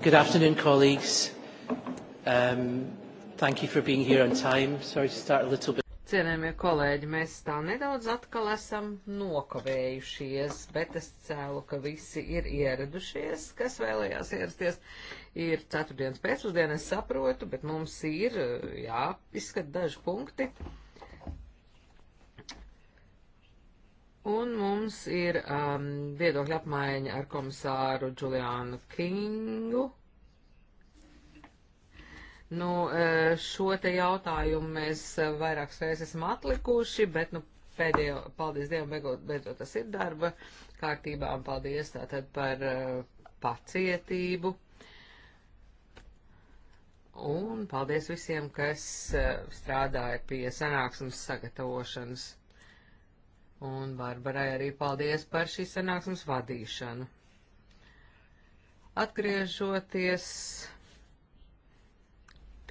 Good afternoon, colleagues. Um, thank you for being here on time. Sorry to start a little bit. Cienējamie kolēģi, mēs tā nedaudz atkal esam nokavējušies, bet es cēlu, ka visi ir ieradušies, kas vēlējās ierasties. Ir ceturtdienas pēcpusdiena, es saprotu, bet mums ir jāizskat daži punkti. Uh, Un mums ir um, viedokļa apmaiņa ar komisāru Juliānu Kingu. Nu, eh, šo te jautājumu mēs eh, vairākas reizes esam atlikuši, bet, nu, pēdējo, paldies Dievam, beidzot tas ir darba kārtībā, un paldies tātad par uh, pacietību. Un paldies visiem, kas uh, strādāja pie sanāksmes sagatavošanas. Un Barbarai arī paldies par šīs sanāksmes vadīšanu. Atgriežoties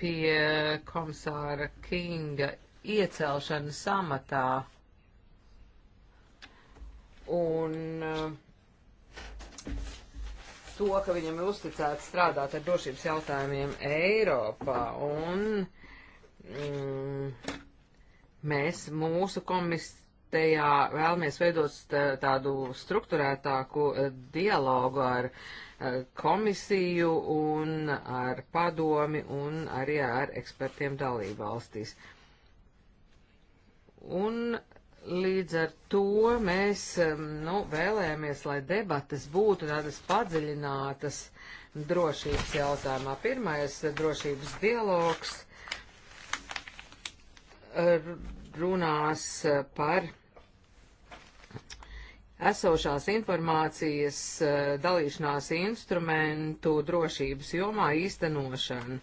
pie komisāra Kinga iecelšanas amatā un uh, to, ka viņam ir uzticēts strādāt ar drošības jautājumiem Eiropā un mm, mēs mūsu komisija komitejā vēlamies veidot tādu struktūrētāku eh, dialogu ar eh, komisiju un ar padomi un arī ar ekspertiem dalībvalstīs. Un līdz ar to mēs eh, nu, vēlējāmies, lai debatas būtu tādas padziļinātas drošības jautājumā. Pirmais - drošības dialogs runās par esošās informācijas eh, dalīšanās instrumentu drošības jomā īstenošanu.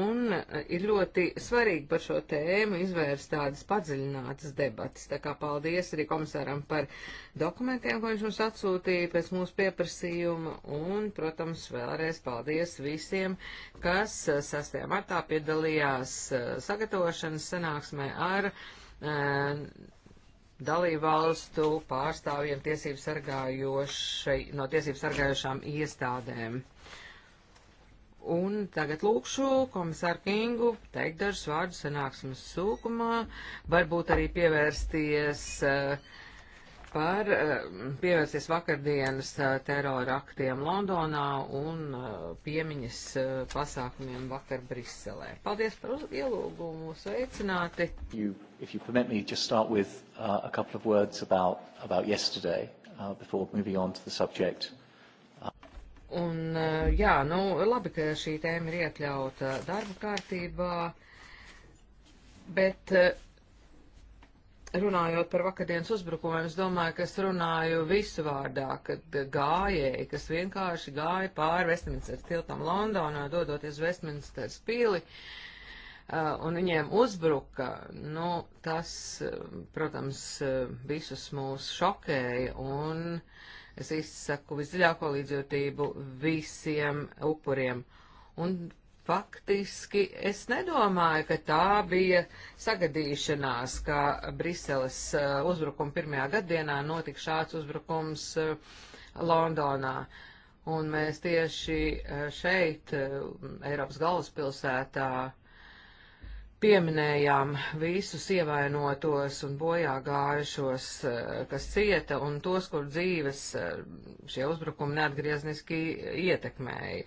Un eh, ir ļoti svarīgi par šo tēmu izvērst tādas padziļinātas debatas. Tā kā paldies arī komisāram par dokumentiem, ko viņš mums atsūtīja pēc mūsu pieprasījuma. Un, protams, vēlreiz paldies visiem, kas 6. Eh, martā piedalījās sagatavošanas sanāksmē ar. Uh, dalībvalstu pārstāvjiem tiesību sargājošai, no tiesību sargājošām iestādēm. Un tagad lūkšu komisāru Kingu teikt dažus vārdus sanāksmes sūkumā, varbūt arī pievērsties uh, par eh, pievērsties vakardienas eh, terora aktiem Londonā un eh, piemiņas pasākumiem vakar Briselē. Paldies par ielūgumu, sveicināti. You, if you permit me, just start with uh, a couple of words about, about yesterday uh, before moving on to the subject. Un, jā, nu, labi, ka šī tēma ir iekļauta darba kārtībā, bet uh, runājot par vakardienas uzbrukumiem, es domāju, ka es runāju visu vārdā, kad gājēji, kas vienkārši gāja pāri Westminsteras tiltam Londonā, dodoties Westminsteras pili, uh, un viņiem uzbruka, nu, tas, uh, protams, uh, visus mūs šokēja, un es izsaku visdziļāko līdzjūtību visiem upuriem. Un Faktiski es nedomāju, ka tā bija sagadīšanās, ka Briseles eh, uzbrukuma pirmajā gaddienā notika šāds uzbrukums eh, Londonā. Un mēs tieši eh, šeit, Eiropas galvaspilsētā, pieminējām visus ievainotos un bojā gājušos, eh, kas cieta, un tos, kur dzīves eh, šie uzbrukumi neatgriezniski ietekmēja.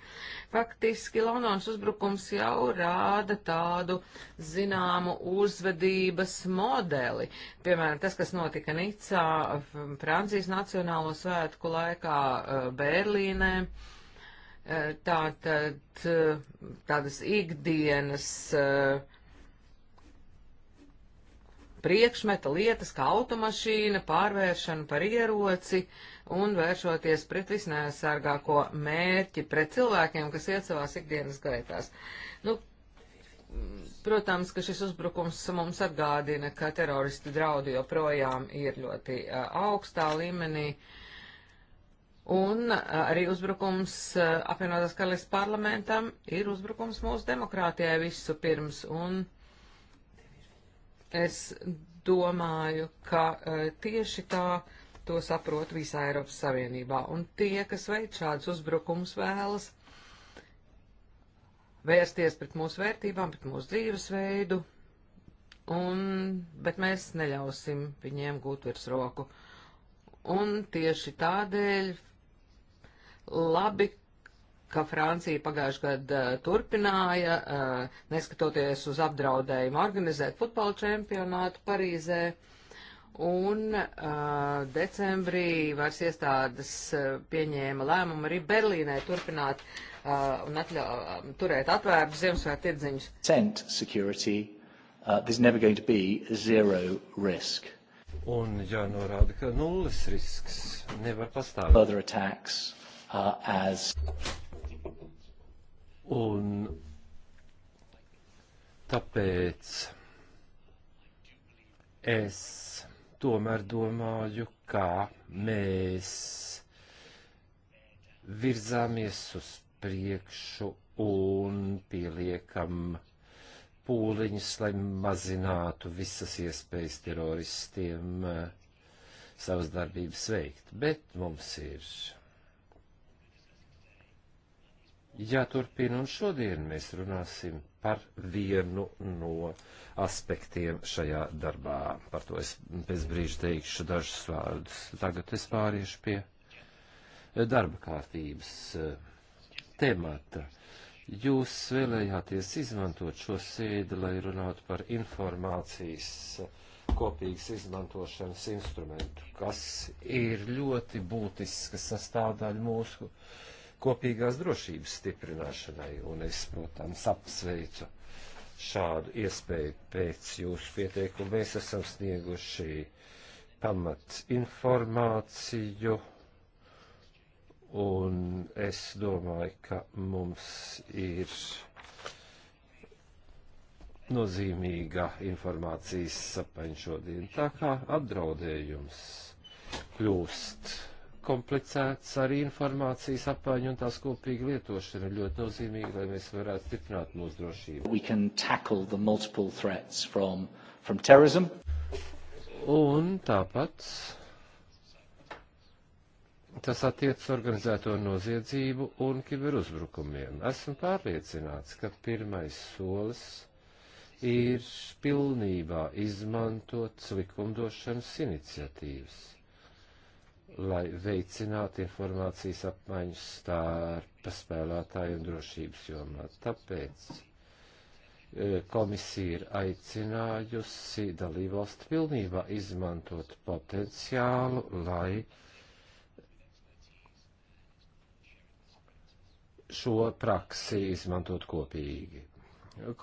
Faktiski Londonas uzbrukums jau rāda tādu zināmu uzvedības modeli. Piemēram, tas, kas notika Nicā, Francijas Nacionālo svētku laikā, eh, Berlīnē tātad tādas ikdienas uh, priekšmeta lietas kā automašīna, pārvēršana par ieroci un vēršoties pret visnēsargāko mērķi, pret cilvēkiem, kas iet savās ikdienas gaitās. Nu, protams, ka šis uzbrukums mums atgādina, ka teroristi draudi joprojām ir ļoti uh, augstā līmenī. Un uh, arī uzbrukums uh, apvienotās karalists parlamentam ir uzbrukums mūsu demokrātijai visu pirms. Un, uh, Es domāju, ka e, tieši tā to saprot visā Eiropas Savienībā, un tie, kas veic šādus uzbrukumus, vēlas vērsties pret mūsu vērtībām, pret mūsu dzīvesveidu, un, bet mēs neļausim viņiem gūt virsroku. Un tieši tādēļ labi, ka Francija pagājušajā gadā eh, turpināja, eh, neskatoties uz apdraudējumu, organizēt futbola čempionātu Parīzē. Un uh, decembrī vairs iestādes pieņēma lēmumu arī Berlīnai turpināt uh, un atļa, turēt atvērtu Ziemassvētku tirdziņus. Cent security, uh, there's never going to be zero risk. Un jānorāda, ka nulles risks nevar pastāvēt. Further attacks uh, as. Un tāpēc es tomēr domāju, kā mēs virzāmies uz priekšu un pieliekam pūliņus, lai mazinātu visas iespējas teroristiem eh, savas darbības veikt. Bet mums ir jāturpina, un šodien mēs runāsim par vienu no aspektiem šajā darbā. Par to es pēc brīža teikšu dažus vārdus. Tagad es pāriešu pie darba kārtības eh, temata. Jūs vēlējāties izmantot šo sēdi, lai runātu par informācijas eh, kopīgas izmantošanas instrumentu, kas ir ļoti būtiska sastāvdaļa mūsu uh, kopīgās drošības stiprināšanai, un es, protams, apsveicu šādu iespēju pēc jūsu pieteikuma. Mēs esam snieguši pamat informāciju, un es domāju, ka mums ir nozīmīga informācijas sapaņa šodien, tā kā apdraudējums kļūst komplicēts arī informācijas apmaiņa un tās kopīga lietošana ir ļoti nozīmīga, lai mēs varētu stiprināt mūsu drošību. From, from terrorism. un tāpat tas attiecas organizēto noziedzību un kiberuzbrukumiem. Esmu pārliecināts, ka pirmais solis ir pilnībā izmantot likumdošanas iniciatīvas lai veicinātu informācijas apmaiņu starp spēlētājiem drošības jomā. Tāpēc e, komisija ir aicinājusi dalībvalstu pilnībā izmantot potenciālu, lai šo praksi izmantot kopīgi.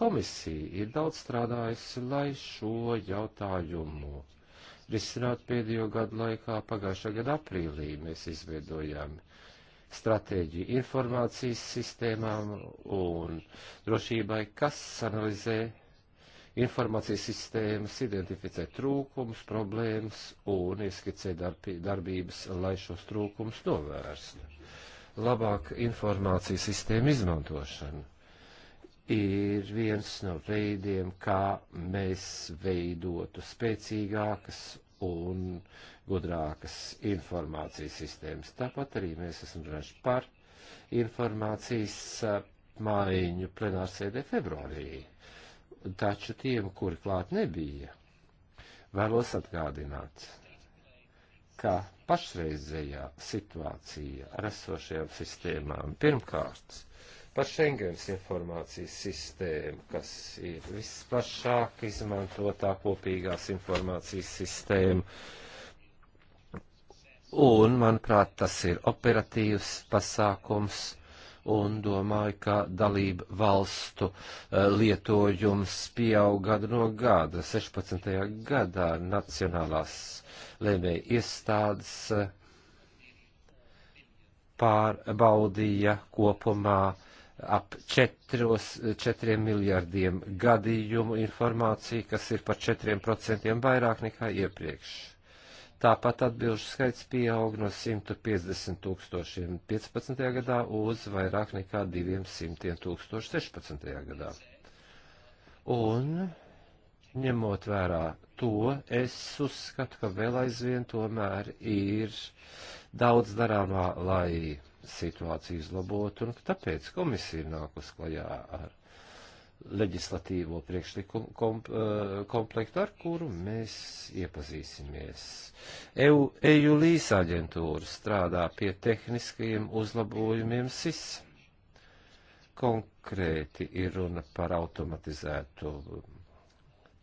Komisija ir daudz strādājusi, lai šo jautājumu risināt pēdējo gadu laikā. Pagājušā gada aprīlī mēs izveidojām stratēģiju informācijas sistēmām un drošībai, kas analizē informācijas sistēmas, identificē trūkums, problēmas un ieskicē darbības, lai šos trūkums novērstu. Labāk informācijas sistēma izmantošana ir viens no veidiem, kā mēs veidotu spēcīgākas un gudrākas informācijas sistēmas. Tāpat arī mēs esam runājuši par informācijas eh, maiņu plenārsēdē februārī. Taču tiem, kuri klāt nebija, vēlos atgādināt, ka pašreizējā situācija ar esošajām sistēmām pirmkārt par Schengens informācijas sistēmu, kas ir visplašāk izmantotā kopīgās informācijas sistēma. Un, manuprāt, tas ir operatīvs pasākums un domāju, ka dalība valstu eh, lietojums pieaug gadu no gada. 16. gadā nacionālās lēmēja iestādes eh, pārbaudīja kopumā ap 4, 4 miljardiem gadījumu informāciju, kas ir par 4% vairāk nekā iepriekš. Tāpat atbilžu skaits pieaug no 150 tūkstošiem 15. gadā uz vairāk nekā 200 tūkstoši 16. gadā. Un, ņemot vērā to, es uzskatu, ka vēl aizvien tomēr ir daudz darāmā, lai situāciju uzlabot, un tāpēc komisija ir nākus klajā ar leģislatīvo priekšlikumu komp, eh, komplektu, ar kuru mēs iepazīsimies. EU, EU līsa aģentūra strādā pie tehniskajiem uzlabojumiem SIS. Konkrēti ir runa par automatizētu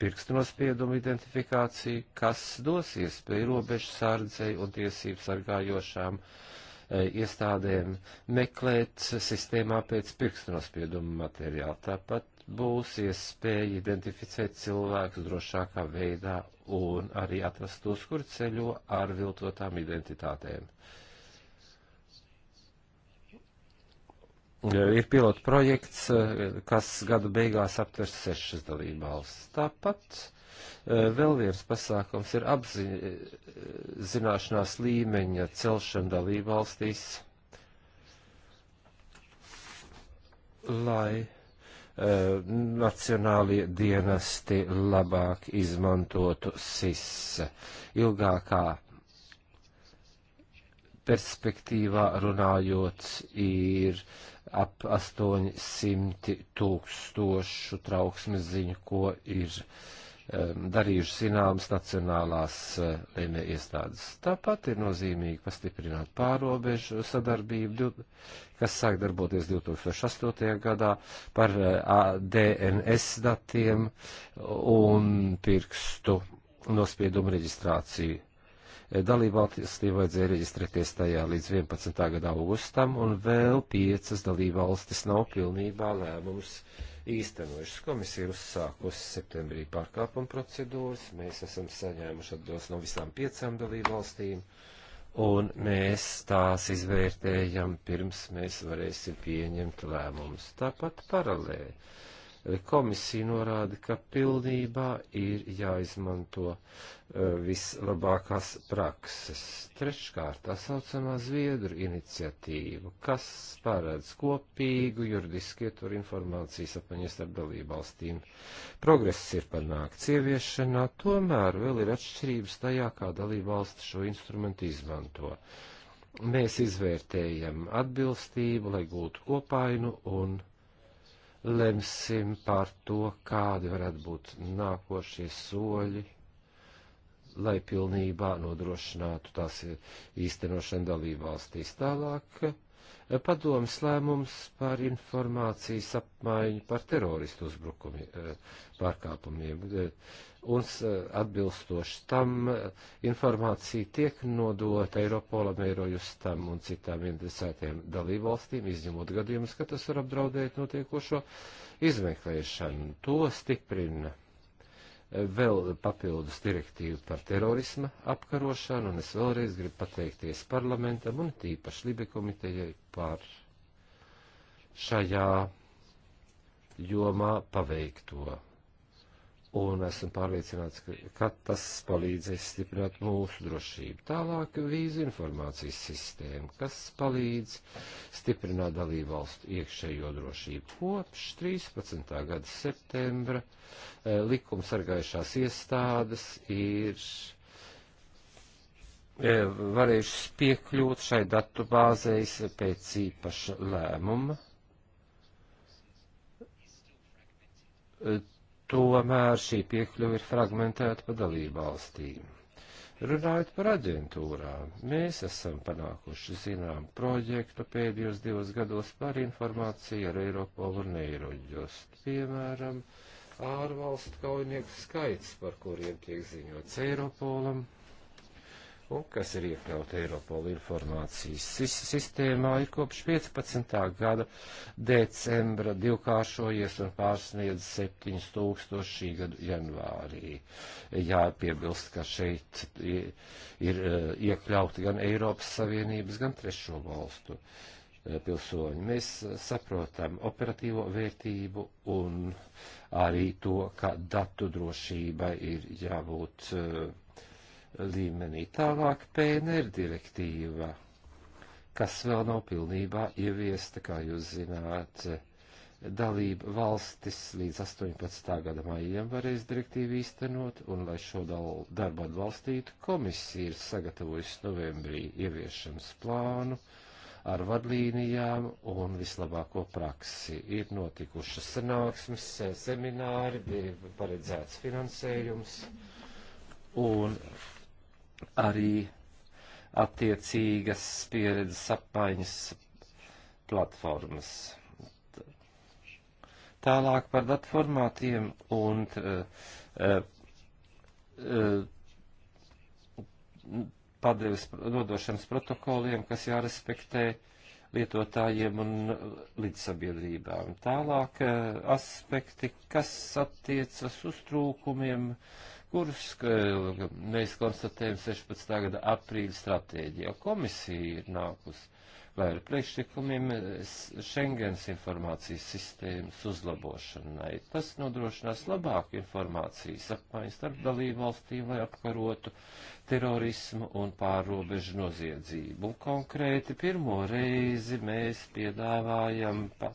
pirkstu nospiedumu identifikāciju, kas dos iespēju robežu sārdzei un tiesību sargājošām uh, E, iestādēm meklēt sistēmā pēc pirkstnospiedumu materiāla. Tāpat būs iespēja identificēt cilvēkus drošākā veidā un arī atrast tos, kur ceļo ar viltotām identitātēm. Ir pilota projekts, e, kas gada beigās aptvers sešas dalībvalstis. Tāpat Vēl viens pasākums ir apzināšanās līmeņa celšana dalībvalstīs, lai uh, nacionālie dienesti labāk izmantotu SIS ilgākā perspektīvā runājot ir ap 800 tūkstošu trauksmes ziņu, ko ir uh, Um, darījuši zināmas nacionālās uh, lēmē iestādes. Tāpat ir nozīmīgi pastiprināt pārobežu sadarbību, kas sāk darboties 2008. gadā par uh, DNS datiem un pirkstu nospiedumu reģistrāciju. Uh, Dalībvalstīm vajadzēja reģistrēties tajā līdz 11. gada augustam, un vēl piecas dalībvalstis nav pilnībā lēmums īstenojušas. Komisija ir uzsākusi septembrī pārkāpuma procedūras, mēs esam saņēmuši atbildes no visām piecām dalībvalstīm, un mēs tās izvērtējam pirms mēs varēsim pieņemt lēmumus. Tāpat paralēli Komisija norāda, ka pilnībā ir jāizmanto e, vislabākās prakses. Treškārt, tā saucamā Zviedru iniciatīva, kas paredz kopīgu juridiski ietvaru informācijas apaņas starp dalību valstīm. Progress ir panākts ieviešanā, tomēr vēl ir atšķirības tajā, kā dalību valsts šo instrumentu izmanto mēs izvērtējam atbilstību, lai gūtu kopainu un lemsim par to, kādi varētu būt nākošie soļi, lai pilnībā nodrošinātu tās īstenošanu dalībvalstīs tālāk. Padomas lēmums par informācijas apmaiņu par teroristu uzbrukumi pārkāpumiem un eh, atbilstoši tam eh, informācija tiek nodota Eiropolam, Eirojustam un citām interesētiem dalībvalstīm, izņemot gadījumus, ka tas var apdraudēt notiekošo izmeklēšanu. To stiprina eh, vēl papildus direktīvu par terorisma apkarošanu, un es vēlreiz gribu pateikties parlamentam un tīpaši Libe komitejai par šajā jomā paveikto un esmu pārliecināts, ka, ka tas palīdzēs stiprināt mūsu drošību. Tālāk vīzu informācijas sistēma, kas palīdz stiprināt dalību valstu iekšējo drošību. Kopš 13. gada septembra eh, likumsargājušās iestādes ir eh, varējušas piekļūt šai datu bāzēs pēc īpaša lēmuma eh, tomēr šī piekļuva ir fragmentēta pa dalību valstīm. Runājot par aģentūrām, mēs esam panākuši zinām projektu pēdējos divos gados par informāciju ar Eiropolu un Eiroģust. Piemēram, ārvalstu kaujinieku skaits, par kuriem tiek ziņots Eiropolam, un kas ir iekļauta Eiropola informācijas sistēmā, ir kopš 15. gada decembra divkāršojies un pārsniedz 7000 šī gada janvārī. Jāpiebilst, ka šeit ir e, iekļauti gan Eiropas Savienības, gan trešo valstu e, pilsoņi. Mēs saprotam operatīvo vērtību un arī to, ka datu drošībai ir jābūt uh, līmenī. Tālāk PNR direktīva, kas vēl nav pilnībā ieviesta, kā jūs zināt, dalība valstis līdz 18. gada maijiem varēs direktīvu īstenot, un lai šo darbu atbalstītu, komisija ir sagatavojusi novembrī ieviešanas plānu ar vadlīnijām un vislabāko praksi. Ir notikušas sanāksmes, semināri, bija paredzēts finansējums un arī attiecīgas pieredzes apmaiņas platformas. Tālāk par datformātiem un uh, eh, uh, eh, padevis nodošanas protokoliem, kas jārespektē lietotājiem un līdzsabiedrībām. Tālāk uh, aspekti, kas attiecas uz trūkumiem, uh, kurus mēs konstatējam 16. gada aprīļa stratēģijā. Komisija ir nākus vai ar priekšlikumiem Schengens informācijas sistēmas uzlabošanai. Tas nodrošinās labāku informācijas apmaiņu starp dalību valstīm, lai apkarotu terorismu un pārrobežu noziedzību. Un konkrēti pirmo reizi mēs piedāvājam pa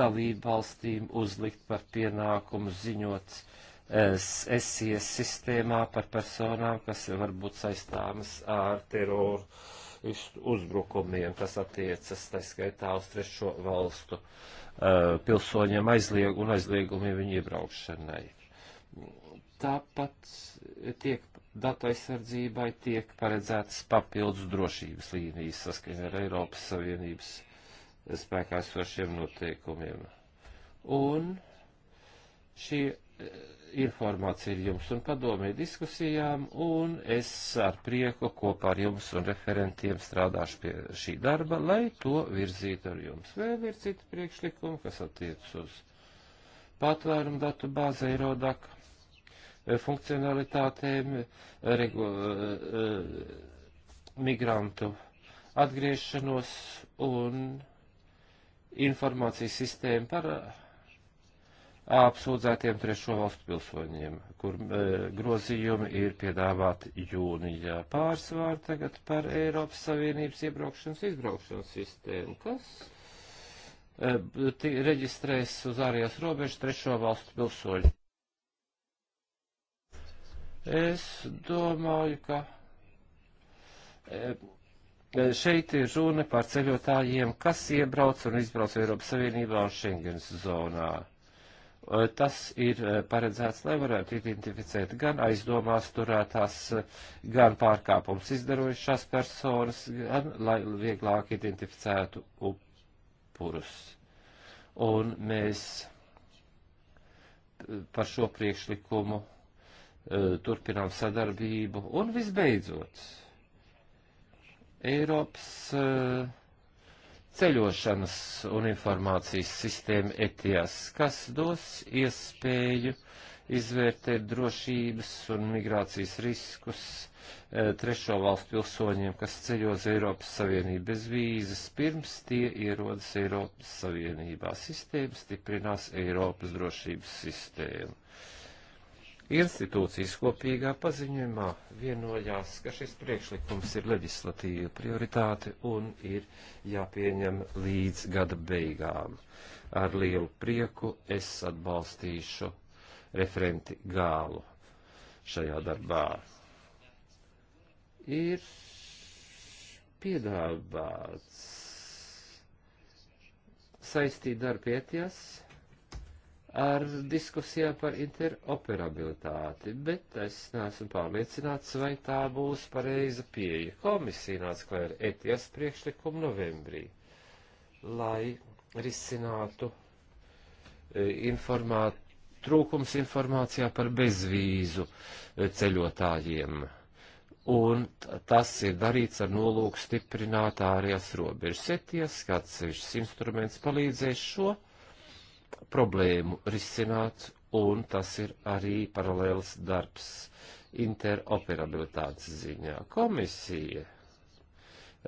dalību valstīm uzlikt par pienākumu ziņot uh, esies sistēmā par personām, kas var būt saistāmas ar teroru uzbrukumiem, kas attiecas taiskaitā uz trešo valstu uh, pilsoņiem aizlieg un aizliegumiem viņu iebraukšanai. Tāpat tiek datu aizsardzībai tiek paredzētas papildus drošības līnijas saskaņā ar Eiropas Savienības spēkā esošiem noteikumiem. Un šie uh, informācija ir jums un padomē diskusijām, un es ar prieku kopā ar jums un referentiem strādāšu pie šī darba, lai to virzītu ar jums. Vēl ir citi priekšlikumi, kas attiec uz patvērumu datu bāzi Eirodak e, funkcionalitātēm, e, regu, e, migrantu atgriešanos un informācijas sistēmu par apsūdzētiem trešo valstu pilsoņiem, kur e, grozījumi ir piedāvāti jūnijā. Pārsvār tagad par Eiropas Savienības iebraukšanas izbraukšanas sistēmu, kas e, t, reģistrēs uz ārējās robežas trešo valstu pilsoņu. Es domāju, ka. E, e, Šeit ir runa par ceļotājiem, kas iebrauc un izbrauc Eiropas Savienībā un Schengens zonā. Tas ir paredzēts, lai varētu identificēt gan aizdomās turētās, gan pārkāpums izdarojušās personas, gan lai vieglāk identificētu upurus. Un mēs par šo priekšlikumu turpinām sadarbību. Un visbeidzot, Eiropas uh, ceļošanas un informācijas sistēma ETIAS, kas dos iespēju izvērtēt drošības un migrācijas riskus eh, trešo valstu pilsoņiem, kas ceļo uz Eiropas Savienību bez vīzes, pirms tie ierodas Eiropas Savienībā. Sistēma stiprinās Eiropas drošības sistēmu. Institūcijas kopīgā paziņojumā vienojās, ka šis priekšlikums ir leģislatīva prioritāte un ir jāpieņem līdz gada beigām. Ar lielu prieku es atbalstīšu referenti gālu šajā darbā. Ir piedāvāts saistīt darbu pietiesu ar diskusijām par interoperabilitāti, bet es neesmu pārliecināts, vai tā būs pareiza pieeja. Komisija nāca klāj ar ETIAS priekšlikumu novembrī, lai risinātu e, informā... trūkums informācijā par bezvīzu e, ceļotājiem. Un tas ir darīts ar nolūku stiprināt ārējās robežas. ETIAS, kāds ir šis instruments, palīdzēs šo problēmu risināt, un tas ir arī paralēls darbs interoperabilitātes ziņā. Komisija uh,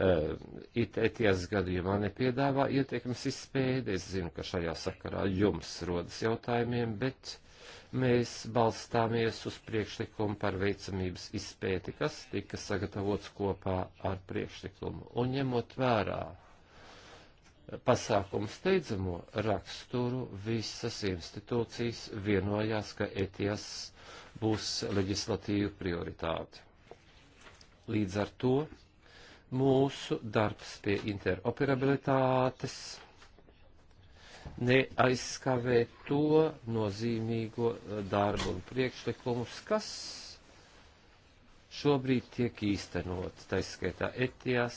eh, ETS gadījumā nepiedāvā ieteikums izspēdi. Es zinu, ka šajā sakarā jums rodas jautājumiem, bet mēs balstāmies uz priekšlikumu par veicamības izpēti, kas tika sagatavots kopā ar priekšlikumu. Un ņemot vērā pasākumu steidzamo raksturu visas institūcijas vienojās, ka ETIAS būs leģislatīva prioritāte. Līdz ar to mūsu darbs pie interoperabilitātes neaizskavē to nozīmīgo darbu un priekšlikumus, kas šobrīd tiek īstenots, taiskaitā etijas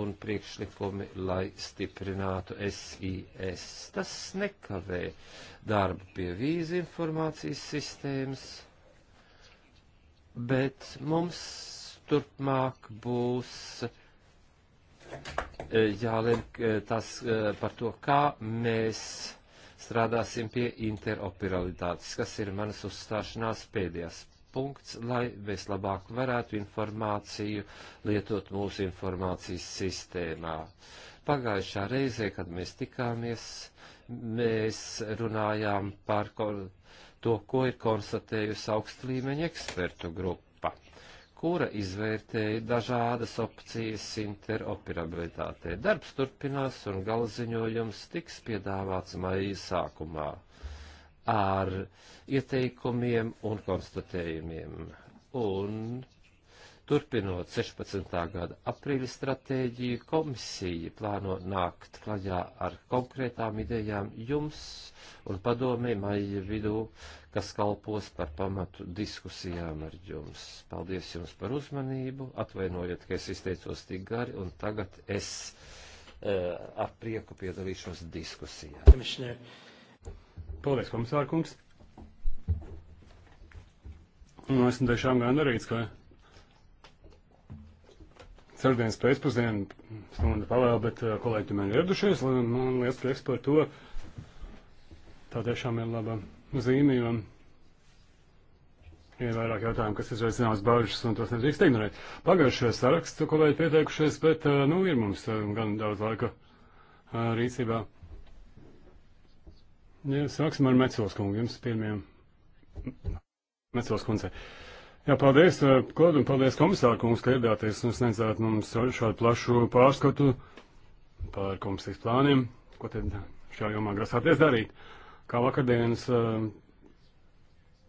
un priekšlikumi, lai stiprinātu SIS. Tas nekavē darbu pie vīzu informācijas sistēmas, bet mums turpmāk būs e, jālem e, tas e, par to, kā mēs strādāsim pie interoperabilitātes, kas ir manas uzstāšanās pēdējās punkts, lai mēs labāk varētu informāciju lietot mūsu informācijas sistēmā. Pagājušā reizē, kad mēs tikāmies, mēs runājām par to, ko ir konstatējusi augsta līmeņa ekspertu grupa, kura izvērtēja dažādas opcijas interoperabilitātē. Darbs turpinās un galziņojums tiks piedāvāts maija sākumā ar ieteikumiem un konstatējumiem. Un turpinot 16. gada aprīļa stratēģiju, komisija plāno nākt klajā ar konkrētām idejām jums un padomē maija vidū, kas kalpos par pamatu diskusijām ar jums. Paldies jums par uzmanību, atvainojiet, ka es izteicos tik gari, un tagad es uh, ar prieku piedalīšos diskusijā. Komisār. Paldies, komisāra kungs. Un nu, esmu tiešām gandarīts, ka ceturtdienas pēcpusdienu stundu pavēlu, bet eh, kolēģi man ir ieradušies, lai man liels prieks par to. Tā tiešām ir laba zīme, jo ir vairāk jautājumu, kas izraisa zināmas bažas, un tos nedrīkst ignorēt. Pagājušajā sarakstu kolēģi pieteikušies, bet, eh, nu, ir mums eh, gan daudz laika rīcībā. Jā, sāksim ar Mecels kungu, jums pirmajam. Mecels kundze. Jā, paldies, eh, Klod, un paldies komisāru kungs, ka iedāties un sniedzāt mums šādu plašu pārskatu par komisijas plāniem, ko tad šajā jomā grasāties darīt. Kā vakardienas uh,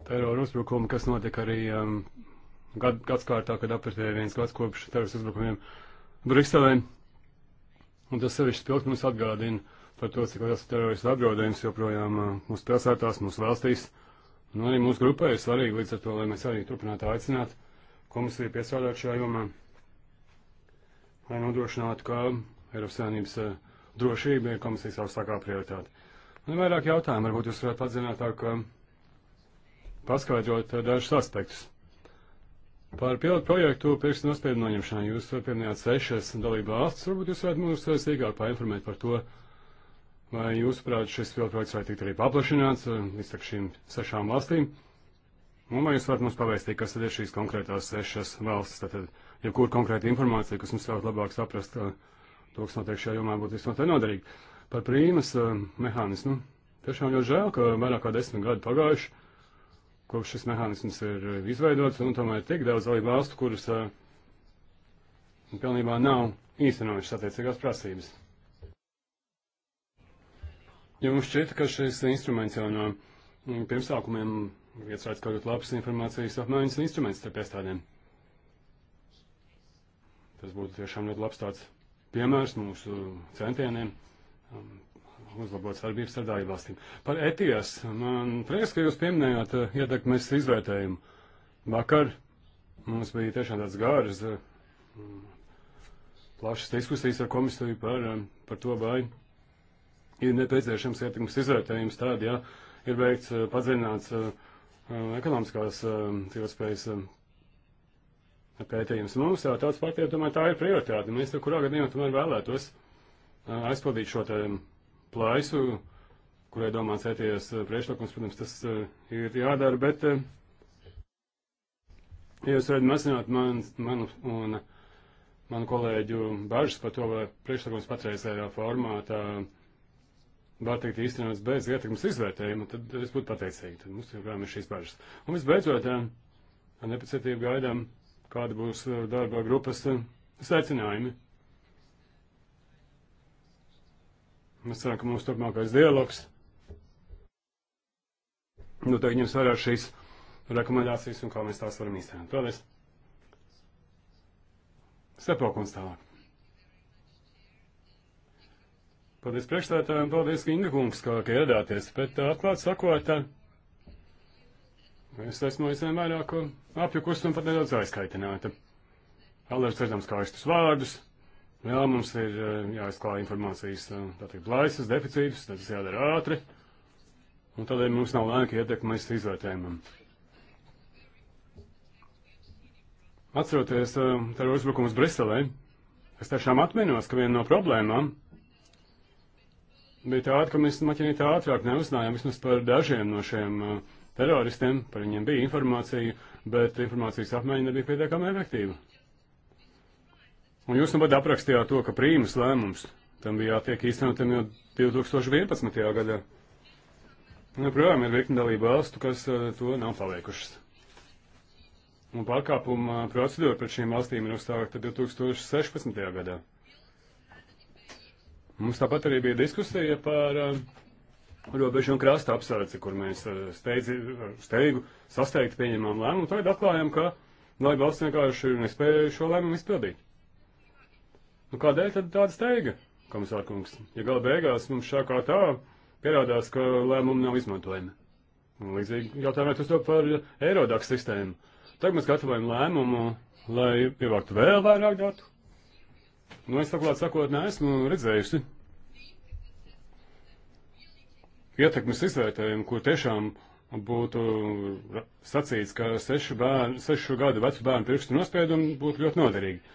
terora uzbrukuma, kas notika arī um, gad, gadskārtā, kad apritēja viens gads kopš teroras uzbrukumiem Briselē. Un tas sevišķi spilgt mums atgādina par to, cik liels teroristu apdraudējums joprojām uh, mūsu pilsētās, mūsu valstīs. Nu, arī mūsu grupai ir svarīgi līdz ar to, lai mēs arī turpinātu aicināt komisiju piestrādāt šajā jomā, lai nodrošinātu, ka Eiropas Savienības uh, drošība ir komisijas augstākā prioritāte. Man ir vairāk jautājumu, varbūt jūs varētu padziļinātāk paskaidrot uh, dažus aspektus. Par pilotu projektu pirkstu nospiedu noņemšanai jūs pieminējāt sešas dalību valsts, varbūt jūs varētu mūs sīkāk painformēt par to, Vai jūsuprāt šis pilotprojekts vai tikt arī paplašināts vistak eh, šīm sešām valstīm? Un vai jūs varat mums pavēstīt, kas tad ir šīs konkrētās sešas valstis? Tātad, ja kur konkrēta informācija, kas mums ļaut labāk saprast, to, kas notiek šajā jomā, būtu visnotaļ noderīgi. Par prīmas uh, mehānismu. Tiešām ļoti žēl, ka vairāk kā desmit gadi pagājuši, kopš šis mehānisms ir eh, izveidots, un tomēr tik daudz dalību valstu, kuras uh, pilnībā nav īstenojušas attiecīgās prasības. Jums šķiet, ka šis instruments jau no mm, pirmsākumiem iecerēts kaut kāds labs informācijas apmaiņas instruments starp iestādēm. Tas būtu tiešām ļoti labs tāds piemērs mūsu centieniem um, uzlabot sadarbības ar dalību valstīm. Par etijas man prieks, ka jūs pieminējāt uh, ietekmes izvērtējumu. Vakar mums bija tiešām tāds gārs, uh, mm, plašas diskusijas ar komisiju par, um, par to, vai ir nepieciešams ietekmes izvērtējums tad, ja ir veikts eh, padziļināts eh, eh, ekonomiskās dzīvespējas pētījums. Mums jau tāds partija, tomēr tā ir prioritāte. Mēs te kurā gadījumā tomēr vēlētos aizpildīt šo te plaisu, kurai domāts ēties priekšlikums, protams, tas ir jādara, bet ja jūs varat mazināt man, manu un manu kolēģu bažas par to, vai priekšlikums patreizējā formātā tā var tikt īstenots bez ietekmes izvērtējuma, tad es būtu pateicīgi. Tad mums joprojām ir šīs bažas. Un visbeidzot, ar nepacietību gaidām, kāda būs darba grupas secinājumi. Mēs ceram, ka mūsu turpmākais dialogs noteikti ņems vērā šīs rekomendācijas un kā mēs tās varam īstenot. Paldies! Stepā kungs tālāk. Paldies priekšstādātājiem, paldies, ka Inga kungs, kā ka iedāties, bet atklāt sakot, es esmu visiem vairāk apjukus un pat nedaudz aizskaitināta. Alers redzams karstus vārdus, jā, mums ir jāizklāj informācijas, tātad plaisas, deficītus, tas jādara ātri, un tādēļ mums nav laika ietekmēs izvērtējumam. Atceroties teroru uzbrukums Briselē, es tiešām atminos, ka viena no problēmām, bija tāda, ka mēs maķinītā ātrāk neuznājām vismaz par dažiem no šiem uh, teroristiem, par viņiem bija informācija, bet informācijas apmaiņa nebija pietiekami efektīva. Un jūs nu pat aprakstījāt to, ka prīmas lēmums tam bija jātiek īstenotam jau 2011. gadā. Joprojām nu, ir virkni dalība valstu, kas uh, to nav paveikušas. Un pārkāpuma procedūra pret šīm valstīm ir uzstāvēta 2016. gadā. Mums tāpat arī bija diskusija par uh, robežu un krasta apsardzi, kur mēs uh, steidzi, steigu sasteigti pieņemām lēmumu. Tagad atklājam, ka dalība valsts vienkārši nespēja šo lēmumu izpildīt. Nu, kādēļ tad tāda steiga, komisārkungs? Ja gala beigās mums šā kā tā pierādās, ka lēmumi nav izmantojami. Un, līdzīgi jautājumēt uz to par Eirodaks sistēmu. Tagad mēs gatavojam lēmumu, lai ievāktu vēl vairāk datu. Nu, es saglāt sakot, neesmu redzējusi ietekmes izvērtējumu, kur tiešām būtu sacīts, ka sešu, bērnu, sešu gadu vecu bērnu pirkstu nospiedumi būtu ļoti noderīgi.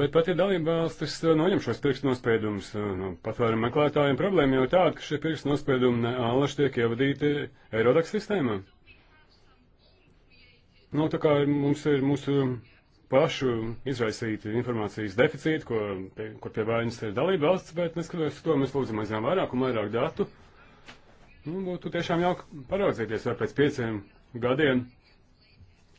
Bet pat ja dalībvalstis eh, noņem šos pirkstu nospiedumus, eh, nu, patvērumu meklētājiem problēma jau tāda, ka šie pirkstu nospiedumi ālaši tiek ievadīti Eirodax sistēmā. Nu, tā kā mums ir mūsu pašu izraisīti informācijas deficīti, ko, pie, kur pie vainas ir dalība valsts, bet neskatoties to, mēs lūdzam aizvien vairāk un vairāk datu. Nu, būtu tiešām jauki paraudzīties, vai pēc pieciem gadiem,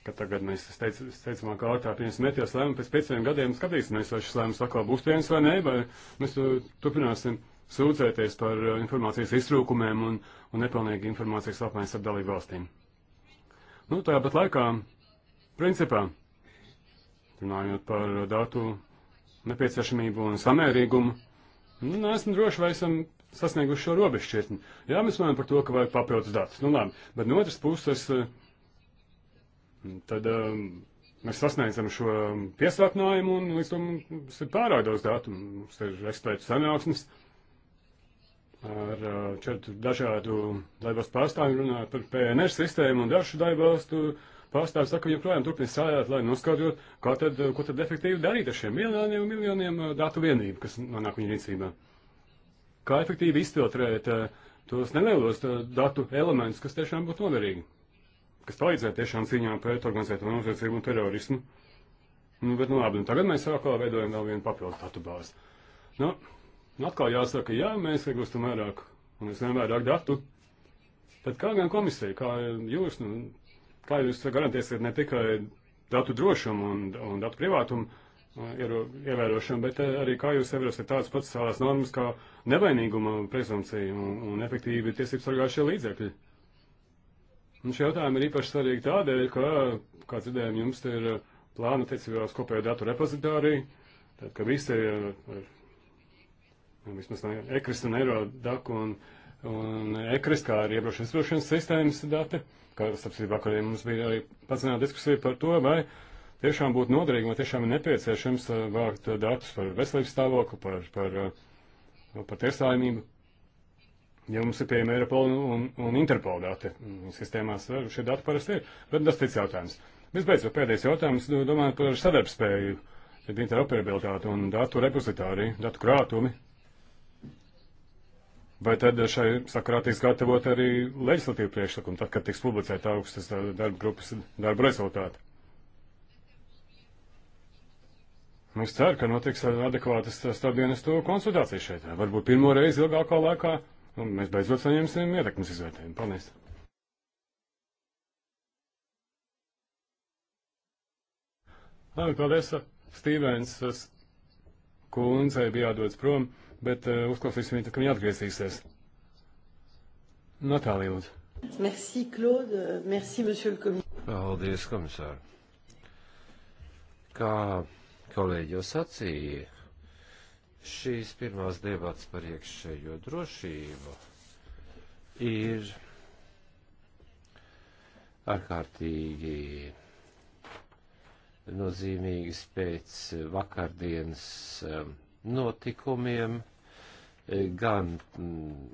kad tagad mēs steidz, steidzamā kārtā pieņemsim meties lēmumu, pēc pieciem gadiem skatīsimies, vai šis lēmums atkal būs pieņems vai nē, vai mēs uh, turpināsim sūdzēties par uh, informācijas iztrūkumiem un, un nepilnīgi informācijas apmaiņas ar dalību valstīm. Nu, tāpat laikā, principā, runājot par datu nepieciešamību un samērīgumu. Nē, nu, esmu droši, vai esam sasnieguši šo robežu šķirtni. Jā, mēs runājam par to, ka vajag papildus datus. Nu, labi, bet no otras puses, tad um, mēs sasniedzam šo piesātinājumu un līdz tam mums ir pārāk daudz datu. Mums ir ekspertu sanāksmes ar uh, četru dažādu daļvalstu pārstāvju runājot par PNR sistēmu un dažu daļvalstu. Uh, pārstāvis saka, joprojām turpina strādāt, lai noskaidrotu, kā tad, ko tad efektīvi darīt ar šiem miljoniem un miljoniem uh, datu vienību, kas nonāk viņa rīcībā. Kā efektīvi izfiltrēt uh, tos nelielos uh, datu elementus, kas tiešām būtu noderīgi, kas palīdzētu tiešām cīņā pret organizēto noziedzību un terorismu. Nu, bet, nu, labi, nu, tagad mēs atkal veidojam vēl vienu papildus datu bāzi. Nu, nu atkal jāsaka, jā, mēs iegūstam vairāk, un mēs vairāk datu. Tad kā gan komisija, kā jūs, nu, Kā jūs garantēsiet ne tikai datu drošumu un, un datu privātumu uh, iero, ievērošanu, bet uh, arī kā jūs ievērosiet tādas procesālās normas kā nevainīguma prezumpcija un, un efektīvi tiesības sargājušie līdzekļi? Un šie jautājumi ir īpaši svarīgi tādēļ, ka, kā dzirdējām, jums ir uh, plāna attiecībā uz kopējo datu repozitāriju, tad, ka visi ir, ir vismaz ne, ekrist un eiro daku un, un ekrist, kā arī iebrošanas drošanas sistēmas dati. Uh, kādas apsība vakarī mums bija arī pacinā diskusija par to, vai tiešām būtu noderīgi, vai tiešām ir nepieciešams uh, vākt uh, datus par veselības stāvokli, par, par, uh, par tiesājumību. Ja mums ir pieejama Eiropola un, un Interpol dati, mm, sistēmās šie dati parasti ir, bet tas cits jautājums. Visbeidzot, pēdējais jautājums, nu, domājot par sadarbspēju, tad interoperabilitāti un datu repozitāriju, datu krātumi. Vai tad šai sakarā tiks gatavot arī leģislatīva priekšlikuma, tad, kad tiks publicēta augstas darba grupas darba rezultāti? Nu, es ceru, ka notiks adekvātas starpdienas to konsultācijas šeit. Varbūt pirmo reizi ilgākā laikā un mēs beidzot saņemsim ietekmes izvērtējumu. Paldies! Labi, paldies, Stīvens kundzei bija jādodas prom bet uh, uzklausīsim viņu, kad viņa atgriezīsies. Natālija, lūdzu. Merci, Claude. Merci, monsieur le commissaire. Paldies, komisār. Kā kolēģi jau sacīja, šīs pirmās debats par iekšējo drošību ir ārkārtīgi nozīmīgas pēc vakardienas eh, notikumiem gan mm,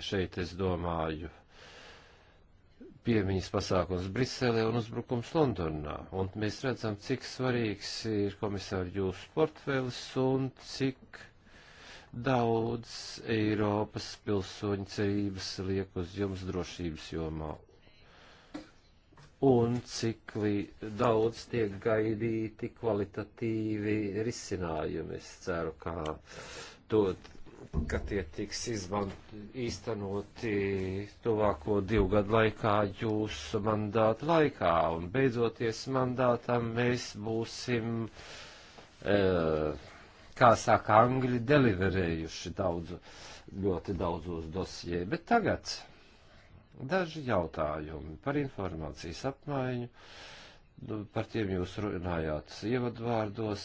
šeit, es domāju, piemiņas pasākums Briselē un uzbrukums Londonā. Un mēs redzam, cik svarīgs ir komisāri jūsu portfelis un cik daudz Eiropas pilsoņu cerības liek uz jums drošības jomā. Un cik daudz tiek gaidīti kvalitatīvi risinājumi. Es ceru, ka to, ka tie tiks izmant, īstenoti tuvāko divu gadu laikā jūsu mandāta laikā. Un beidzoties mandātam mēs būsim, e, kā saka angļi, deliverējuši daudzu, ļoti daudzos dosijē. Bet tagad daži jautājumi par informācijas apmaiņu. E, Nu, par tiem jūs runājāt ievadvārdos,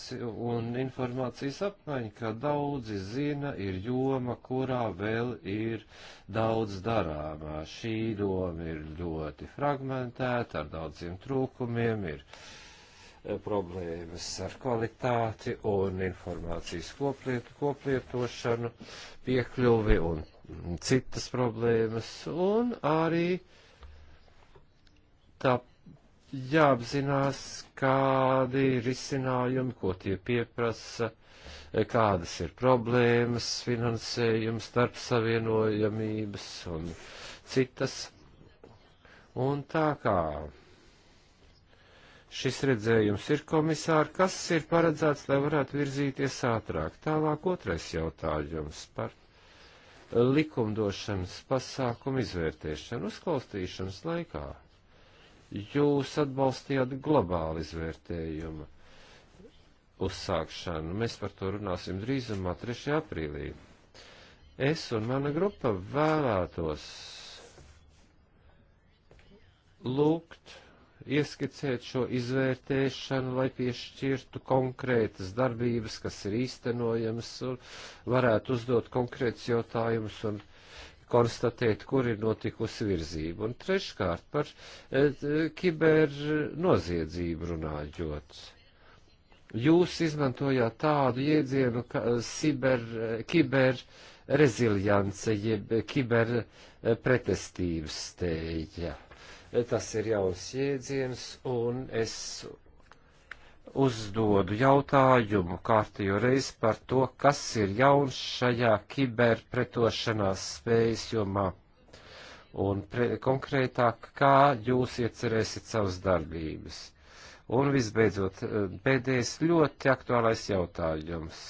un informācijas apmaiņa, kā daudzi zina, ir joma, kurā vēl ir daudz darāmā. Šī doma ir ļoti fragmentēta, ar daudziem trūkumiem, ir e, problēmas ar kvalitāti un informācijas kopliet, koplietošanu, piekļuvi un citas problēmas, un arī tāpēc jāapzinās, kādi ir risinājumi, ko tie pieprasa, kādas ir problēmas, finansējums, starpsavienojamības un citas. Un tā kā šis redzējums ir komisāri, kas ir paredzēts, lai varētu virzīties ātrāk. Tālāk otrais jautājums par likumdošanas pasākumu izvērtēšanu uzklausīšanas laikā. Jūs atbalstījāt globālu izvērtējumu uzsākšanu. Mēs par to runāsim drīzumā 3. aprīlī. Es un mana grupa vēlētos lūgt ieskicēt šo izvērtēšanu, lai piešķirtu konkrētas darbības, kas ir īstenojamas, un varētu uzdot konkrētus jautājumus un uh, konstatēt, kur ir notikusi virzība. Un treškārt par eh, kibernoziedzību runājot. Jūs izmantojāt tādu jēdzienu, ka ciber, eh, eh, kiber rezilience, jeb kiber pretestības stēja. Tas ir jauns jēdziens, un es uzdodu jautājumu kārtīju reizi par to, kas ir jauns šajā kiberpretošanās spējas jomā. Un pre, konkrētāk, kā jūs iecerēsiet savas darbības. Un visbeidzot, eh, pēdējais ļoti aktuālais jautājums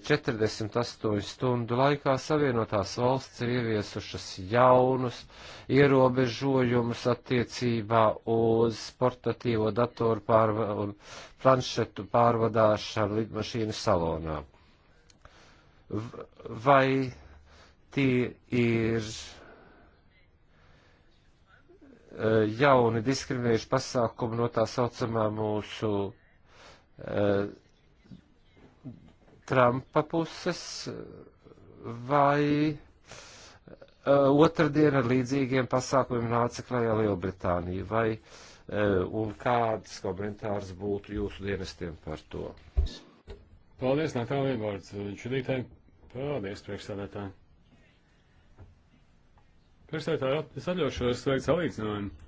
48 stundu laikā Savienotās valsts ir ieviesušas jaunus ierobežojumus attiecībā uz portatīvo datoru pārva un planšetu pārvadāšanu lidmašīnu salonā. Vai tie ir e, jauni diskriminējuši pasākumi no tā saucamā mūsu uh, Trumpa puses vai e, otrdien ar līdzīgiem pasākumiem nāca klajā Lielbritānija, vai e, un kāds komentārs būtu jūsu dienestiem par to? Paldies, Natālija Vārds. Čudītāji, e, paldies, priekšstādātāji. Priekšstādātāji, es atļaušos veikt salīdzinājumu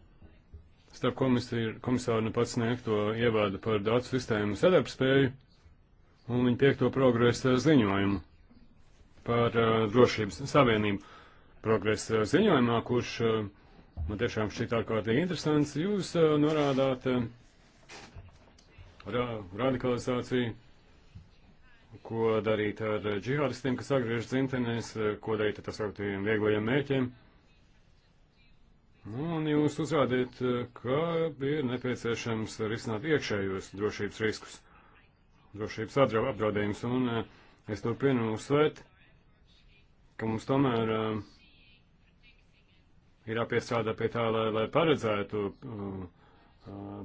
starp komisāru un pats sniegto ievādu par datu sistēmu sadarbspēju. spēju un viņa piekto progresa ziņojumu par uh, drošības savienību. Progresa ziņojumā, kurš uh, man tiešām šķiet ārkārtīgi interesants, jūs uh, norādāt uh, ra radikalizāciju, ko darīt ar džihādistiem, kas atgriežas dzimtenēs, uh, ko darīt ar tas augtiem vieglajiem mērķiem. Nu, un jūs uzrādīt, uh, ka ir nepieciešams risināt iekšējos drošības riskus. Uh, drošības apdraudējums. Un eh, es turpinu uzsvērt, ka mums tomēr eh, ir jāpiestrādā pie tā, lai, lai paredzētu, eh,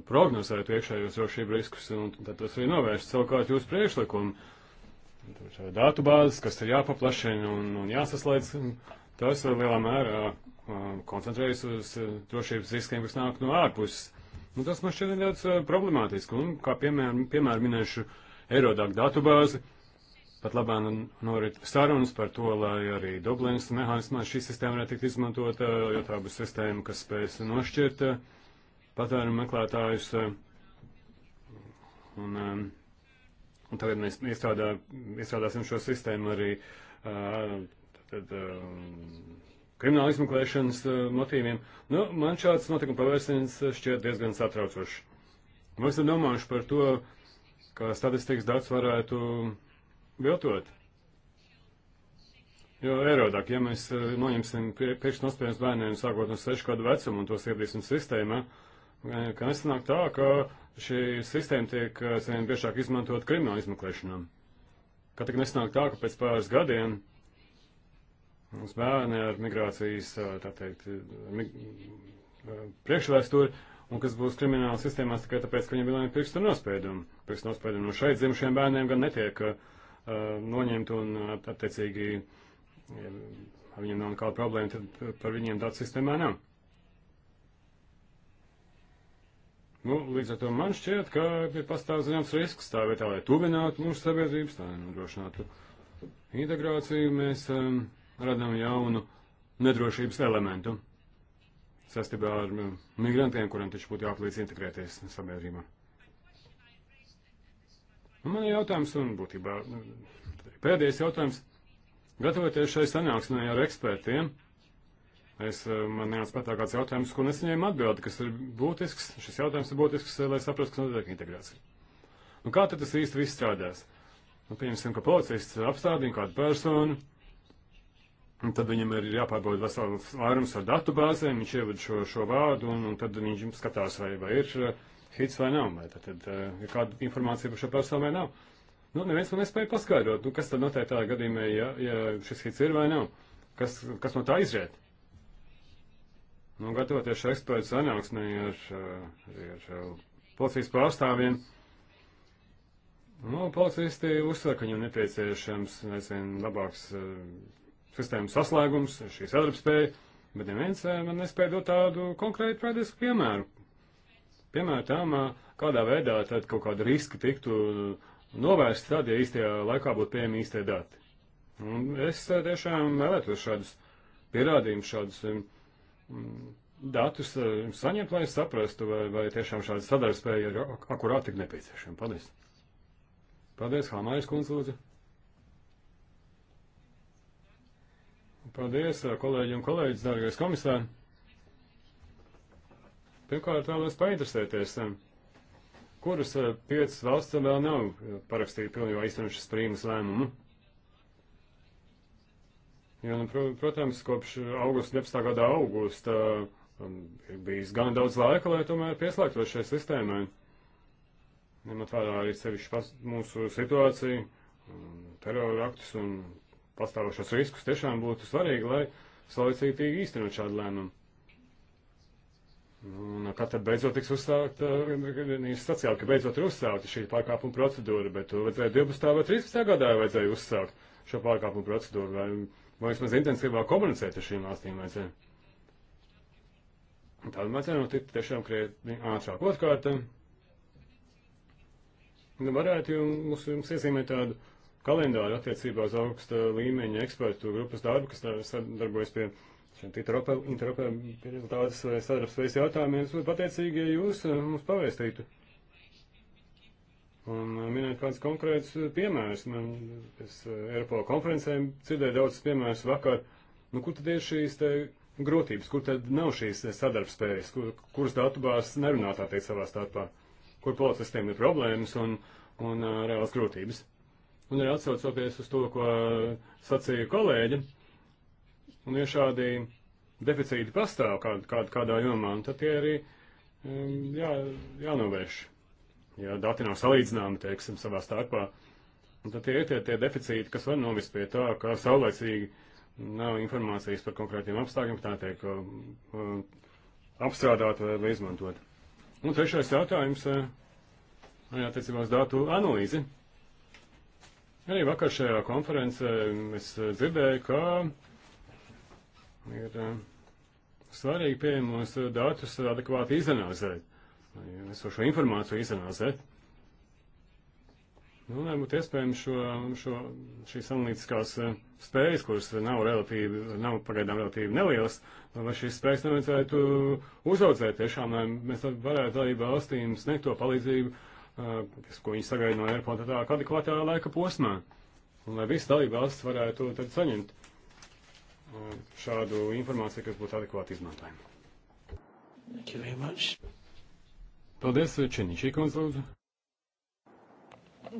prognozētu iekšējos drošības riskus, un tad tas arī novērst savukārt jūsu priekšlikumu. Datu bāzes, kas ir jāpaplašina un, un jāsaslēdz, tas lielā mērā koncentrējas uz drošības riskiem, kas nāk no ārpuses. Un tas man šķiet nedaudz problemātiski. Un, kā piemēram, piemēram minēšu Eirodāk datubāzi. Pat labāk nu norit sarunas par to, lai arī Dublinas mehānismā šī sistēma varētu tikt izmantota, jo tā būs sistēma, kas spēs nošķirt eh, patēru meklētājus. Eh, un, eh, un tagad mēs iestrādā, iestrādāsim šo sistēmu arī tad, krimināla izmeklēšanas motīviem. Nu, man šāds notikuma pavērsiens šķiet diezgan satraucošs. Mēs domājuši par to, kā statistikas datus varētu viltot. Jo ērādāk, ja mēs eh, noņemsim priekšnospējums bērniem sākot no 6 gadu vecuma un tos iedīsim sistēmā, eh, ka nesanāk tā, ka šī sistēma tiek eh, saviem biežāk izmantot krimināla izmeklēšanām. Ka tik nesanāk tā, ka pēc pāris gadiem mums bērni ar migrācijas, tā teikt, mig priekšvēsturi un kas būs krimināla sistēmās tikai tāpēc, ka viņiem bija laimīgi pirkstu nospēdumi. Pirkstu nospēdumi no šeit dzimšiem bērniem gan netiek uh, noņemti un, uh, attiecīgi, ja viņiem nav nekāda problēma, tad par viņiem datu sistēmā nav. Nu, līdz ar to man šķiet, ka ir pastāv zināms risks tā vietā, lai tuvinātu mūsu sabiedrības, lai nodrošinātu integrāciju, mēs um, radām jaunu nedrošības elementu saistībā ar migrantiem, kuriem taču būtu jāpalīdz integrēties sabiedrībā. Un man ir jautājums, un būtībā pēdējais jautājums. Gatavoties šai sanāksmē ar ekspertiem, es, man nāca prātā kāds jautājums, ko nesaņēmu atbildi, kas ir būtisks. Šis jautājums ir būtisks, lai saprastu, kas notiek integrācija. Nu, kā tad tas īsti viss strādās? Nu, pieņemsim, ka policists apstādina kādu personu, Un tad viņam ir jāpārbauda vesels vairums ar datu bāzēm, viņš ievada šo, šo vārdu, un, un tad viņš skatās, vai, vai ir uh, hits vai nav, vai tad, tad ir uh, kāda informācija par šo personu vai nav. Nu, neviens man nespēja paskaidrot, nu, kas tad notiek tādā gadījumā, ja, ja šis hits ir vai nav, kas, kas no tā izriet. Nu, gatavoties šo ekspertu sanāksmē ar, uh, ar, ar policijas pārstāvjiem. Nu, policisti uzsver, ka viņam nepieciešams, nezinu, labāks uh, sistēmas saslēgums, šī sadarbspēja, bet neviens eh, man nespēja dot tādu konkrētu praktisku piemēru. Piemēram, tam, eh, kādā veidā tad kaut kāda riska tiktu novērsta tad, ja īstajā laikā būtu pieejami īstie dati. Un es eh, tiešām vēlētos šādus pierādījumus, šādus mm, datus saņemt, lai saprastu, vai, vai tiešām šāda sadarbspēja ir akurāti tik nepieciešama. Paldies! Paldies, Hāmājas kundze, lūdzu! Paldies, kolēģi un kolēģis, dārgais komisār. Pirmkārt, vēlos painteresēties, kuras piecas valsts vēl nav parakstījuši pilnībā iztenušas prīmas lēmumu. Jā, nu, protams, kopš augusta 17. gada augusta um, ir bijis gan daudz laika, lai tomēr pieslēgtos šai sistēmai. Ņemot vērā arī sevišķi mūsu situāciju, terora aktus un pastāvošos riskus, tiešām būtu svarīgi, lai saulēcīgi īstenot šādu lēmumu. Un kad tad beidzot tiks uzsākt, viņš sacīja, ka beidzot ir uzsākta šī pārkāpuma procedūra, bet to vajadzēja 12. vai 13. gadā vajadzēja uzsākt šo pārkāpumu procedūru, vai, vai vismaz intensīvāk komunicēt ar šīm valstīm vajadzēja. Tad vajadzēja notikt tiešām krietni ātrāk. Otkārt, nu, varētu jums, jums iezīmēt tādu kalendāru attiecībā uz augsta līmeņa ekspertu grupas darbu, kas darbojas pie šiem interoperabilitātes vai sadarbspējas jautājumiem. Es būtu pateicīgi, ja jūs eh, mums pavēstītu. Un eh, minēt kāds konkrēts eh, piemērs. Man es Eiropā konferencēm dzirdēju daudz piemērus vakar. Nu, kur tad ir šīs te grūtības, kur tad nav šīs sadarbspējas, kur, kuras datubās nerunā tā teikt savā starpā, kur policistiem ir problēmas un, un uh, reāls grūtības? Un arī atsaucoties uz to, ko sacīja kolēģi, un ja šādi deficīti pastāv kād, kād, kādā jomā, tad tie arī um, jā, jānovērš. Ja dati nav salīdzināmi, teiksim, savā starpā, tad tie ir tie, tie deficīti, kas var novest pie tā, ka saulēcīgi nav informācijas par konkrētiem apstākļiem, tā tiek um, apstrādāt vai, vai izmantot. Un trešais jautājums uh, arī attiecībā uz datu analīzi. Arī vakar šajā konferencē es eh, dzirdēju, ka ir eh, svarīgi pieejamos eh, datus adekvāti izanalizēt, esošo informāciju izanalizēt. Nu, lai būtu iespējams šo, šo, šīs analītiskās spējas, kuras nav, relatīvi, nav pagaidām relatīvi nelielas, vai šīs spējas nevajadzētu uzaudzēt tiešām, lai mēs varētu arī valstīm sniegt to palīdzību, Eh, kas, ko viņi sagaida no Eiropas tādā adekvātā laika posmā, un lai visas dalībvalstis varētu tad saņemt eh, šādu informāciju, kas būtu adekvāti izmantojama. Thank you very much. Paldies, Čeničī, kundze, lūdzu.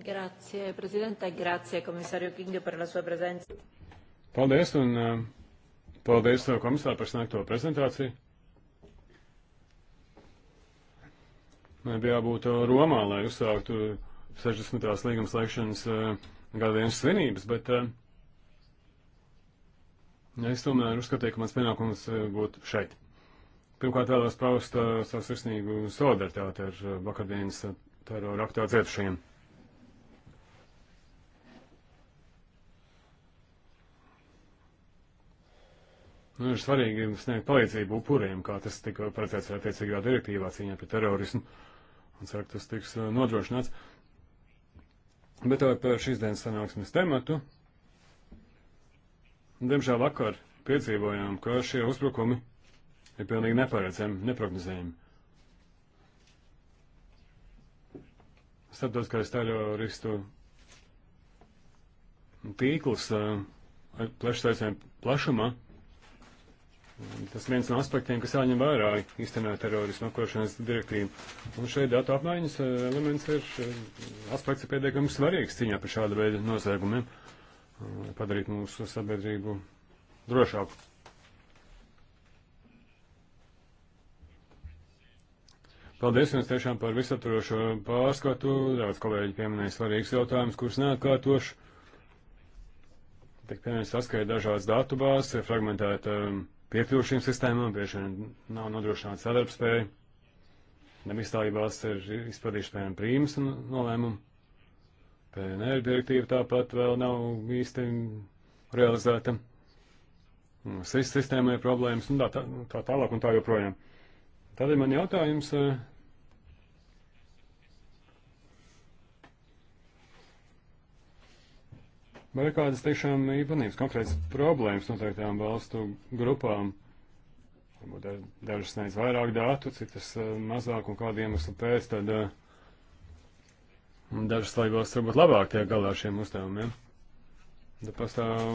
Grazie, prezidente, e grazie, komisāriju Kinga, par la sua prezenci. Paldies, un eh, paldies, komisār, par sniegto prezentāciju. Vai bija jābūt uh, Romā, lai uzsāktu 60. līguma slēgšanas uh, gadienas svinības, bet uh, es tomēr uzskatīju, ka mans pienākums būtu šeit. Pirmkārt vēlos paust savu sirsnīgu solidaritāti ar vakardienas terora aktā cietušajiem. Nu, ir svarīgi sniegt palīdzību upuriem, kā tas tika paredzēts attiecīgajā direktīvā cīņā pret terorismu. Uh, Un ceru, ka tas tiks nodrošināts. Bet par šīs dienas sanāksmes tematu. Diemžēl vakar piedzīvojām, ka šie uzbrukumi ir pilnīgi neparedzami, neprognozējami. Starptautiskais teroristu tīkls ar plašsaicēm plašumā Tas viens no aspektiem, kas jāņem vērā, īstenot terorismu apkarošanas direktīvu. Un šeit datu apmaiņas eh, elements ir, eh, aspekts ir pietiekami svarīgs cīņā par šādu veidu noziegumiem, eh, padarīt mūsu sabiedrību drošāku. Paldies jums tiešām par visaturošo pārskatu. Daudz kolēģi pieminēja svarīgus jautājumus, kurus neatkārtošu. Tik pieminēts saskaita dažādas datubāzes, fragmentēta. Um, piekļuvu šīm sistēmām, bieži vien nav nodrošināta sadarbspēja. Nemistālībās ir izpildījuši, piemēram, prīmas nolēmumu. PNR direktīva tāpat vēl nav īsti realizēta. SIS sistēmai problēmas, un tā, tā, tā tālāk un tā joprojām. Tādēļ man jautājums eh, Vai ir kādas tiešām īpatnības, konkrētas problēmas noteiktām valstu grupām? Varbūt dažas sniedz vairāk datu, citas eh, mazāk un kādu iemeslu pēc, tad eh, dažas laivās varbūt labāk tiek galā ar šiem uzdevumiem. Tad pastāv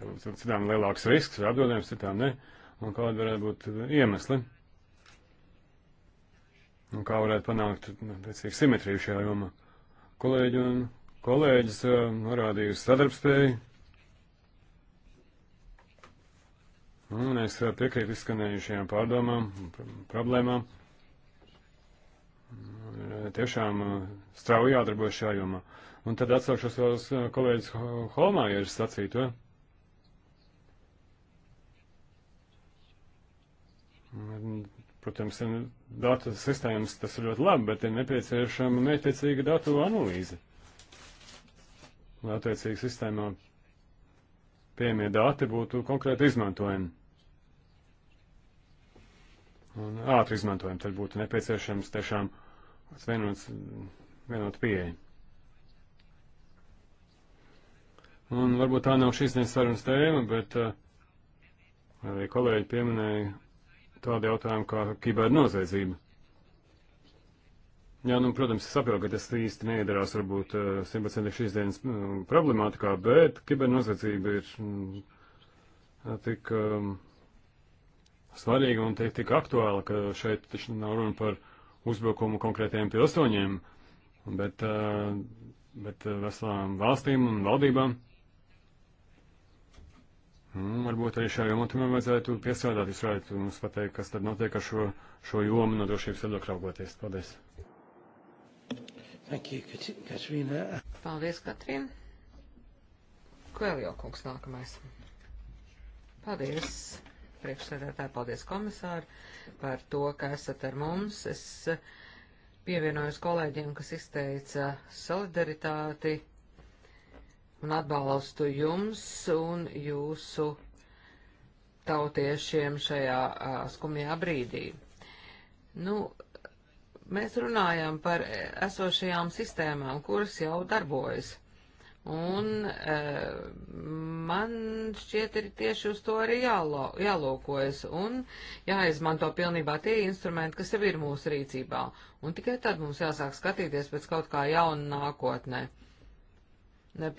tad citām lielāks risks vai apdraudējums, citām ne. Un kādi varētu būt iemesli? Un kā varētu panākt, nu, teicīgi, simetriju šajā jomā? Kolēģi un kolēģis norādīja uz sadarbspēju. Un es piekrītu izskanējušajām pārdomām, problēmām. Tiešām strauji jādarbojas šajā jomā. Un tad atsaušos vēl uz kolēģis Holmājeru sacīto. Protams, datu sistēmas tas ir ļoti labi, bet ir nepieciešama mērķtiecīga datu analīze lai attiecīgi sistēmā pieejamie dati būtu konkrēti izmantojami. Un ātri izmantojami, tad būtu nepieciešams tiešām vienots, vienot pieeja. Un varbūt tā nav šīs dienas sarunas tēma, bet uh, arī kolēģi pieminēja tādu jautājumu kā kibernoziedzība. Jā, nu, protams, es saprotu, ka tas īsti neiedarās varbūt eh, simtprocentīgi šīs dienas problemātikā, bet kibernoziedzība ir mm, tik um, svarīga un tik, tik aktuāla, ka šeit taču nav runa par uzbrukumu konkrētiem pilsoņiem, bet, uh, bet eh, veselām valstīm un valdībām. Un mm, varbūt arī šajā jomā tomēr vajadzētu piestrādāt, jūs varētu mums pateikt, kas tad notiek ar šo, šo jomu no drošības viedokļa raugoties. Paldies! Thank you, Katrīna. Paldies, Katrīna. Kvēljo kungs nākamais. Paldies, priekšsēdētāji, paldies, komisāri, par to, ka esat ar mums. Es eh, pievienojos kolēģiem, kas izteica solidaritāti un atbalstu jums un jūsu tautiešiem šajā a, eh, skumjā brīdī. Nu, Mēs runājam par esošajām sistēmām, kuras jau darbojas. Un e, man šķiet ir tieši uz to arī jālo, jālūkojas un jāizmanto pilnībā tie instrumenti, kas jau ir mūsu rīcībā. Un tikai tad mums jāsāk skatīties pēc kaut kā jauna nākotnē.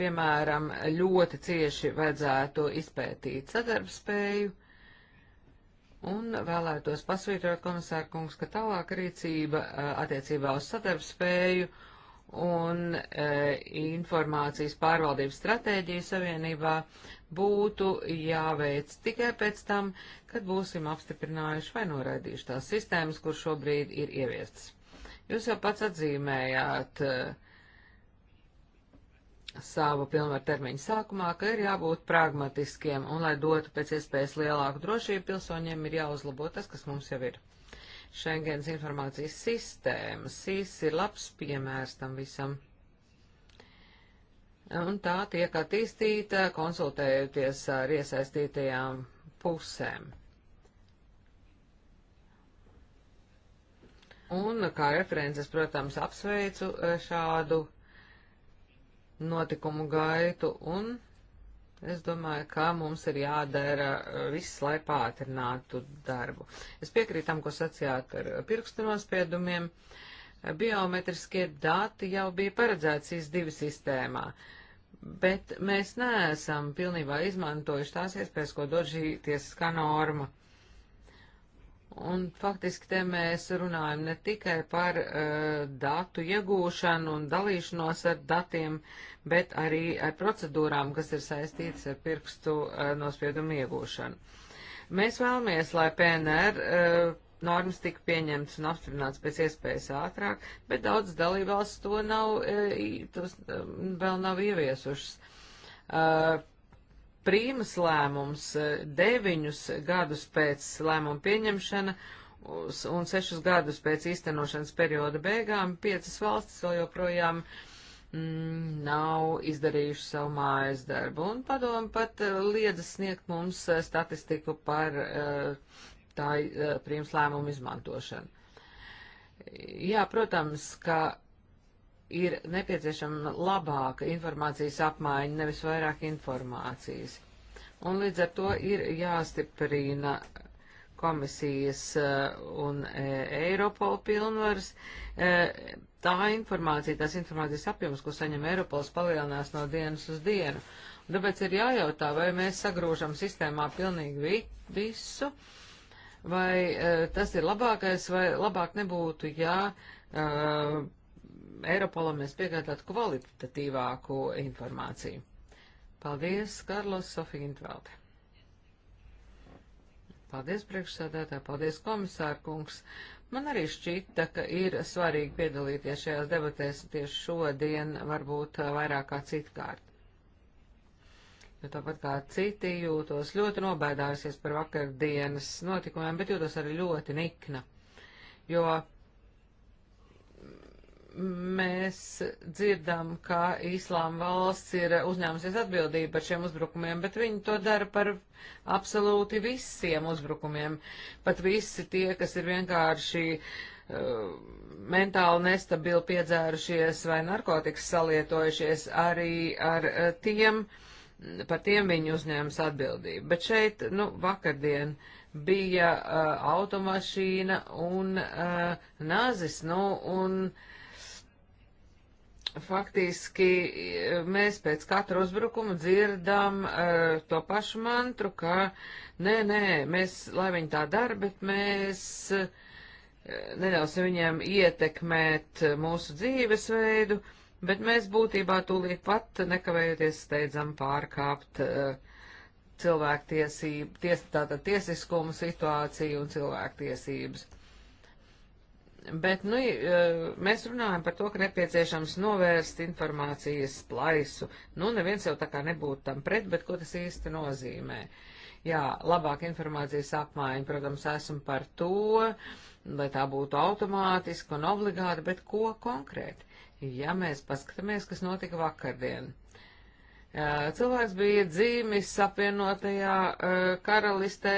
Piemēram, ļoti cieši vajadzētu izpētīt sadarbspēju Un vēlētos pasvītrot, komisāra kungs, ka tālāk rīcība attiecībā uz sadarbspēju un e, informācijas pārvaldības stratēģiju savienībā būtu jāveic tikai pēc tam, kad būsim apstiprinājuši vai noraidījuši tās sistēmas, kur šobrīd ir ieviestas. Jūs jau pats atzīmējāt. E, savu pilnvaru termiņu sākumā, ka ir jābūt pragmatiskiem un, lai dotu pēc iespējas lielāku drošību, pilsoņiem ir jāuzlabo tas, kas mums jau ir. Schengens informācijas sistēma, SIS ir labs piemērs tam visam. Un tā tiek attīstīta, konsultējoties ar iesaistītajām pusēm. Un kā references, protams, apsveicu eh, šādu notikumu gaitu, un es domāju, ka mums ir jādara uh, viss, lai pātrinātu darbu. Es piekrītu tam, ko sacījāt par pirkstu nospiedumiem. Biometriskie dati jau bija paredzēts SIS-2 sistēmā, bet mēs neesam pilnībā izmantojuši tās iespējas, ko dod šī tiesiskā norma. Un faktiski te mēs runājam ne tikai par uh, datu iegūšanu un dalīšanos ar datiem, bet arī ar procedūrām, kas ir saistītas ar pirkstu uh, nospiedumu iegūšanu. Mēs vēlamies, lai PNR uh, eh, normas tika pieņemtas un apstiprināts pēc iespējas ātrāk, bet daudz dalībvalsts to nav, uh, tos, uh, vēl nav ieviesušas. Uh, prīmas lēmums eh, deviņus gadus pēc lēmuma pieņemšana un sešus gadus pēc īstenošanas perioda beigām piecas valstis vēl joprojām mm, nav izdarījuši savu mājas darbu. Un padomu pat eh, liedzas sniegt mums eh, statistiku par tā prīmas lēmumu izmantošanu. Jā, protams, ka ir nepieciešama labāka informācijas apmaiņa, nevis vairāk informācijas. Un līdz ar to ir jāstiprina komisijas eh, un eh, Eiropola pilnvaras. Eh, tā informācija, tās informācijas apjoms, ko saņem Eiropols, palielinās no dienas uz dienu. Un tāpēc ir jājautā, vai mēs sagrūžam sistēmā pilnīgi visu, vai tas ir labākais, vai labāk nebūtu, ja Eiropolam mēs piegādātu kvalitatīvāku informāciju. Paldies, Karlos Sofija Intvelde. Paldies, priekšsādātā, paldies, komisāra kungs. Man arī šķita, ka ir svarīgi piedalīties šajās debatēs tieši šodien, varbūt vairāk kā citkārt. Jo tāpat kā citi jūtos ļoti nobēdājusies par vakardienas notikumiem, bet jūtos arī ļoti nikna. Jo mēs dzirdam, ka Īslāma valsts ir uzņēmusies atbildību par šiem uzbrukumiem, bet viņi to dara par absolūti visiem uzbrukumiem. Pat visi tie, kas ir vienkārši uh, mentāli nestabili piedzērušies vai narkotikas salietojušies, arī ar uh, tiem, par tiem viņi uzņēmas atbildību. Bet šeit, nu, vakardien bija uh, automašīna un uh, nazis, nu, un uh, faktiski eh, mēs pēc katra uzbrukuma dzirdam uh, to pašu mantru, ka nē, nē, mēs, lai viņi tā dara, bet mēs uh, neļausim viņiem ietekmēt mūsu dzīvesveidu, bet mēs būtībā tūlīt pat nekavējoties steidzam pārkāpt uh, cilvēktiesību, ties, tātad tiesiskumu situāciju un cilvēktiesības. Bet, nu, mēs runājam par to, ka nepieciešams novērst informācijas plaisu. Nu, neviens jau tā kā nebūtu tam pret, bet ko tas īsti nozīmē? Jā, labāk informācijas apmaiņa, protams, esmu par to, lai tā būtu automātiska un obligāta, bet ko konkrēti? Ja mēs paskatāmies, kas notika vakardien. Cilvēks bija dzīvis apvienotajā eh, karalistē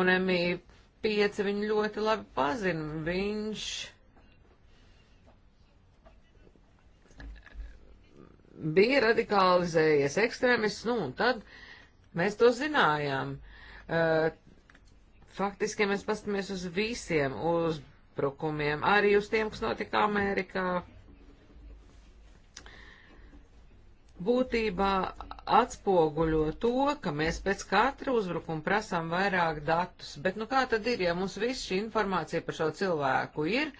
un MIP pieci viņu ļoti labi pazina. Viņš bija radikalizējies ekstrēmists, nu, un tad mēs to zinājām. Uh, faktiski, ja mēs pastamies uz visiem uzbrukumiem, arī uz tiem, kas notika Amerikā, būtībā atspoguļo to, ka mēs pēc katra uzbrukuma prasām vairāk datus. Bet nu kā tad ir, ja mums viss šī informācija par šo cilvēku ir,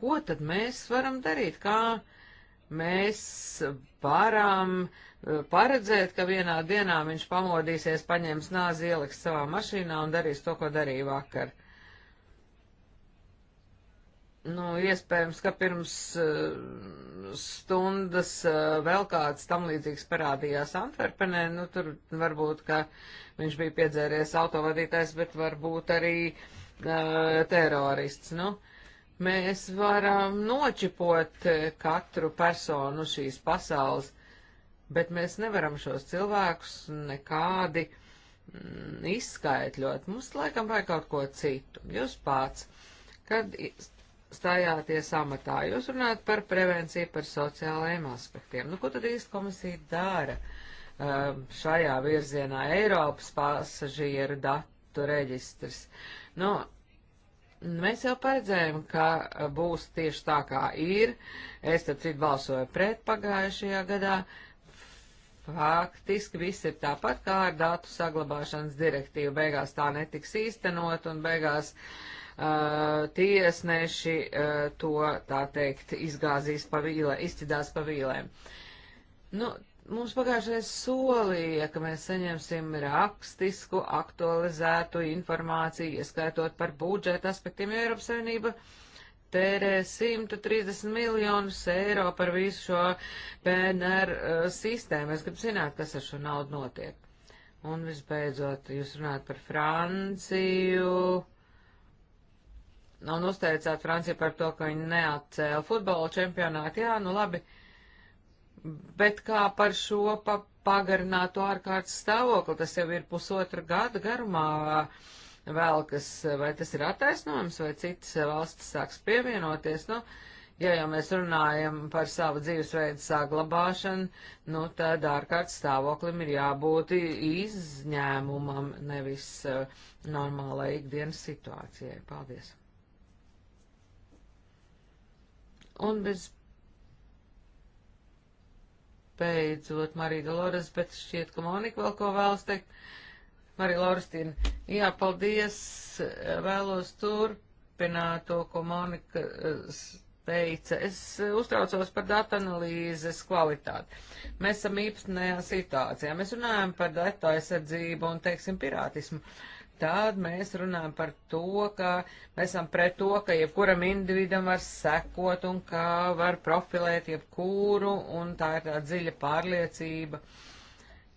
ko tad mēs varam darīt? Kā mēs varam eh, paredzēt, ka vienā dienā viņš pamodīsies, paņems nāzi, ieliks savā mašīnā un darīs to, ko darīja vakar? Nu, iespējams, ka pirms uh, stundas eh, vēl kāds tam līdzīgs parādījās Antverpenē, nu tur varbūt, ka viņš bija piedzēries autovadītājs, bet varbūt arī uh, terorists, nu. Mēs varam nočipot eh, katru personu šīs pasaules, bet mēs nevaram šos cilvēkus nekādi mm, izskaitļot. Mums laikam vajag kaut ko citu. Jūs pats, kad stājāties amatā. Jūs runājat par prevenciju, par sociālajiem aspektiem. Nu, ko tad īsti komisija dara um, šajā virzienā? Eiropas pasažieru datu reģistrs. Nu, mēs jau paredzējām, ka būs tieši tā, kā ir. Es tad citu balsoju pret pagājušajā gadā. Faktiski viss ir tāpat kā ar datu saglabāšanas direktīvu. Beigās tā netiks īstenot un beigās uh, Eh, tiesneši eh, to, tā teikt, izgāzīs pa vīlē, izcidās pa vīlēm. Nu, mums pagājušais solīja, ka mēs saņemsim rakstisku, aktualizētu informāciju, ieskaitot par budžeta aspektiem, jo Eiropas Savienība tērē 130 miljonus eiro par visu šo PNR uh, eh, sistēmu. Es gribu zināt, kas ar šo naudu notiek. Un visbeidzot, jūs runājat par Franciju un uzteicāt Franciju par to, ka viņi neatcēla futbola čempionātu. Jā, nu labi, bet kā par šo pa pagarināto ārkārtas stāvokli, tas jau ir pusotra gada garumā vēl, kas, vai tas ir attaisnojums, vai citas valstis sāks pievienoties, nu, ja jau mēs runājam par savu dzīvesveidu saglabāšanu, nu, tad ārkārtas stāvoklim ir jābūt izņēmumam, nevis uh, normālai ikdienas situācijai. Paldies! Un bez beidzot Marija Dolores, bet šķiet, ka Monika vēl ko vēlas teikt. Marija Loristina, jā, paldies, vēlos turpināt to, ko Monika eh, teica. Es uztraucos par datu analīzes kvalitāti. Mēs esam īpatnējā situācijā. Mēs runājam par datu aizsardzību un, teiksim, pirātismu. Uh, tad mēs runājam par to, ka mēs esam pret to, ka jebkuram individam var sekot un ka var profilēt jebkuru, un tā ir tā dziļa pārliecība.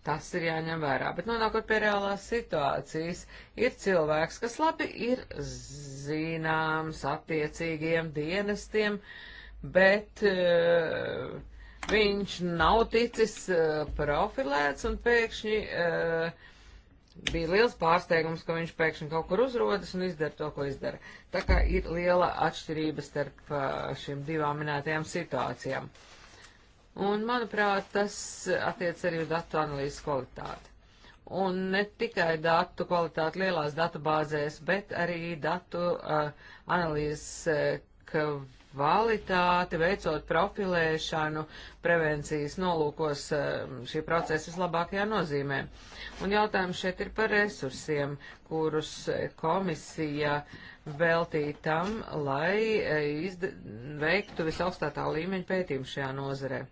Tas ir jāņem vērā, bet nonākot pie reālās situācijas, ir cilvēks, kas labi ir zināms attiecīgiem dienestiem, bet uh, viņš nav ticis uh, profilēts un pēkšņi uh, bija liels pārsteigums, ka viņš pēkšņi kaut kur uzrodas un izdara to, ko izdara. Tā kā ir liela atšķirība starp uh, šīm divām minētajām situācijām. Un, manuprāt, tas attiec arī uz datu analīzes kvalitāti. Un ne tikai datu kvalitāti lielās datubāzēs, bet arī datu uh, analīzes uh, kvalitāti, veicot profilēšanu, prevencijas nolūkos um, šī procesa vislabākajā nozīmē. Un jautājums šeit ir par resursiem, kurus eh, komisija veltīja tam, lai eh, veiktu visaugstākā līmeņa pētījumu šajā nozarē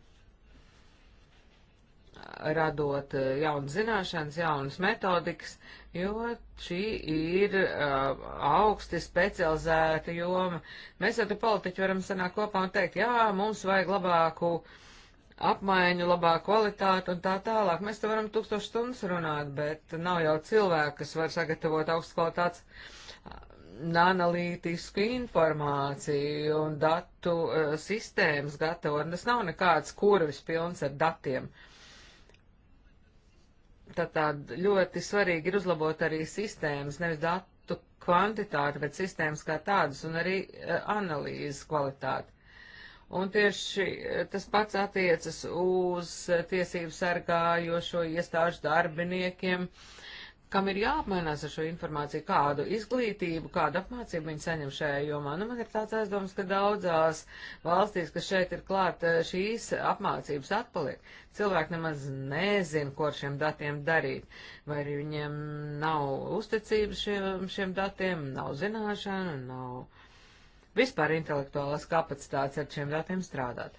radot eh, jaunas zināšanas, jaunas metodikas, jo šī ir uh, augsti specializēta joma. Mēs ar politiķu varam sanākt kopā un teikt, jā, mums vajag labāku apmaiņu, labāku kvalitāti un tā tālāk. Mēs te varam tūkstošu stundas runāt, bet nav jau cilvēku, kas var sagatavot augstu kvalitātes uh, analītisku informāciju un datu uh, sistēmas gatavot. Tas nav nekāds kurvis pilns ar datiem. Uh, Tātad ļoti svarīgi ir uzlabot arī sistēmas, nevis datu kvantitāti, bet sistēmas kā tādas un arī e, analīzes kvalitāti. Un tieši e, tas pats attiecas uz e, tiesību sargājošo iestāžu darbiniekiem. Uh, kam ir jāapmainās ar šo informāciju, kādu izglītību, kādu apmācību viņi saņem šajā jomā. Nu, man ir tāds aizdoms, ka daudzās valstīs, kas šeit ir klāt, eh, šīs apmācības atpaliek. Cilvēki nemaz nezin, ko ar šiem datiem darīt. Vai arī viņiem nav uzticības šiem, šiem datiem, nav zināšana, nav vispār intelektuālās kapacitātes ar šiem datiem strādāt.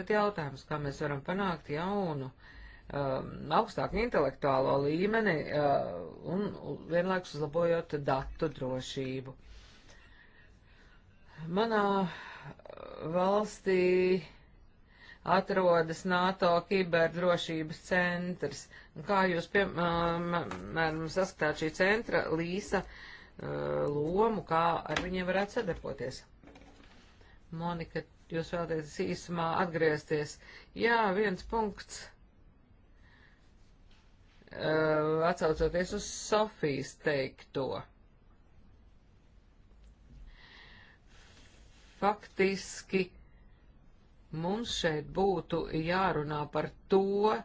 Tad jautājums, kā mēs varam panākt jaunu. Uh, Um, augstāku intelektuālo līmeni uh, un vienlaikus uzlabojot datu drošību. Manā valstī atrodas NATO kiberdrošības centrs. Kā jūs, piemēram, uh, saskatāt šī centra līsa uh, lomu, kā ar viņiem varētu sadarboties? Monika, jūs vēlaties īsumā atgriezties. Jā, viens punkts Uh, atsaucoties uz Sofijas teikto. Faktiski mums šeit būtu jārunā par to, uh,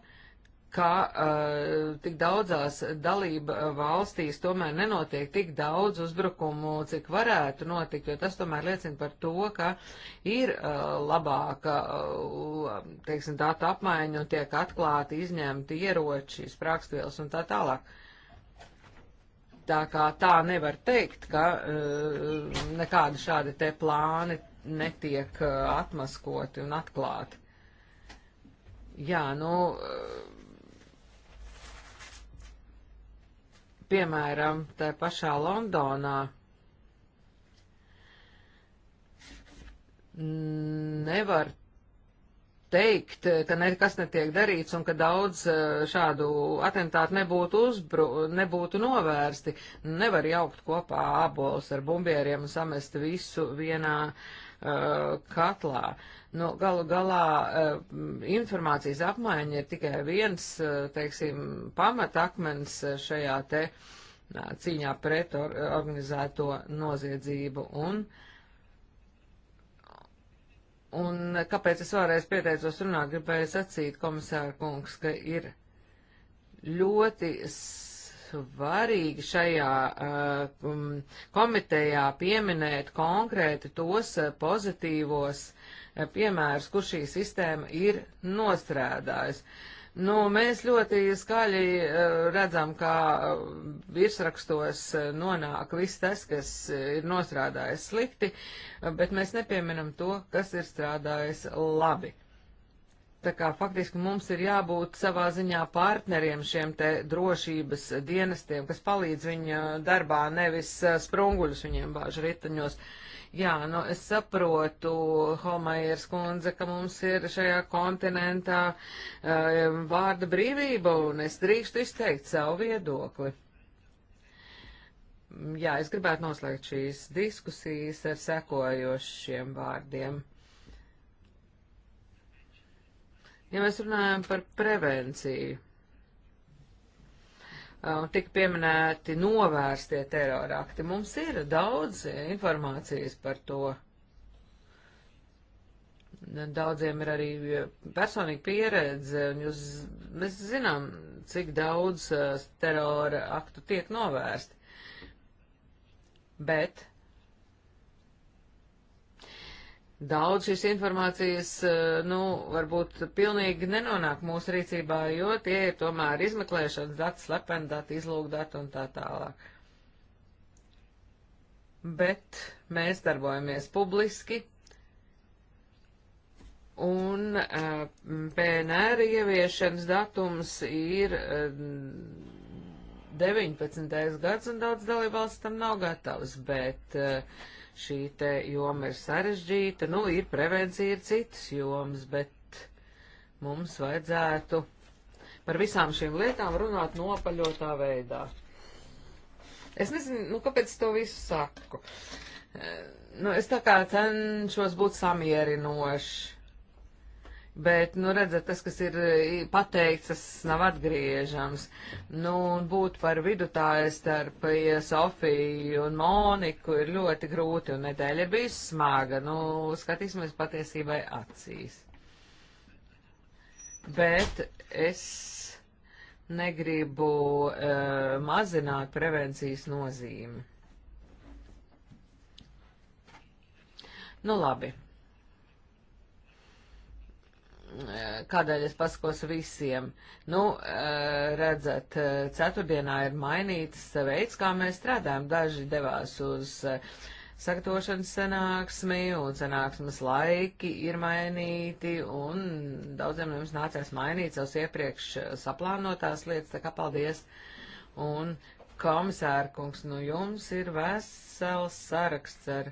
ka uh, tik daudzās dalība valstīs tomēr nenotiek tik daudz uzbrukumu, cik varētu notikt, jo tas tomēr liecina par to, ka ir uh, labāka, uh, teiksim, datu apmaiņa un tiek atklāti izņemti ieroči, sprākstvielas un tā tālāk. Tā kā tā nevar teikt, ka uh, nekādi šādi te plāni netiek uh, atmaskoti un atklāti. Jā, nu. Uh, piemēram, tā pašā Londonā nevar teikt, ka nekas netiek darīts un ka daudz eh, šādu atentātu nebūtu, uzbru, nebūtu novērsti. Nevar jaukt kopā ābolus ar bumbieriem un samest visu vienā uh, Uh, katlā. Nu, galu galā uh, informācijas apmaiņa ir tikai viens, uh, teiksim, pamatakmens šajā te cīņā pret or organizēto noziedzību. Un, un kāpēc es vēlreiz pieteicos runāt, gribēju sacīt, komisāra kungs, ka ir ļoti svarīgi šajā uh, um, komitejā pieminēt konkrēti tos uh, pozitīvos uh, piemērus, kur šī sistēma ir nostrādājusi. Nu, mēs ļoti skaļi uh, redzam, kā uh, virsrakstos uh, nonāk viss tas, kas ir nostrādājis slikti, bet mēs nepieminam to, kas ir strādājis labi. Tā kā faktiski mums ir jābūt savā ziņā partneriem šiem te drošības dienestiem, kas palīdz viņa darbā, nevis eh, sprunguļus viņiem bāž ritaņos. Jā, nu es saprotu, Holmajers kundze, ka mums ir šajā kontinentā uh, vārda brīvība, un es drīkstu izteikt savu viedokli. Jā, es gribētu noslēgt šīs diskusijas ar sekojošiem vārdiem. Ja mēs runājam par prevenciju, uh, tik pieminēti novērstie terorakti, mums ir daudz informācijas par to. Daudziem ir arī personīga pieredze, un jūs, mēs zinām, cik daudz uh, terora aktu tiek novērsti. Bet daudz šīs informācijas, eh, nu, varbūt pilnīgi nenonāk mūsu rīcībā, jo tie ir tomēr izmeklēšanas dati, slepeni dati, izlūkdati un tā tālāk. Bet mēs darbojamies publiski, un eh, PNR ieviešanas datums ir 19. Eh, gads, un daudz dalībvalsts tam nav gatavs, bet uh, šī te joma ir sarežģīta, nu, ir prevencija, ir citas jomas, bet mums vajadzētu par visām šīm lietām runāt nopaļotā veidā. Es nezinu, nu, kāpēc to visu saku. Eh, nu, es tā kā cenšos būt samierinošs. Bet, nu, redzat, tas, kas ir pateikts, tas nav atgriežams. Nu, un būt par vidutāju starp ja Sofiju un Moniku ir ļoti grūti, un nedēļa bija smaga. Nu, skatīsimies patiesībai acīs. Bet es negribu uh, mazināt prevencijas nozīmi. Nu, labi. Eh, kādēļ es pasakos visiem. Nu, eh, redzat, eh, ceturtdienā ir mainīts veids, kā mēs strādājam. Daži devās uz sagatavošanas sanāksmi, un sanāksmes laiki ir mainīti, un daudziem no jums nācās mainīt savus iepriekš saplānotās lietas, tā kā paldies. Un komisārkungs, nu jums ir vesels saraksts ar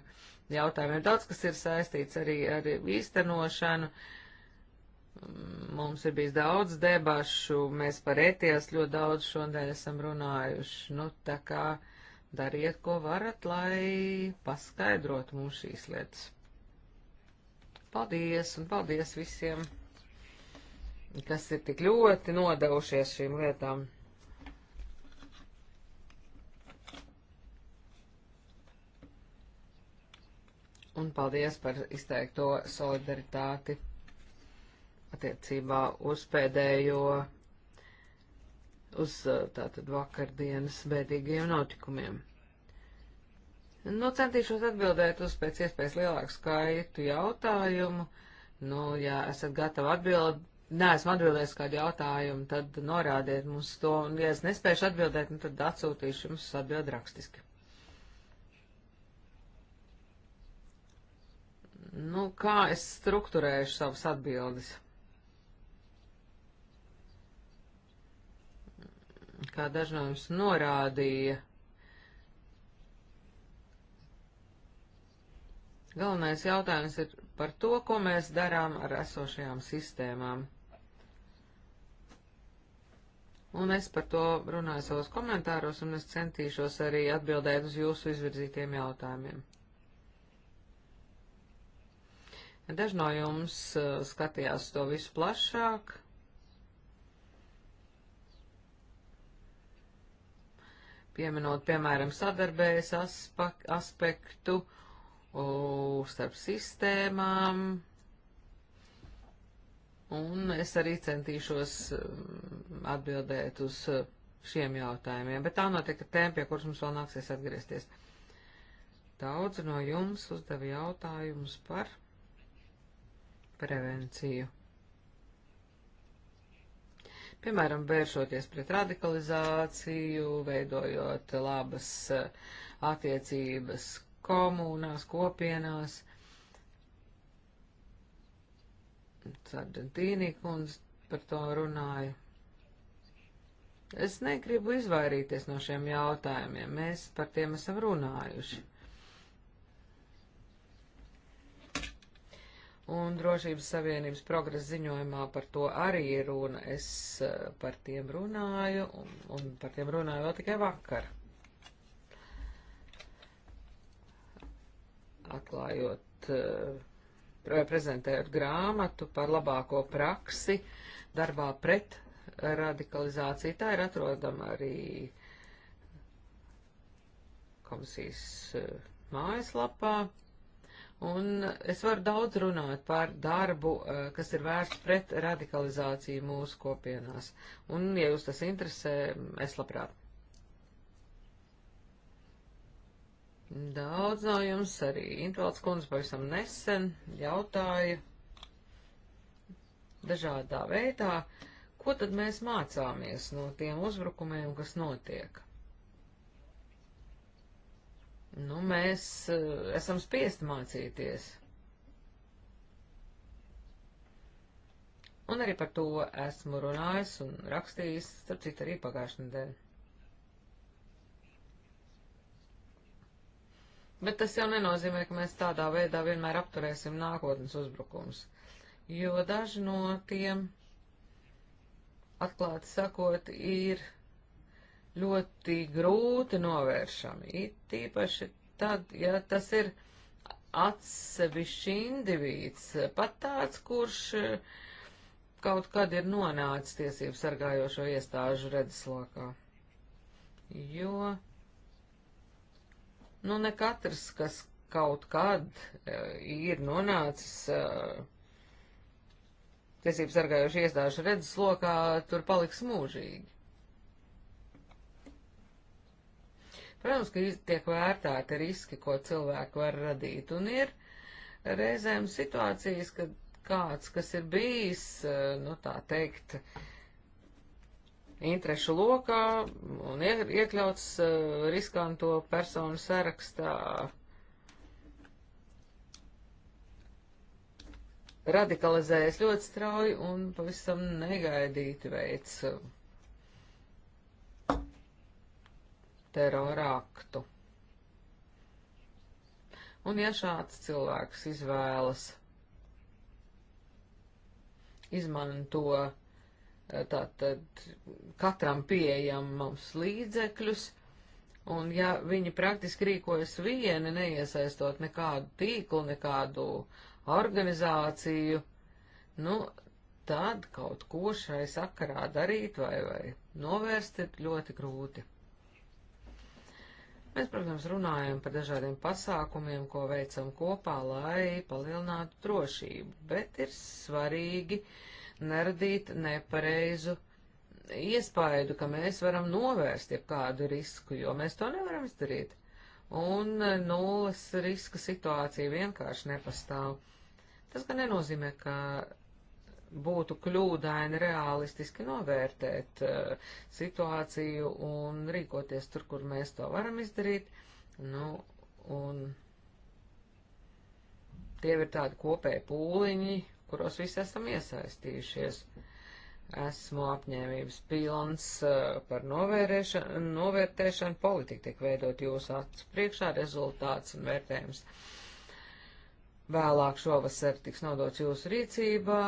jautājumiem. Daudz, kas ir saistīts arī ar īstenošanu. Uh, Mums ir bijis daudz debašu, mēs par ETS ļoti daudz šodien esam runājuši. Nu, tā kā dariet, ko varat, lai paskaidrot mums šīs lietas. Paldies un paldies visiem, kas ir tik ļoti nodevušies šīm lietām. un paldies par izteikto solidaritāti attiecībā uz pēdējo, uz uh, tātad vakardienas bēdīgiem notikumiem. Nu, centīšos atbildēt uz pēc iespējas lielāku skaitu jautājumu. Nu, ja esat gatavi atbildēt, neesmu atbildējis kādu jautājumu, tad norādiet mums to, un ja es nespēšu atbildēt, nu, tad atsūtīšu jums atbild rakstiski. Nu, kā es struktūrēšu savas atbildes? kā daži no jums norādīja, galvenais jautājums ir par to, ko mēs darām ar esošajām sistēmām. Un es par to runāju savos komentāros, un es centīšos arī atbildēt uz jūsu izvirzītiem jautājumiem. Daži no jums uh, skatījās to visu plašāk, pieminot, piemēram, sadarbējas aspektu o, starp sistēmām. Un es arī centīšos mm, atbildēt uz e, šiem jautājumiem, bet tā notika tēma, pie kuras mums vēl nāksies atgriezties. Daudz no jums uzdeva jautājumus par prevenciju piemēram, vēršoties pret radikalizāciju, veidojot labas eh, attiecības komunās, kopienās. Sargentīnī kundze par to runāja. Es negribu izvairīties no šiem jautājumiem, mēs par tiem esam runājuši. Un Drošības Savienības progresa ziņojumā par to arī ir runa. Es eh, par tiem runāju, un, un par tiem runāju vēl tikai vakar. Atklājot, pre eh, prezentējot grāmatu par labāko praksi darbā pret radikalizāciju. Tā ir atrodama arī komisijas eh, mājaslapā. Un es varu daudz runāt par darbu, eh, kas ir vērsts pret radikalizāciju mūsu kopienās. Un, ja jūs tas interesē, es labprāt. Daudz no jums, arī Intvalds kundze pavisam nesen jautāja dažādā veidā, ko tad mēs mācāmies no tiem uzbrukumiem, kas notiek nu, mēs uh, esam spiest mācīties. Un arī par to esmu runājis un rakstījis, starp citu, arī pagājušajā nedēļā. Bet tas jau nenozīmē, ka mēs tādā veidā vienmēr apturēsim nākotnes uzbrukums, jo daži no tiem, atklāti sakot, ir ļoti grūti novēršami, it īpaši tad, ja tas ir atsevišķi indivīds, pat tāds, kurš eh, kaut kad ir nonācis tiesību sargājošo iestāžu redzeslokā. Jo, nu, ne katrs, kas kaut kad eh, ir nonācis eh, tiesību sargājošo iestāžu redzeslokā, tur paliks mūžīgi. Protams, ka tiek vērtēti riski, ko cilvēki var radīt, un ir reizēm situācijas, kad kāds, kas ir bijis, eh, nu tā teikt, interešu lokā un iekļauts eh, riskanto personu sarakstā, radikalizējas ļoti strauji un pavisam negaidīti veids eh, terorāktu. Un ja šāds cilvēks izvēlas izmanto eh, tātad katram pieejamums līdzekļus, un ja viņi praktiski rīkojas vieni, neiesaistot nekādu tīklu, nekādu organizāciju, nu, tad kaut ko šai sakarā darīt vai, vai novērst ir ļoti grūti. Mēs, protams, runājam par dažādiem pasākumiem, ko veicam kopā, lai palielinātu drošību, bet ir svarīgi neradīt nepareizu iespaidu, ka mēs varam novērst jebkādu risku, jo mēs to nevaram izdarīt. Un nulles riska situācija vienkārši nepastāv. Tas gan nenozīmē, ka būtu kļūdaini realistiski novērtēt uh, situāciju un rīkoties tur, kur mēs to varam izdarīt. Nu, un tie ir tādi kopēji pūliņi, kuros visi esam iesaistījušies. Esmu apņēmības pilns uh, par novērtēšanu. Politika tiek veidot jūsu acu priekšā, rezultāts un vērtējums. Vēlāk šovasar tiks nodots jūsu rīcībā,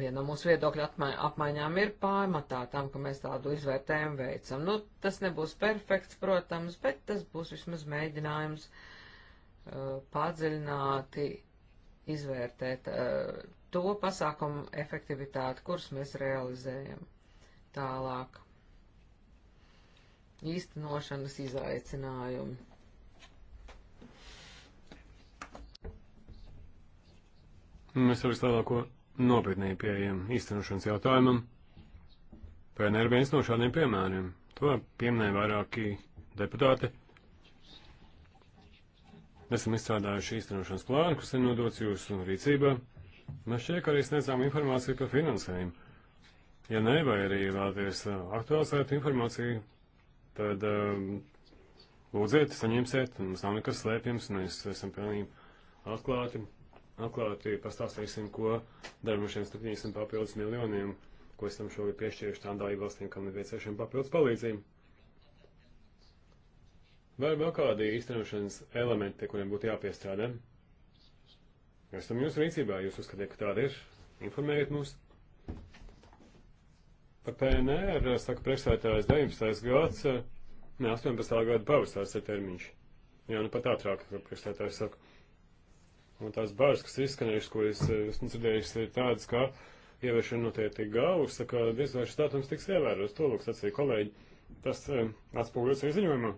Viena no mūsu viedokļa apmaiņām ir pārmatā tam, ka mēs tādu izvērtējumu veicam. Nu, tas nebūs perfekts, protams, bet tas būs vismaz mēģinājums uh, padziļināti izvērtēt uh, to pasākumu efektivitāti, kurus mēs realizējam tālāk. Īstenošanas izaicinājumi. Mēs arī strādājam, nopietnīgi pieejam īstenošanas jautājumam. PNR viens no šādiem piemēriem. To pieminēja vairāki deputāti. Esam izstrādājuši īstenošanas plānu, kas ir nodots jūsu rīcībā. Mēs šķiet, ka arī sniedzām informāciju par finansējumu. Ja nē, vai arī vēlaties uh, aktualizēt informāciju, tad um, lūdziet, saņemsiet, mums nav nekas slēpjams, mēs esam pilnīgi atklāti atklāti pastāstīsim, ko darām ar šiem 70 papildus miljoniem, ko esam šogad piešķīruši tām dalību valstīm, kam nepieciešama papildus palīdzība. Vai vēl kādi īstenošanas elementi, pie kuriem būtu jāpiestrādā? Esam jūsu rīcībā, jūs uzskatiet, ka tāda ir. Informējiet mūs. Par PNR, saka priekšsētājs 19. gads, ne 18. gada pavasārs ir termiņš. Jā, nu pat ātrāk, ka priekšsētājs saka. Un tās bāžas, kas izskanējušas, ko es eh, esmu dzirdējis, ir tādas, ka ieviešana notiek tik gausa, ka diez vai šis datums tiks ievērots. To lūk, sacīja kolēģi. Tas eh, atspoguļos arī ziņojumā.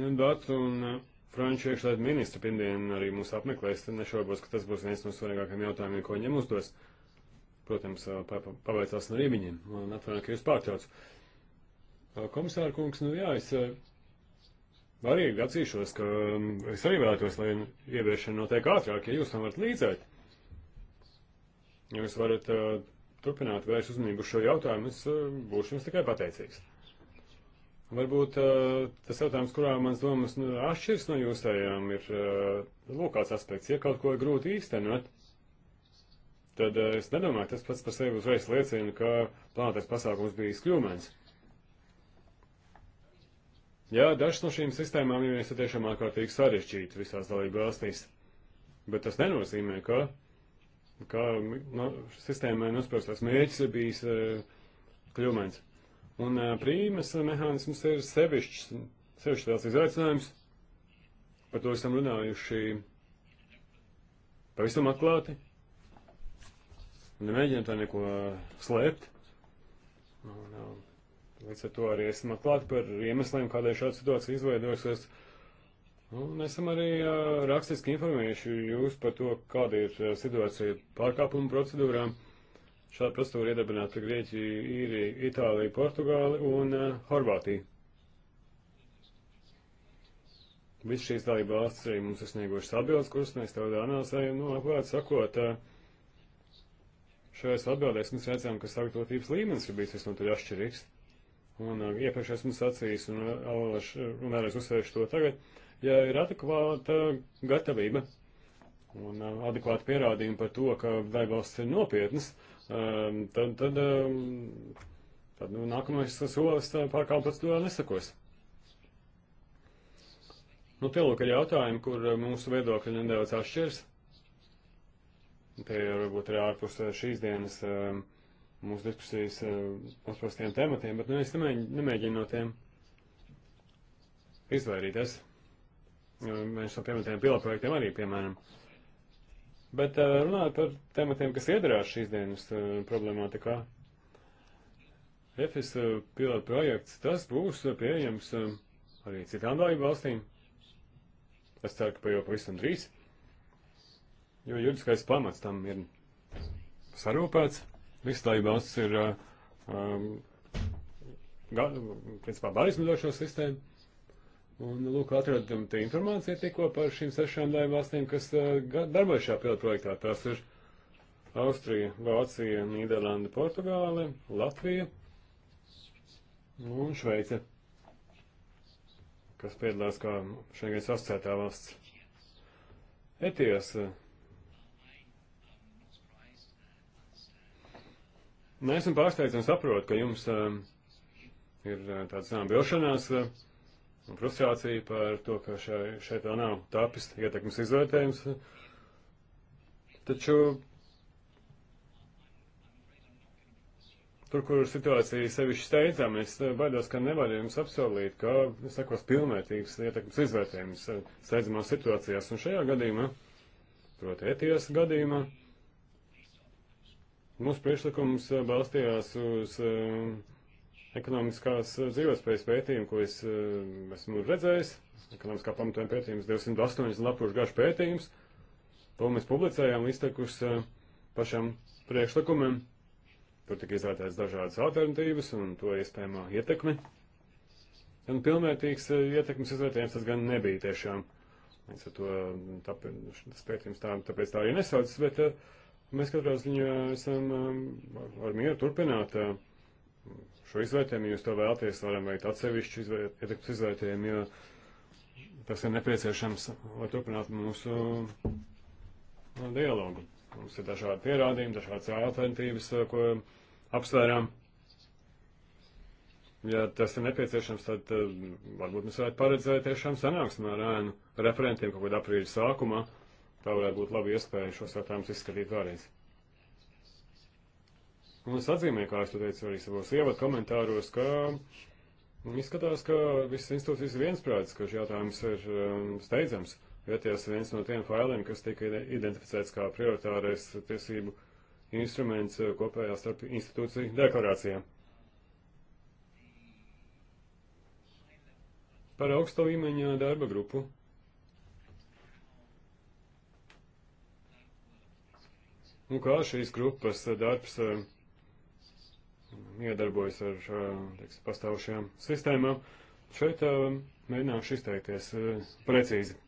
Jā, bet un eh, Franču iekšlietu ministra pirmdien arī mūs apmeklēs, tad nešaubos, ka tas būs viens no svarīgākajiem jautājumiem, ko viņam uzdos. Protams, paveicās no rīmiņiem, man atvainojiet, ka jūs pārtraucu. Komisāra kungs, nu jā, es arī atzīšos, ka um, es arī vēlētos, lai ieviešana notiek ātrāk, ja jūs tam varat līdzēt. Ja jūs varat uh, turpināt vērst uzmanību šo jautājumu, es uh, būšu jums tikai pateicīgs. Varbūt uh, tas jautājums, kurā mans domas nu, atšķirs no jūsējām, ir uh, lūkāts aspekts. Ja kaut ko ir grūti īstenot, tad uh, es nedomāju, tas pats par sevi uzreiz liecina, ka plānotais pasākums bija izkļūmens. Uh, Jā, dažas no šīm sistēmām ir ja tiešām ārkārtīgi sarežģītas visās dalību valstīs, bet tas nenozīmē, ka, ka no, nu, sistēmai nosprostās mērķis ir bijis e, kļūmēns. Un e, prīmes mehānisms ir sevišķs, sevišķs liels izaicinājums. Par to esam runājuši pavisam atklāti. Nemēģinām tā neko slēpt. Un, e, Līdz ar to arī esam atklāti par iemesliem, kādēļ šāda situācija izveidojusies. Un esam arī uh, rakstiski informējuši jūs par to, kāda ir situācija pārkāpuma procedūrā. Šāda procedūra iedarbināta Grieķija, Īrija, Itālija, Portugāli un uh, Horvātija. Viss šīs dalība valsts arī mums ir sniegušas atbildes, kuras mēs tev analizējam, nu, apvērt sakot, uh, šajās atbildēs mēs redzam, ka sagatavotības līmenis ir bijis visnotaļ atšķirīgs. Un iepriekš uh, esmu sacījis, uh, uh, un vēlreiz uzsvēršu to tagad, ja ir adekvāta gatavība un adekvāta pierādījuma par to, ka vērvalsts ir nopietnas, um, tad, tad, um, tad nu, nākamais solis pārkāpums to nesakos. Nu, tie lūk ir jautājumi, kur mūsu viedokļi nedaudz atšķirs. Tie varbūt ir ārpus šīs dienas. Um, mūsu diskusijas eh, apsprostiem tematiem, bet nu, es nemēģinu, nemēģinu no tiem izvairīties. Mēs no pieminētajiem pilotprojektiem arī, piemēram. Bet eh, runājot par tematiem, kas iedarās šīs dienas eh, problemātikā, EFIS pilotprojekts, tas būs pieejams arī citām dalību valstīm. Es ceru, ka jau pavisam drīz, jo juridiskais pamats tam ir sarūpēts. Visas dalība valsts ir uh, um, principā barismu došo sistēmu. Un, lūk, atradam te informāciju tikko par šīm sešām daļām valstīm, kas uh, darbojas šajā pilotprojektā. Tās ir Austrija, Vācija, Nīderlanda, Portugāle, Latvija un Šveice, kas piedalās kā šengens asociētā valsts. Etijas uh, Nē, esmu pārsteigts un saprotu, ka jums um, ir uh, tāda zinām vilšanās uh, un frustrācija par to, ka šai, šeit vēl nav tapis ietekmes izvērtējums. Taču tur, kur situācija sevišķi steidzama, es uh, baidos, ka nevaru jums apsolīt, ka sekos pilnvērtīgs ietekmes izvērtējums uh, steidzamās situācijās. Un šajā gadījumā, proti, ETS gadījumā, uh, Mūsu priekšlikums eh, balstījās uz uh, ekonomiskās eh, dzīvotspējas pētījumu, ko es uh, esmu redzējis. Ekonomiskā pamatojuma pētījums 208 lapušu garš pētījums. To mēs publicējām iztekus uh, pašam priekšlikumam. Tur tika izvērtēts dažādas alternatīvas un to iespējamā ietekme. Un pilnvērtīgs ietekmes izvērtējums tas gan nebija tiešām. Līdz ar to tāpēc, tas pētījums tā, tāpēc tā arī nesaucas, bet uh, Mēs katrā ziņā esam um, ar mieru turpināt uh, šo izvērtējumu, jūs to vēlties, varam veikt atsevišķu izvērt, ietekmes izvērtējumu, jo tas ir nepieciešams, lai turpinātu mūsu uh, dialogu. Mums ir dažādi pierādījumi, dažādas alternatīvas, uh, ko apsvērām. Ja tas ir nepieciešams, tad varbūt mēs varētu paredzēt tiešām sanāksmē ar ēnu referentiem kaut kādā aprīļa sākumā tā varētu būt laba iespēja šos jautājumus izskatīt vēlreiz. Un es atzīmēju, kā es to teicu arī savos ievadu komentāros, ka nu, izskatās, ka visas institūcijas ir viensprātis, ka šī jautājums ir um, steidzams. Vieties viens no tiem failiem, kas tika identificēts kā prioritārais tiesību instruments uh, kopējā starp institūciju deklarācijā. Par augsta līmeņa darba grupu Nu, kā šīs grupas darbs eh, iedarbojas ar eh, teiks, pastāvušajām sistēmām, šeit eh, mēģināšu izteikties precīzi.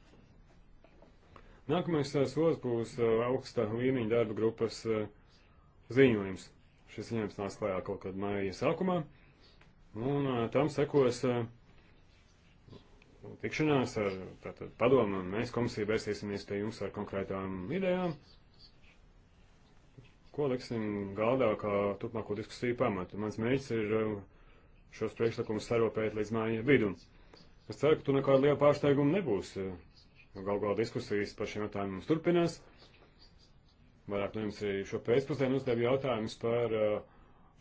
Nākamais solis būs augsta līmeņa darba grupas ziņojums. Šis ziņojums nāks klajā kaut kad maija sākumā, un tam sekos tikšanās ar tātad, padomu, un mēs komisiju vērsīsimies pie jums ar konkrētām idejām ko liksim galdā kā turpmāko diskusiju pamatu. Mans mērķis ir um, šos priekšlikumus saropēt līdz māja vidum. Es ceru, ka tu nekāda liela pārsteiguma nebūs. Galu galā diskusijas par šiem jautājumiem mums turpinās. Vairāk no jums arī šo pēcpusdienu uzdevu jautājumus par uh,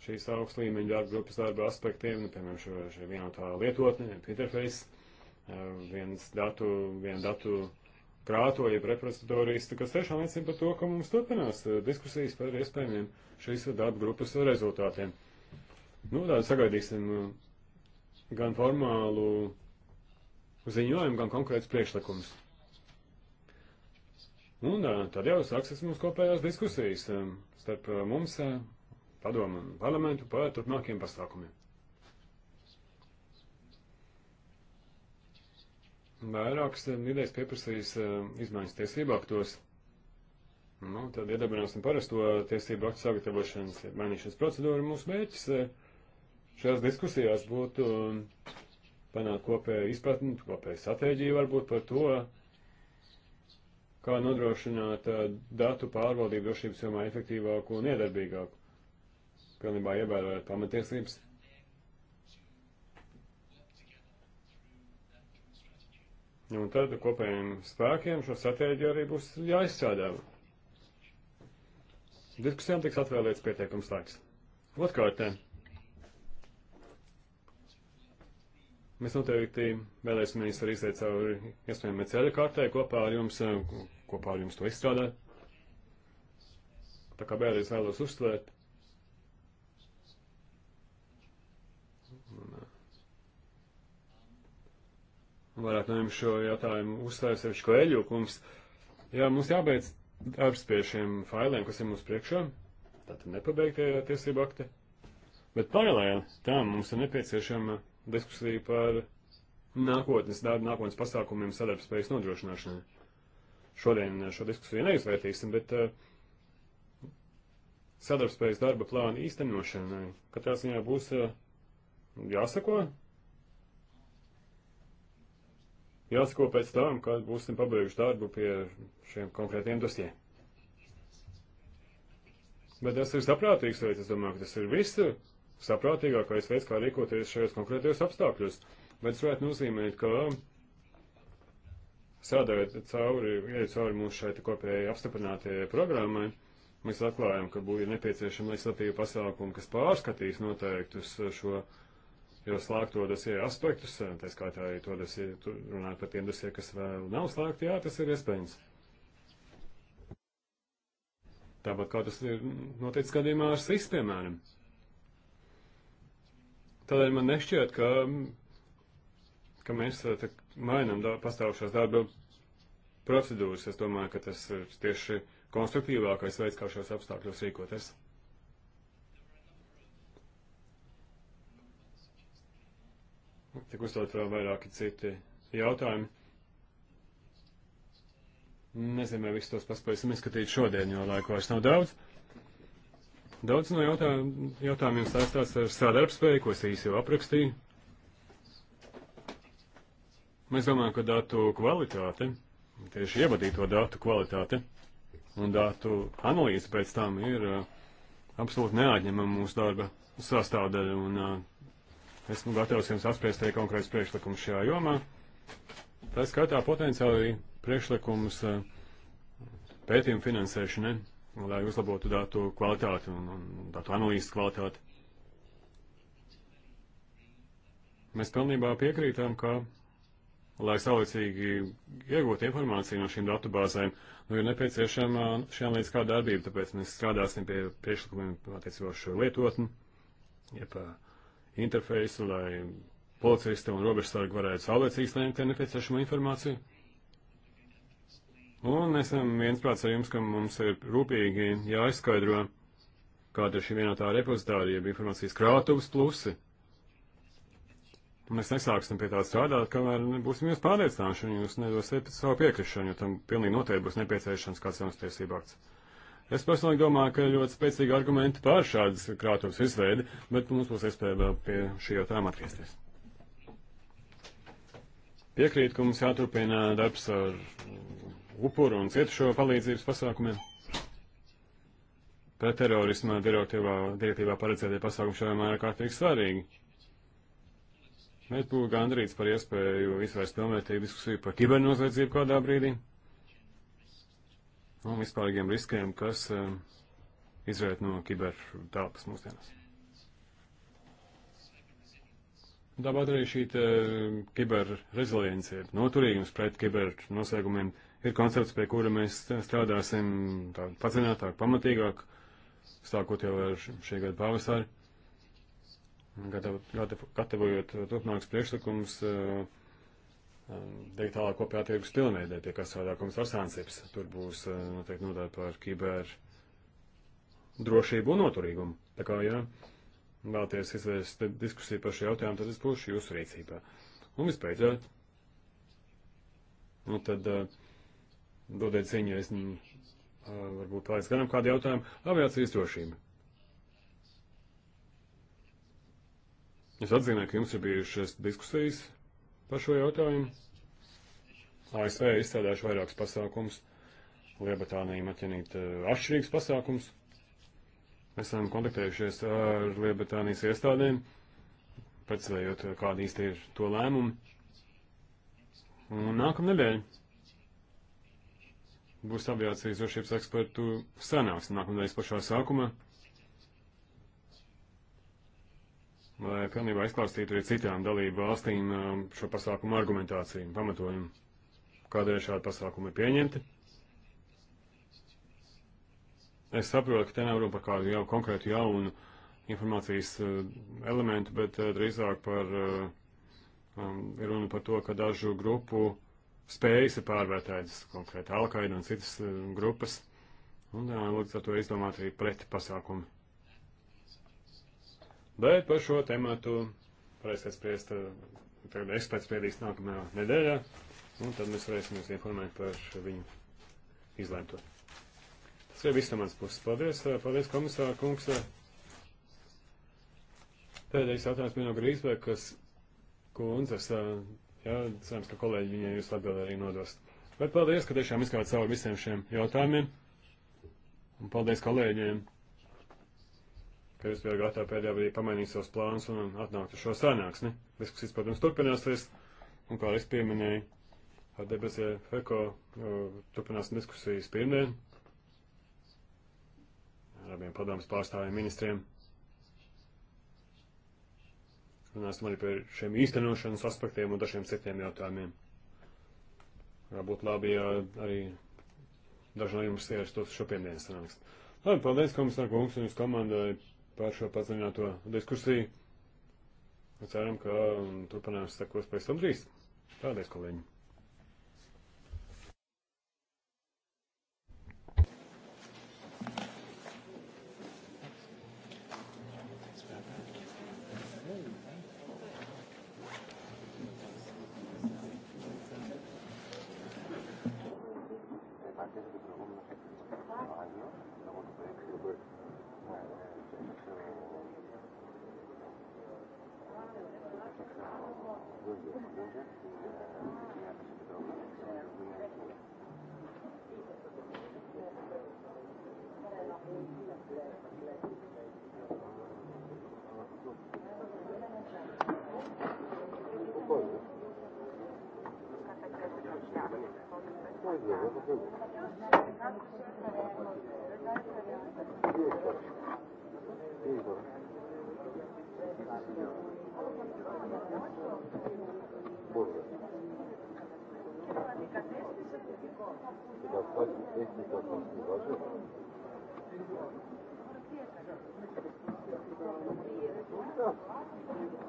šīs augsts līmeņa darba grupas darba aspektiem, nu, piemēram, šo, šo vienotā lietotne, interfejs, uh, viens datu, viena datu krāto, jeb reprezentatoristi, kas tiešām liecina par to, ka mums turpinās eh, diskusijas par iespējamiem šīs darba grupas rezultātiem. Nu, tādu sagaidīsim eh, gan formālu ziņojumu, gan konkrētus priekšlikumus. Un eh, tad jau sāksies mūsu kopējās diskusijas starp mums, padomu un parlamentu par turpmākiem pasākumiem. vairākas eh, idejas pieprasījis eh, izmaiņas tiesību aktos. Nu, tad iedabināsim parasto tiesību aktu sagatavošanas mainīšanas procedūru. Mūsu mērķis eh, šajās diskusijās būtu panākt kopēju izpratni, kopēju stratēģiju varbūt par to, kā nodrošināt datu pārvaldību drošības jomā efektīvāku un iedarbīgāku, pilnībā ievērojot pamatiesības Un tad kopējiem spēkiem šo stratēģiju arī būs jāizstrādā. Diskusijām tiks atvēlēts pietiekams laiks. Otkārt, mēs noteikti vēlēsimies arī izteikt savu iespējamai ceļu kartē kopā ar jums, kopā ar jums to izstrādāt. Tā kā vēlreiz vēlos uzsvērt, varētu no jums šo jautājumu uzstājas sevišķi Koeļu kungs. Jā, mums jābeidz darbs pie šiem failiem, kas ir mums priekšā. Tātad nepabeigtie tiesību akti. Bet paralēli tam mums ir nepieciešama diskusija par nākotnes darbu, nākotnes pasākumiem sadarbspējas nodrošināšanai. Šodien šo diskusiju neizvērtīsim, bet uh, sadarbspējas darba plāna īstenošanai katrā ziņā būs uh, jāsako jāsako pēc tam, kad būsim pabeiguši darbu pie šiem konkrētiem dosiem. Bet tas ir saprātīgs veids, es domāju, ka tas ir viss saprātīgākais veids, kā rīkoties šajos konkrētajos apstākļos. Bet tas varētu nozīmēt, ka sēdējot cauri, ejot cauri mūsu šai kopēji apstiprinātajai programmai, mēs atklājam, ka būtu nepieciešama legislatīva pasākuma, kas pārskatīs noteiktus šo jau slēgto dosie aspektus, eh, tā skaitā arī to dosie, runāt par tiem dosie, kas vēl nav slēgti, jā, tas ir iespējams. Tāpat kā tas ir noticis gadījumā ar SIS, piemēram. Tādēļ man nešķiet, ka, ka mēs eh, tā, mainam dā, pastāvušās darba procedūras. Es domāju, ka tas ir tieši konstruktīvākais veids, kā šos apstākļos rīkoties. Tik uzdot vēl vairāki citi jautājumi. Nezinu, vai visus tos paspēsim izskatīt šodien, jo laika vairs nav daudz. Daudz no jautā, jautājumiem saistās ar sadarbspēju, ko es īsi jau aprakstīju. Mēs domājam, ka datu kvalitāte, tieši ievadīto datu kvalitāte un datu analīze pēc tam ir uh, absolūti neatņemama mūsu darba sastāvdaļa, un uh, Esmu gatavs jums apspriest arī konkrēts priekšlikums šajā jomā. Tā skatā potenciāli priekšlikums eh, pētījumu finansēšanai, lai uzlabotu datu kvalitāti un, un datu analīzes kvalitāti. Mēs pilnībā piekrītām, ka, lai saulēcīgi iegūtu informāciju no šīm datubāzēm, nu ir nepieciešama šiem līdz kā darbība, tāpēc mēs strādāsim pie priekšlikumiem attiecībā uz šo lietotni, jeb uh, interfeisu, lai policisti un robežsargi varētu saulēcīgi sniegt nepieciešamo informāciju. Un esam viensprāts ar jums, ka mums ir rūpīgi jāizskaidro, kāda ir šī vienotā repozitārija, informācijas krātuvas plusi. Mēs nesāksim pie tā strādāt, kamēr nebūsim jūs pārliecināšanu, jūs nedosiet savu piekrišanu, jo tam pilnīgi noteikti būs nepieciešams kāds jauns tiesību akts. Es personīgi domāju, ka ļoti spēcīgi argumenti pār šādas krātuves izveidi, bet nu, mums būs iespēja vēl pie šī jautājuma atgriezties. Piekrīt, ka mums jāturpina darbs ar upuru un cietušo palīdzības pasākumiem. Pret terorisma direktīvā, direktīvā paredzētie pasākumi šajā mērā kārtīgi svarīgi. Bet būtu gandrīz par iespēju izvērst pilnvērtīgu diskusiju par kibernoziedzību kādā brīdī un nu, vispārīgiem riskiem, kas eh, izriet no kibertelpas mūsdienās. Tāpat arī šī eh, kiberreziliencija, noturīgums pret kibernoslēgumiem ir koncepts, pie kura mēs strādāsim tā padziļinātāk, pamatīgāk, sākot jau ar šī gada pavasari, gatavojot turpmākus priekšlikumus uh, digitālā um, kopējā tirgus pilnveidē, pie kā strādā komisārs Ansips. Tur būs uh, noteikti nodaļa par kiber drošību un noturīgumu. Tā kā, ja vēlaties izvērst diskusiju par šo jautājumu, tad es būšu jūsu rīcībā. Un vispēcot, nu tad uh, dodiet ziņu, ja es mm, uh, varbūt palaidu garām kādu jautājumu, aviācijas drošība. Es atzīmēju, ka jums ir bijušas diskusijas par šo jautājumu. ASV izstrādājuši vairākus pasākumus, Lielbritānija maķinīt eh, atšķirīgs pasākums. Mēs esam kontaktējušies ar Lielbritānijas iestādēm, precizējot, eh, kāda īsti ir to lēmumi. Un nākamnedēļ būs aviācijas drošības ekspertu sanāks, nākamnedēļ pašā sākumā. lai pilnībā izklāstītu arī citām dalību valstīm uh, šo pasākumu argumentāciju un pamatojumu, kādēļ šādi pasākumi ir pieņemti. Es saprotu, ka te nav runa par kādu jau konkrētu jaunu informācijas uh, elementu, bet uh, drīzāk par, um, ir runa par to, ka dažu grupu spējas ir pārvērtētas, konkrēti Alkaida un citas grupas, un jā, lūdzu ar to izdomāt arī pretpasākumi. Bet par šo tēmātu varēsiet spriest, eh, tagad eksperts spriedīs nākamajā nedēļā, un tad mēs varēsim jūs informēt par viņu izlēmto. Tas jau viss no mans puses. Paldies, eh, paldies komisāra kungs. Pēdējais jautājums bija no Grīsbekas kundzes. Eh, jā, cerams, ka kolēģi viņai jūs atbildi arī nodos. Bet paldies, ka tiešām izkāpāt cauri visiem šiem jautājumiem. Un paldies kolēģiem ka es biju gatavs pēdējā brīdī pamainīt savus plānus un atnākt uz šo sanāksni. Diskusijas, protams, turpināsies, un kā es pieminēju, ar Debesie Feko turpināsim diskusijas pirmdien ar abiem padomus pārstāvjiem ministriem. Runāsim arī par šiem īstenošanas aspektiem un dažiem citiem jautājumiem. Varbūt labi, ja arī daži no jums ierastos šopienas sanāks. Labi, paldies, komisār kungs un jūsu komandai par šo padziļināto diskusiju. Ceram, ka um, turpinājums sekos pēc tam drīz. Paldies, kolēģi! Gözde, Gözde, yaklaşık bir durum. Sen dünyayı Thank you. Μπορούμε. Καταστάσει έχει καθίσει βάζω. Ωραία.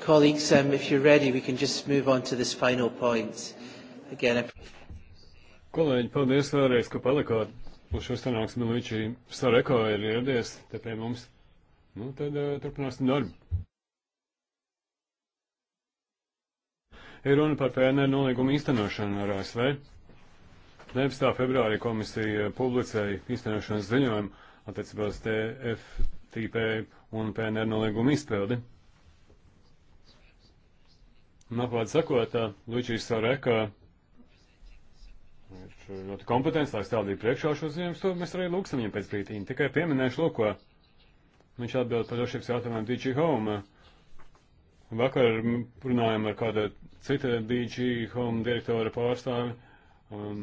Colleagues, um, if you're ready, we can just move on to this final point. Again, I... Kolēģi, paldies vēlreiz, ka palikāt. Uz šo sanāksmi Luči Sareko ir ieradies te pie mums. Nu, tad uh, turpināsim darbu. ir runa par PNR nolīgumu īstenošanu ar ASV. 19. februārī komisija publicēja īstenošanas ziņojumu attiecībā uz TFTP un PNR nolīgumu izpildi. Nākamā sakot, Lučijs Sareka ir ļoti kompetents, lai stādītu priekšā šo ziņojumu, to mēs arī lūgsim viņam pēc brītīņa. Tikai pieminēšu, lūk, ko viņš atbild par drošības jautājumiem DG Home Vakar runājām ar kāda cita DG Home direktora pārstāvi, um,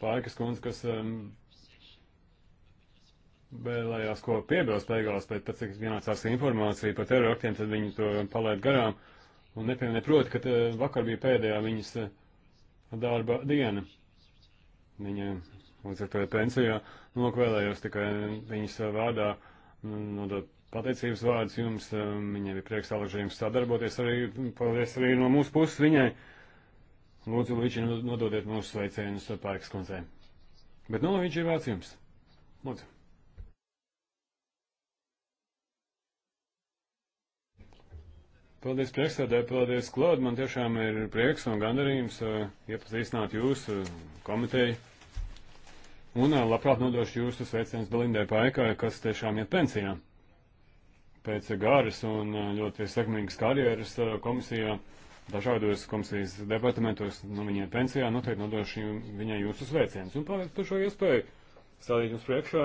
Pārkas kundze, kas um, vēlējās ko piebilst beigās, bet pēc cik ienācās informācija par terroraktiem, tad viņi to palaid garām. Un nepieminē proti, ka uh, vakar bija pēdējā viņas uh, darba diena. Viņa līdz ar to ir pensijā. Nu, lūk, vēlējos tikai viņas uh, vārdā mm, nodot. Nu, pateicības vārdus jums. Um, viņai bija prieks alaži jums sadarboties arī, paldies arī no mūsu puses viņai. Lūdzu, Līdži, nododiet mūsu sveicienus pāriks kundzei. Bet nu, Līdži, vārds jums. Lūdzu. Paldies priekšsēdē, paldies, Klaud. Man tiešām ir prieks un gandarījums uh, iepazīstināt jūsu uh, komiteju. Un uh, labprāt nodošu jūsu sveicienus Belindai Paikai, kas tiešām iet pensijā pēc garas un eh, ļoti sekmīgas karjeras eh, komisijā, dažādos komisijas departamentos, nu viņai pensijā, noteikti nu, nodošu viņai jūsu sveicienus. Un paldies par šo iespēju stādīt jums priekšā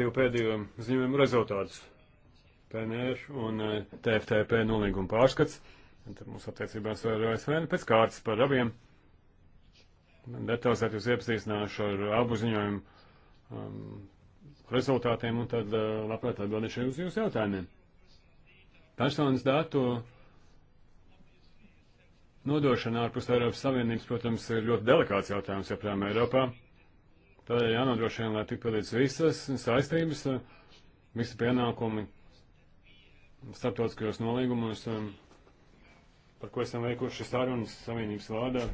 divu pēdējo ziņojumu rezultātus. PNR un eh, TFTP nolīguma pārskats. Tad mūsu attiecībās ar ASV nu pēc kārtas par abiem. Detalizēt jūs iepazīstināšu ar abu ziņojumu um, rezultātiem, un tad eh, labprāt atbildēšu uz jūsu jautājumiem. Personas datu nodošana ārpus Eiropas Savienības, protams, ir ļoti delikāts jautājums joprojām Eiropā. Tādēļ jānodrošina, lai tik pildīts visas saistības, eh, visi pienākumi starptautiskajos nolīgumos, eh, par ko esam veikuši sarunas Savienības vārdā,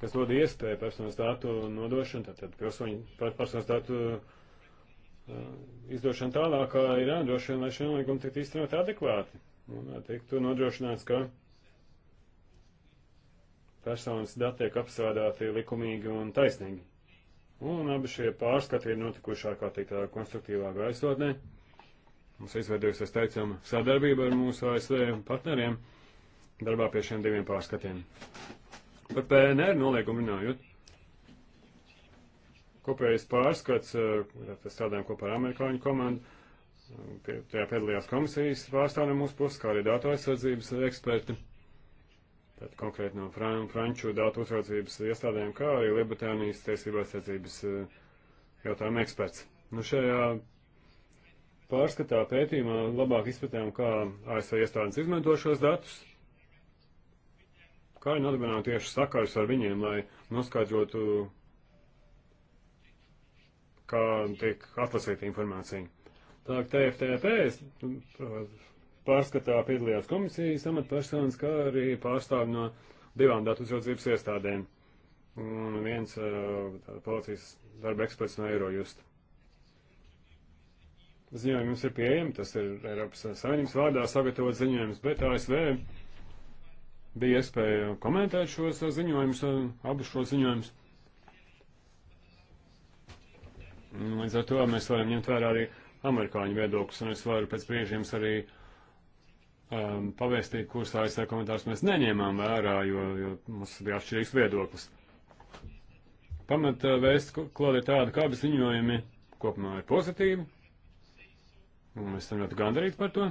kas dod iespēju personas datu nodošanu, tātad pilsoņu personas datu nodošanu Eh, izdošana tālāk, kā ir jānodrošina, lai šie nolīgumi tiktu īstenot adekvāti. Un, eh, tiktu nodrošināts, ka personas dati tiek apstrādāti likumīgi un taisnīgi. Un abi šie pārskati ir notikuši ārkārtīgi tādā konstruktīvā gaisotnē. Mums izveidojusies, teicam, sadarbība ar mūsu ASV partneriem darbā pie šiem diviem pārskatiem. Par PNR noliegumu runājot, kopējais pārskats, eh, tas strādājam kopā ar amerikāņu komandu, eh, pie, tajā piedalījās komisijas pārstāvja mūsu puses, kā arī datu aizsardzības eksperti, tad konkrēti no Fran Franču datu uzraudzības iestādēm, kā arī Lietuvānijas tiesībā aizsardzības eh, jautājuma eksperts. Nu, šajā pārskatā pētījumā labāk izpratām, kā ASV iestādes izmanto šos datus, kā viņi nodibinātu tieši sakars ar viņiem, lai noskaidrotu kā tiek atlasīta informācija. Tā TFTP nu, pārskatā piedalījās komisijas amatpersonas, kā arī pārstāvi no divām datu uzraudzības iestādēm. Un viens uh, tā, policijas darba eksperts no Eurojust. Ziņojums ir pieejams, tas ir Eiropas Savienības vārdā sagatavots ziņojums, bet ASV bija iespēja komentēt šos ziņojumus, uh, abus šos ziņojumus. Līdz ar to mēs varam ņemt vērā arī amerikāņu viedokļus, un es varu pēc brīžiem arī um, pavēstīt, kurus ASV komentārus mēs neņēmām vērā, jo, jo mums bija atšķirīgs viedoklis. Pamata uh, vēsts klāt ir tāda, ka abi ziņojumi kopumā ir pozitīvi, un mēs esam ļoti gandarīti par to,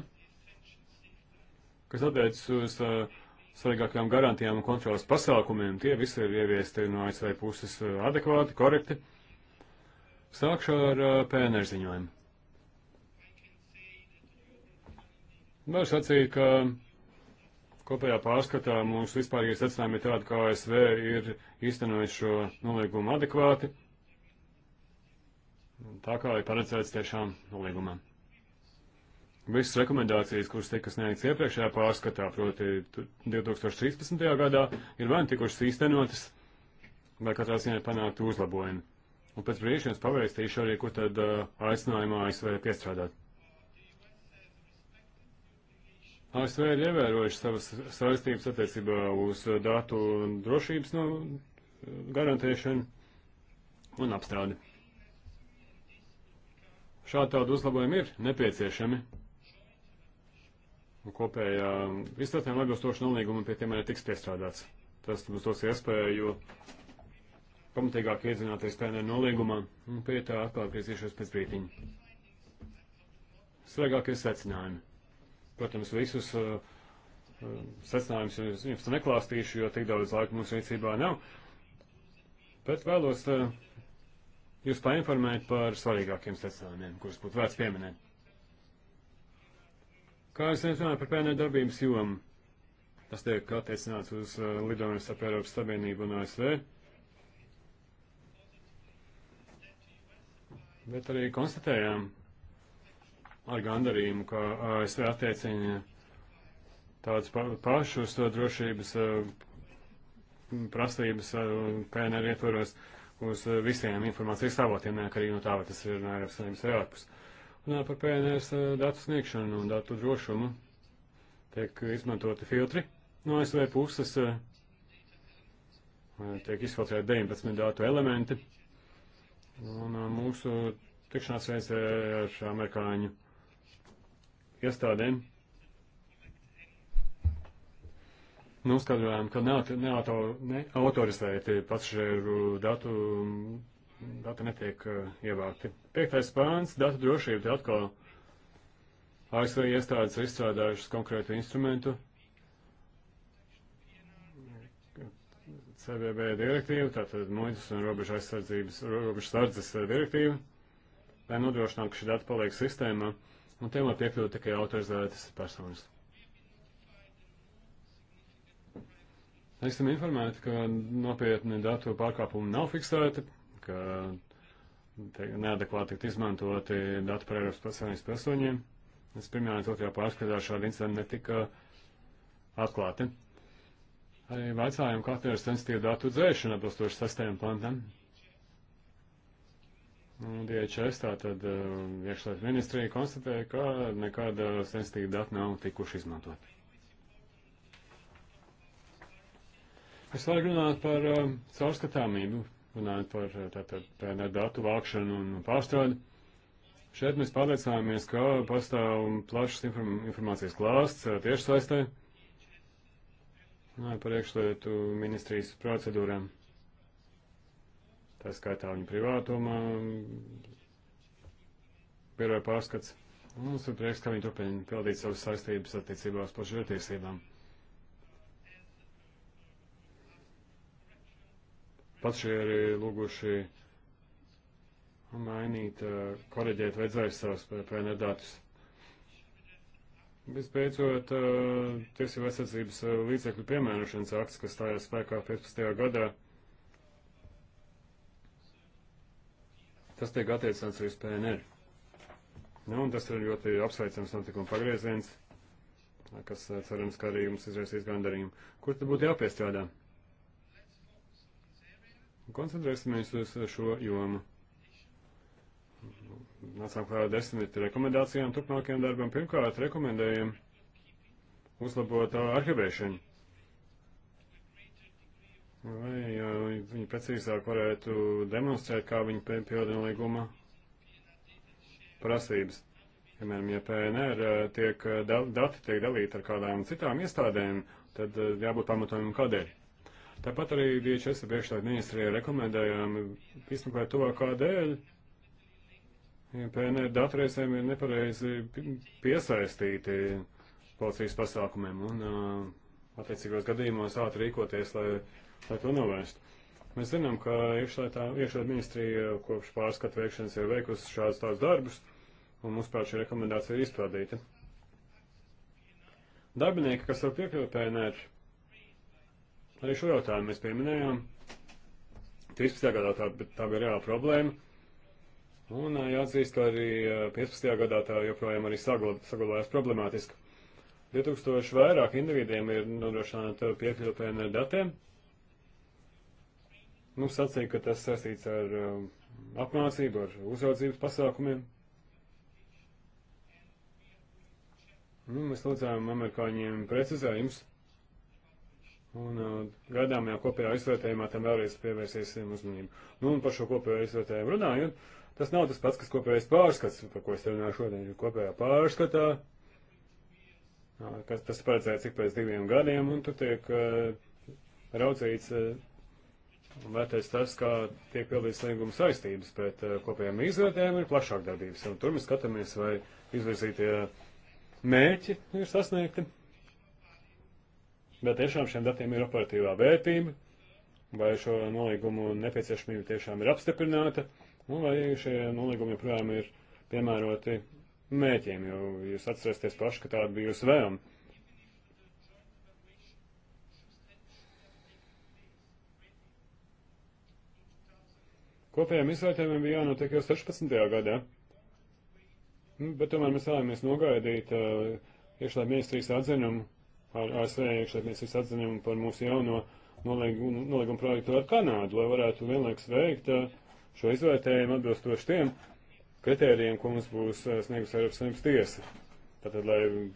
kas attiecas uz uh, svarīgākajām garantijām un kontrolas pasākumiem. Tie visi ir ieviesti no ASV puses uh, adekvāti, korekti. Sākšu ar uh, PNR ziņojumu. Var sacīt, ka kopējā pārskatā mūsu vispārīgie secinājumi ir tādi, ka ASV ir īstenojuši šo nolīgumu adekvāti, tā kā ir paredzēts tiešām nolīgumā. Visas rekomendācijas, kuras tika sniegts iepriekšējā pārskatā, proti 2013. gadā, ir vai nu tikušas īstenotas, vai katrā ziņā panākt uzlabojumi. Un pēc brīža jums pavēstīšu arī, ko tad uh, aicinājumā ASV piestrādāt. ASV ir ievērojuši savas saistības attiecībā uz uh, datu drošības nu, garantēšanu un apstrādi. Šādi tādi uzlabojumi ir nepieciešami. Un kopējā izstrādājuma atbilstoša nolīguma pie tiem arī tiks piestrādāts. Tas būs tos iespēju, jo pamatīgāk iezināties tādā nolīgumā, un pie tā atkal atgriezīšos pēc brītiņa. Svaigākie secinājumi. Protams, visus uh, uh secinājumus jums, jums neklāstīšu, jo tik daudz laika mūsu rīcībā nav, bet vēlos uh, jūs painformēt par svarīgākiem secinājumiem, kurus būtu vērts pieminēt. Kā es runāju par pēdējā darbības jomu, tas tiek attiecināts uz uh, lidojumiem starp Eiropas Savienību un ASV. bet arī konstatējām ar gandarījumu, ka ASV attiecina tādus pa, pašus to drošības prasības PNR ietvaros uz visiem informācijas avotiem, neatkarīgi no tā, vai tas ir no Eiropas Savienības vai ārpus. Un par PNR datu sniegšanu un datu drošumu tiek izmantoti filtri no ASV puses, tiek izfiltrēti 19 datu elementi Un uh, mūsu tikšanās reizē uh, ar amerikāņu iestādēm noskaidrojām, nu, ka neautorizēti ne pasažieru datu, dati netiek uh, ievākti. Piektais pāns - datu drošība. Te atkal ASV iestādes ir izstrādājušas konkrētu instrumentu, CVB direktīvu, tātad muitas un robežu aizsardzības, robežu sardzes eh, direktīvu, lai nodrošinātu, ka šī data paliek sistēmā un tiem var piekļūt tikai autorizētas personas. Esam informēti, ka nopietni datu pārkāpumi nav fiksēti, ka neadekvāti tiek izmantoti dati par Eiropas Savienības pilsoņiem. Es pirmajā un otrajā pārskatā šādi incidenti netika atklāti arī vecājumu katru sensitīvu datu dzēšanu atbilstoši sastajam pantam. Nu, DHS tātad um, iekšlietu ministrija konstatēja, ka nekāda sensitīva data nav tikuši izmantot. Es varu runāt par uh, caurskatāmību, runāt par tātad PNR datu vākšanu un pārstrādi. Šeit mēs pārliecinājāmies, ka pastāv plašs inform informācijas klāsts uh, tiešsaistē. saistē Nē, nu, par iekšlietu ministrijas procedūrām. Tā skaitā viņa privātumā, biroja pārskats. Un mums ir prieks, ka viņi turpina pildīt savas saistības attiecībā uz pašvērtiesībām. Paši ir lūguši mainīt, koreģēt, vajadzēja savus PNR datus. Visbeidzot, eh, tiesību aizsardzības eh, līdzekļu piemērošanas akts, kas stājās spēkā 15. gadā, tas tiek attiecināts arī uz PNR. Nu, un tas ir ļoti apsveicams notikuma pagrieziens, kas eh, cerams, ka arī jums izraisīs gandarījumu. Kur tad būtu jāpiestrādā? Koncentrēsimies uz šo jomu nācām klāt desmit rekomendācijām turpmākajam darbam. Pirmkārt, rekomendējam uzlabot uh, arhivēšanu. Lai uh, viņi precīzāk varētu demonstrēt, kā viņi piepildina līguma prasības. Piemēram, ja PNR uh, tiek, dati tiek dalīti ar kādām citām iestādēm, tad jābūt pamatojumam kādēļ. Tāpat arī DHS priekšstādā ministrijā rekomendējām izmeklēt to, kādēļ PNR dati reizēm ir nepareizi piesaistīti policijas pasākumiem un attiecīgos gadījumos ātri rīkoties, lai, lai to novērstu. Mēs zinām, ka iekšā ministrija kopš pārskatu veikšanas ir veikusi šādus tādus darbus, un mums prāt šī rekomendācija ir izpildīta. Darbinieki, kas var piekļūt PNR, arī šo jautājumu mēs pieminējām. 13. gadā tā, tā bija reāla problēma Un jāatzīst, ka arī 15. gadā tā joprojām arī saglabājās problemātiski. 2000 vairāk individiem ir nodrošināta piekļuve PNR datiem. Mums nu, sacīja, ka tas saistīts ar apmācību, ar uzraudzības pasākumiem. Nu, mēs lūdzām amerikāņiem precizējums. Un uh, gaidāmajā kopējā izvērtējumā tam vēlreiz pievērsīsim uzmanību. Nu, un par šo kopējo izvērtējumu runājot, ja? Tas nav tas pats, kas kopējais pārskats, par ko es runāju šodien, ir kopējā pārskatā, kas tas paredzēts ik pēc diviem gadiem, un tur tiek raudzīts un vērtēts tas, kā tiek pildīts līguma saistības, bet kopējām izvērtējām ir plašāk darbības, un tur mēs skatāmies, vai izvirzītie mērķi ir sasniegti, bet tiešām šiem datiem ir operatīvā vērtība, vai šo nolīgumu nepieciešamība tiešām ir apstiprināta un nu, vai šie nolīgumi joprojām ir piemēroti mēķiem, jo jūs atcerēsieties paši, ka tāda bija jūsu vēlme. Kopējiem izvērtējumiem bija jānotiek jau 16. gadā, nu, bet tomēr mēs vēlamies nogaidīt uh, iekšlietu ministrijas atzinumu, ar ASV iekšlietu ministrijas atzinumu par mūsu jauno nolīgumu projektu ar Kanādu, lai varētu vienlaiks veikt uh, šo izvērtējumu atbilstoši tiem kritērijiem, ko mums būs eh, sniegus Eiropas Savienības tiesa. Tātad, lai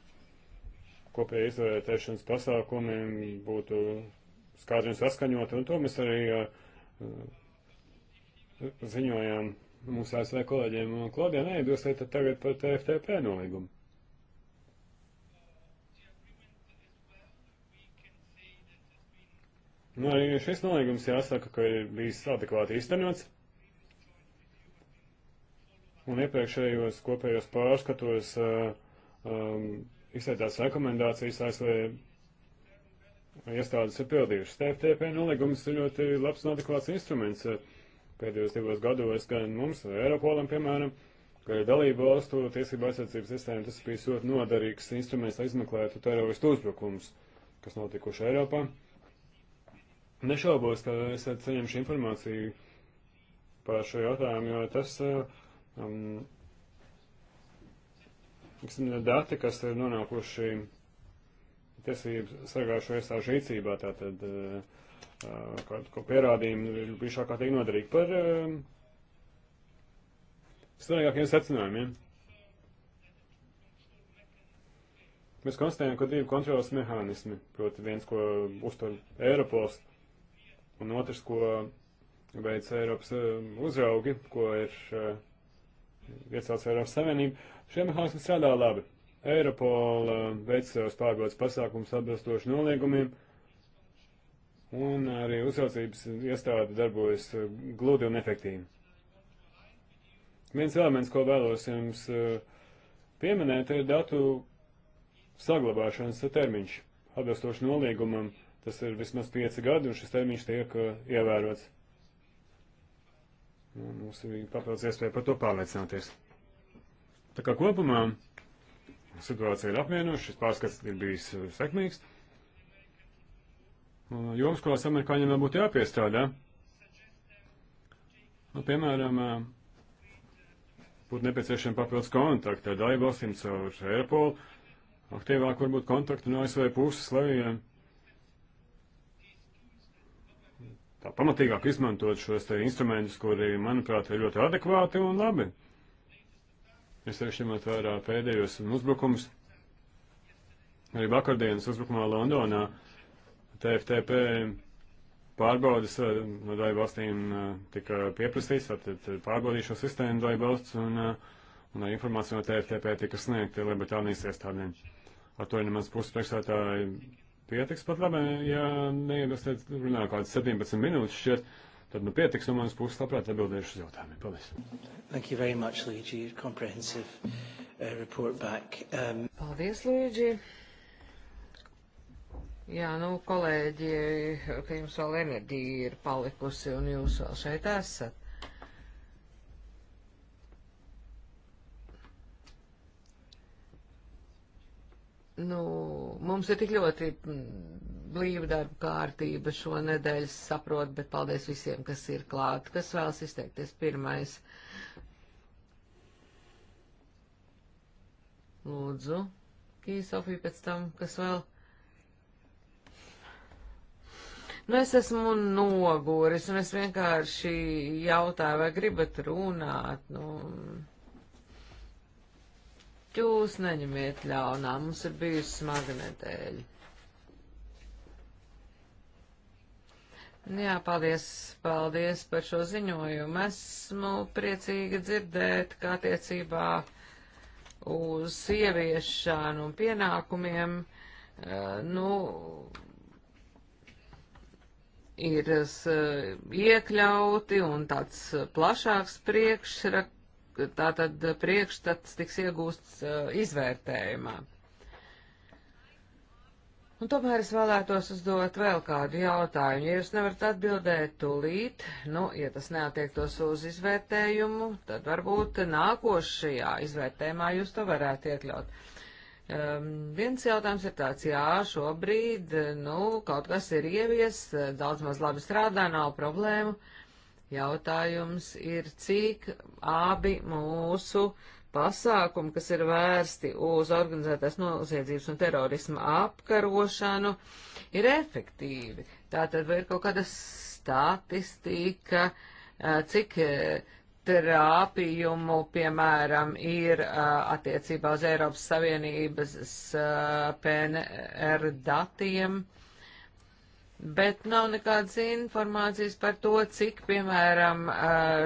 kopēja izvērtēšanas pasākumiem būtu skaidri un saskaņoti, un to mēs arī eh, ziņojām mūsu ASV kolēģiem. Klaudijā, nē, dosiet tagad par TFTP nolīgumu. Nu, arī šis nolīgums jāsaka, ka ir bijis adekvāti īstenots. Un iepriekšējos kopējos pārskatos uh, um, izteicās rekomendācijas ASV iestādes ir pildījušas. TFTP nolīgums ir ļoti labs un adekvāts instruments. Eh, pēdējos divos gados gan mums, Eiropolam, piemēram, ka ir dalība valstu tiesība aizsardzības sistēma, tas bija ļoti noderīgs instruments, lai izmeklētu teroristu uzbrukumus, kas notikuši Eiropā. Nešaubos, ka esat saņemši informāciju par šo jautājumu, jo tas uh, um, dati, kas ir nonākuši tiesību sargājušo iestāžu rīcībā, tātad uh, uh kaut ko pierādījumu ir bijušā kā tiek nodarīgi par uh, svarīgākiem secinājumiem. Mēs konstatējam, ka divi kontrolas mehānismi, proti viens, ko uztur Eiropols, un otrs, ko veic Eiropas uh, uzraugi, ko ir uh, iecēlts Eiropas Savienību. Šie mehānismi strādā labi. Eiropola veic savus pārbaudas pasākumus atbilstoši noliegumiem, un arī uzraudzības iestāde darbojas uh, gludi un efektīvi. Viens elements, ko vēlos jums uh, pieminēt, ir datu saglabāšanas termiņš. Atbilstoši noliegumam tas ir vismaz pieci gadi, un šis termiņš tiek uh, ievērots. Un nu, mums ir papildus iespēja par to pārliecināties. Tā kā kopumā situācija ir apvienoša, šis pārskats ir bijis uh, sekmīgs. Uh, Joms, kurās amerikāņiem vēl būtu jāpiestrādā, nu, piemēram, uh, būtu nepieciešami papildus kontakti ar daļvalstīm caur Eiropolu, aktīvāk varbūt kontakti no ASV puses, lai tā pamatīgāk izmantot šos te instrumentus, kuri, manuprāt, ir ļoti adekvāti un labi. Es arī ņemot vērā pēdējos uzbrukumus, arī vakardienas uzbrukumā Londonā TFTP pārbaudas eh, no daļu valstīm eh, tika pieprasīts, tad eh, pārbaudīja šo sistēmu daļu valsts un, un informācija no TFTP tika sniegta Lielbritānijas iestādēm. Ar to ir nemaz puses priekšsētāji pietiks pat labi, ja neiebilstiet runā kaut kāds 17 minūtes šķiet, tad nu pietiks no manas puses labprāt atbildēšu uz jautājumiem. Paldies. Thank you very much, Luigi. Your comprehensive uh, report back. Um... Paldies, Luigi. Jā, nu, kolēģi, ka jums vēl enerģija ir palikusi un jūs vēl šeit esat. Nu, mums ir tik ļoti mm, blīva darba kārtība šo nedēļu, saprot, bet paldies visiem, kas ir klāt, kas vēlas izteikties pirmais. Lūdzu, Kīsofija pēc tam, kas vēl. Nu, es esmu noguris, un es vienkārši jautāju, vai gribat runāt, nu. Jūs neņemiet ļaunā, mums ir bijusi smaga nedēļa. Nu jā, paldies, paldies par šo ziņojumu. Esmu priecīga dzirdēt, kā attiecībā uz ieviešanu un pienākumiem, eh, nu, ir eh, iekļauti un tāds plašāks priekšraksts tātad priekšstats tiks iegūsts uh, izvērtējumā. Un tomēr es vēlētos uzdot vēl kādu jautājumu. Ja jūs nevarat atbildēt tūlīt, nu, ja tas neatiektos uz izvērtējumu, tad varbūt nākošajā izvērtējumā jūs to varētu iekļaut. Um, viens jautājums ir tāds, jā, šobrīd, nu, kaut kas ir ievies, daudz maz labi strādā, nav problēmu. Uh, Jautājums ir, cik abi mūsu pasākumi, kas ir vērsti uz organizētās noziedzības un terorisma apkarošanu, ir efektīvi. Tātad vai ir kaut kāda statistika, eh, cik eh, terāpījumu, piemēram, ir eh, attiecībā uz Eiropas Savienības PNR datiem? bet nav nekādas informācijas par to, cik, piemēram,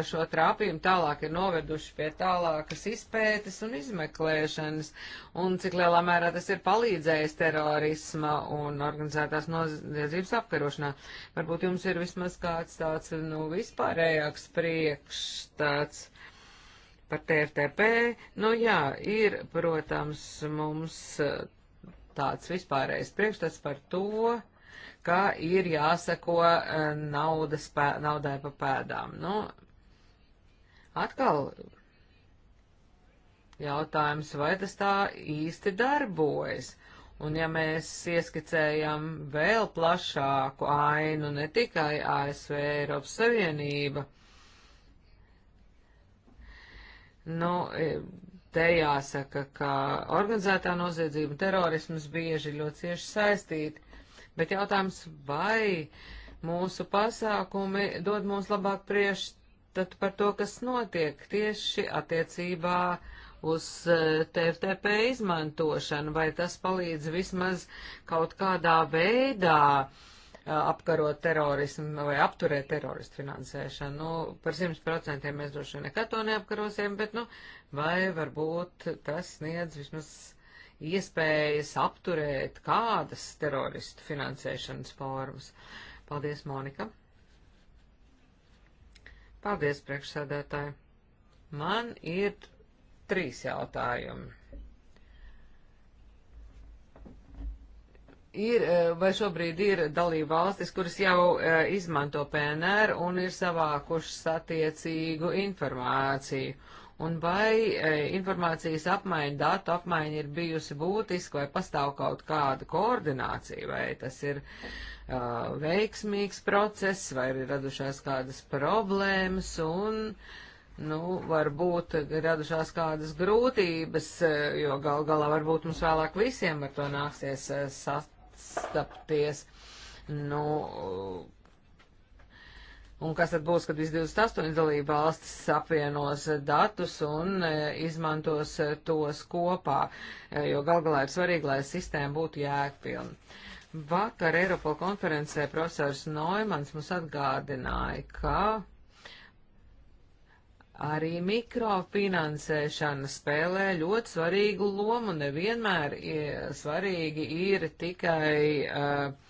šo trāpījumu tālāk ir noveduši pie tālākas izpētes un izmeklēšanas, un cik lielā mērā tas ir palīdzējis terorisma un organizētās noziedzības apkarošanā. Varbūt jums ir vismaz kāds tāds, nu, vispārējāks priekšstats. Par TFTP, nu jā, ir, protams, mums tāds vispārējais priekšstats par to, uh, ka ir jāseko e, naudas, pē, naudai pa pēdām. Nu, atkal jautājums, vai tas tā īsti darbojas. Un ja mēs ieskicējam vēl plašāku ainu, ne tikai ASV Eiropas Savienība, nu, e, te jāsaka, ka organizētā noziedzība un terorismas bieži ļoti cieši saistīti, Bet jautājums, vai mūsu pasākumi dod mums labāk priekšstatu par to, kas notiek tieši attiecībā uz eh, TFTP izmantošanu, vai tas palīdz vismaz kaut kādā veidā eh, apkarot terorismu vai apturēt teroristu finansēšanu. Nu, par 100% mēs droši vien nekad to neapkarosim, bet, nu, vai varbūt tas sniedz vismaz iespējas apturēt kādas teroristu finansēšanas formas. Paldies, Monika! Paldies, priekšsēdētāji! Man ir trīs jautājumi. Ir, eh, vai šobrīd ir dalība valstis, kuras jau eh, izmanto PNR un ir savākušas attiecīgu informāciju? un vai e, informācijas apmaiņa, datu apmaiņa ir bijusi būtiska, vai pastāv kaut kāda koordinācija, vai tas ir uh, veiksmīgs process, vai ir radušās kādas problēmas, un, nu, varbūt radušās kādas grūtības, e, jo gal galā varbūt mums vēlāk visiem ar to nāksies e, sastapties. Nu, Un kas tad būs, kad visas 28 dalība valstis apvienos datus un e, izmantos e, tos kopā, e, jo gal galā ir svarīgi, lai sistēma būtu jēgpilna. Vakar Eiropola konferencē profesors Noimans mums atgādināja, ka arī mikrofinansēšana spēlē ļoti svarīgu lomu, nevienmēr svarīgi ir tikai uh,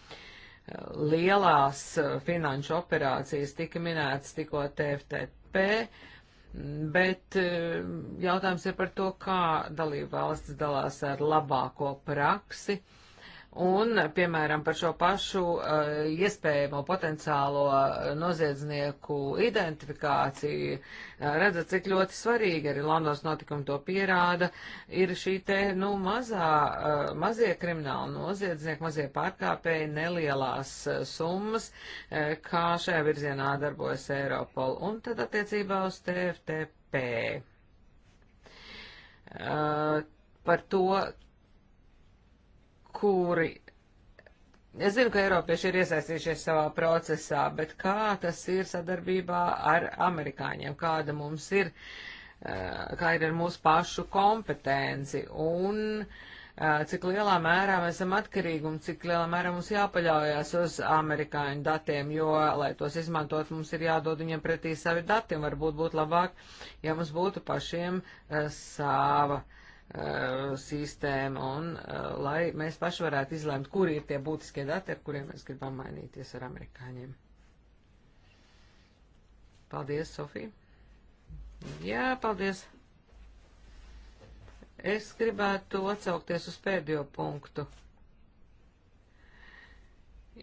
lielās eh, finanšu operācijas tika minētas tikko TFTP, bet eh, jautājums ir par to, kā dalība valsts dalās ar labāko praksi. Uh, Un, piemēram, par šo pašu uh, iespējamo potenciālo eh, noziedznieku identifikāciju, uh, redzat, cik ļoti svarīgi arī Londonas notikumi to pierāda, ir šī te, nu, mazā, uh, mazie krimināli noziedznieki, mazie pārkāpēji, nelielās summas, kā šajā virzienā darbojas Eiropol. Un tad attiecībā uz TFTP. Par to, kuri. Es zinu, ka Eiropieši ir iesaistījušies savā procesā, bet kā tas ir sadarbībā ar amerikāņiem, kāda mums ir, eh, kā ir ar mūsu pašu kompetenci un uh, cik lielā mērā mēs esam atkarīgi un cik lielā mērā mums jāpaļaujas uz amerikāņu datiem, jo, lai tos izmantot, mums ir jādod viņiem pretī savi dati, un varbūt būtu labāk, ja mums būtu pašiem eh, sava uh, Uh, sistēma un uh, lai mēs paši varētu izlēmt, kur ir tie būtiskie dati, ar kuriem mēs gribam mainīties ar amerikāņiem. Paldies, Sofija. Jā, paldies. Es gribētu atsaukties uz pēdējo punktu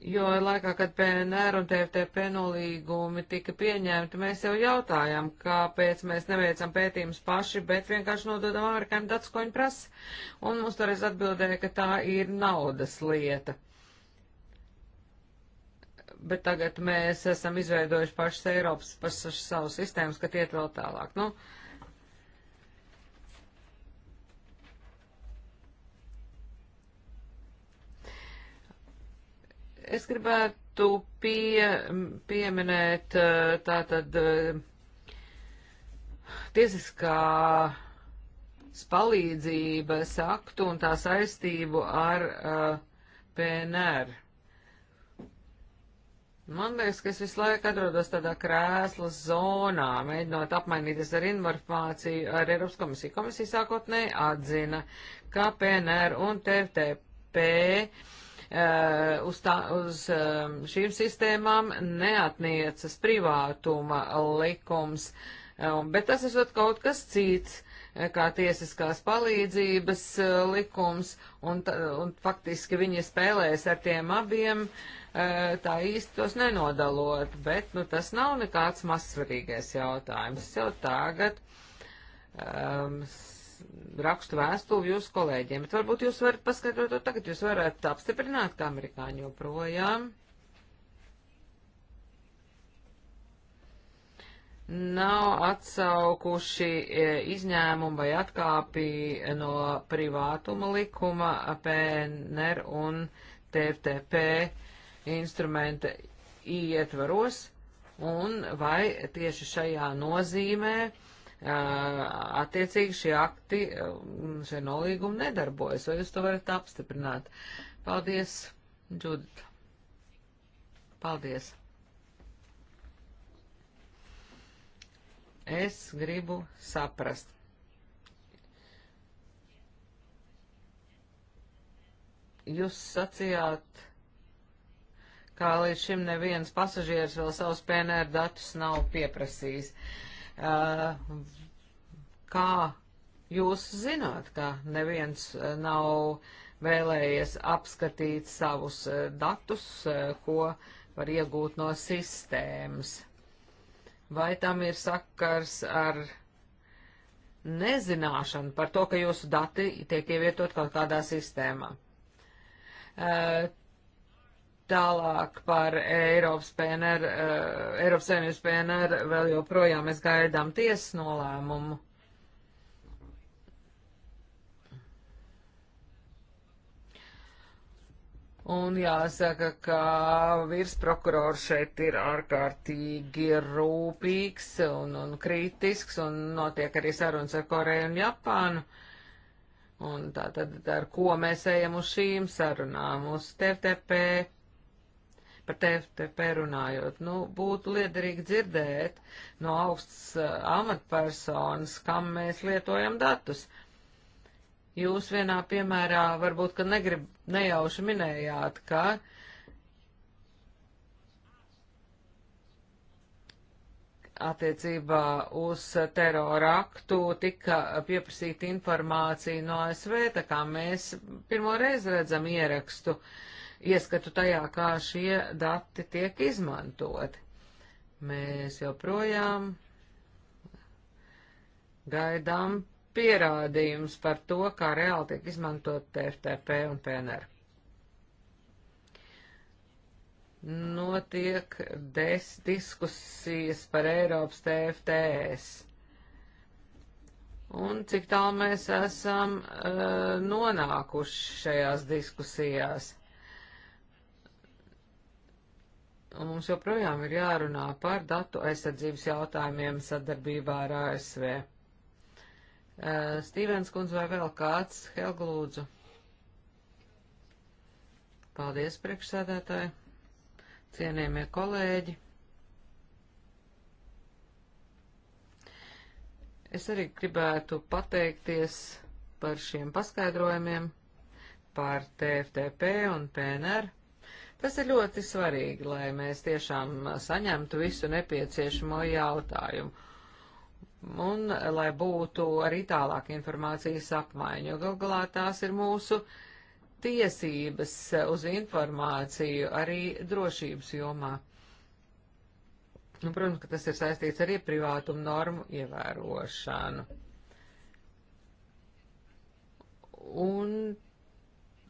Jo laikā, kad PNR un TFTP nolīgumi tika pieņemti, mēs jau jautājām, kāpēc mēs neveicam pētījumus paši, bet vienkārši nododam amerikāņu datus, ko viņi prasa. Un mums toreiz atbildēja, ka tā ir naudas lieta. Bet tagad mēs esam izveidojuši pašas Eiropas, pašas savu sistēmas, ka iet vēl tālāk. Nu, uh, Es gribētu pie, pieminēt eh, tātad eh, tiesiskā palīdzības aktu un tā saistību ar uh, eh, PNR. Man liekas, ka es visu laiku atrodos tādā krēsla zonā, mēģinot apmainīties ar informāciju ar Eiropas komisiju. Komisija sākotnēji atzina, ka PNR un TFTP uh, Eh, uz, tā, uz eh, šīm sistēmām neatniecas privātuma likums, eh, bet tas esot kaut kas cits kā tiesiskās palīdzības likums, un, un faktiski viņi spēlēs ar tiem abiem, tā īsti tos nenodalot, bet nu, tas nav nekāds mazsvarīgais jautājums. Jau tagad um, rakstu vēstuli jūsu kolēģiem, bet varbūt jūs varat paskaidrot to tagad, jūs varat apstiprināt, ka amerikāņi joprojām nav atsaukuši e, izņēmumu vai atkāpi no privātuma likuma PNR un TFTP instrumenta ietvaros, un vai tieši šajā nozīmē uh, attiecīgi šie akti, um, šie nolīgumi nedarbojas. Vai jūs to varat apstiprināt? Paldies, Džudita. Paldies. Es gribu saprast. Jūs sacījāt, kā līdz šim neviens pasažieris vēl savus PNR datus nav pieprasījis. Uh, Eh, kā jūs zināt, ka neviens eh, nav vēlējies apskatīt savus eh, datus, ko var iegūt no sistēmas? Vai tam ir sakars ar nezināšanu par to, ka jūsu dati tiek ievietot kaut kādā sistēmā? Tālāk par Eiropas PNR, uh, eh, Eiropas Savienības PNR vēl joprojām mēs gaidām tiesas nolēmumu. Un jāsaka, ka virsprokurors šeit ir ārkārtīgi rūpīgs un, un kritisks, un notiek arī sarunas ar Koreju un Japānu. Un tā tad ar ko mēs ejam uz šīm sarunām? Uz TTP par TFTP runājot. Nu, būtu liederīgi dzirdēt no augsts eh, amatpersonas, kam mēs lietojam datus. Jūs vienā piemērā varbūt, ka negrib, nejauši minējāt, ka attiecībā uz teroraktu tika pieprasīta informācija no ASV, tā kā mēs pirmo reizi redzam ierakstu. Uh, ieskatu tajā, kā šie dati tiek izmantoti. Mēs joprojām gaidām pierādījums par to, kā reāli tiek izmantot TFTP un PNR. Notiek des diskusijas par Eiropas TFTS. Un cik tālu mēs esam uh, nonākuši šajās diskusijās. Un mums joprojām ir jārunā par datu aizsardzības jautājumiem sadarbībā ar ASV. Uh, eh, Stīvens kundze vai vēl kāds? Helga lūdzu. Paldies, priekšsēdētāji, cienījamie kolēģi. Es arī gribētu pateikties par šiem paskaidrojumiem, par TFTP un PNR. Tas ir ļoti svarīgi, lai mēs tiešām saņemtu visu nepieciešamo jautājumu un lai būtu arī tālāk informācijas apmaiņu. Gal galā tās ir mūsu tiesības uz informāciju arī drošības jomā. Nu, protams, ka tas ir saistīts arī privātumu normu ievērošanu. Un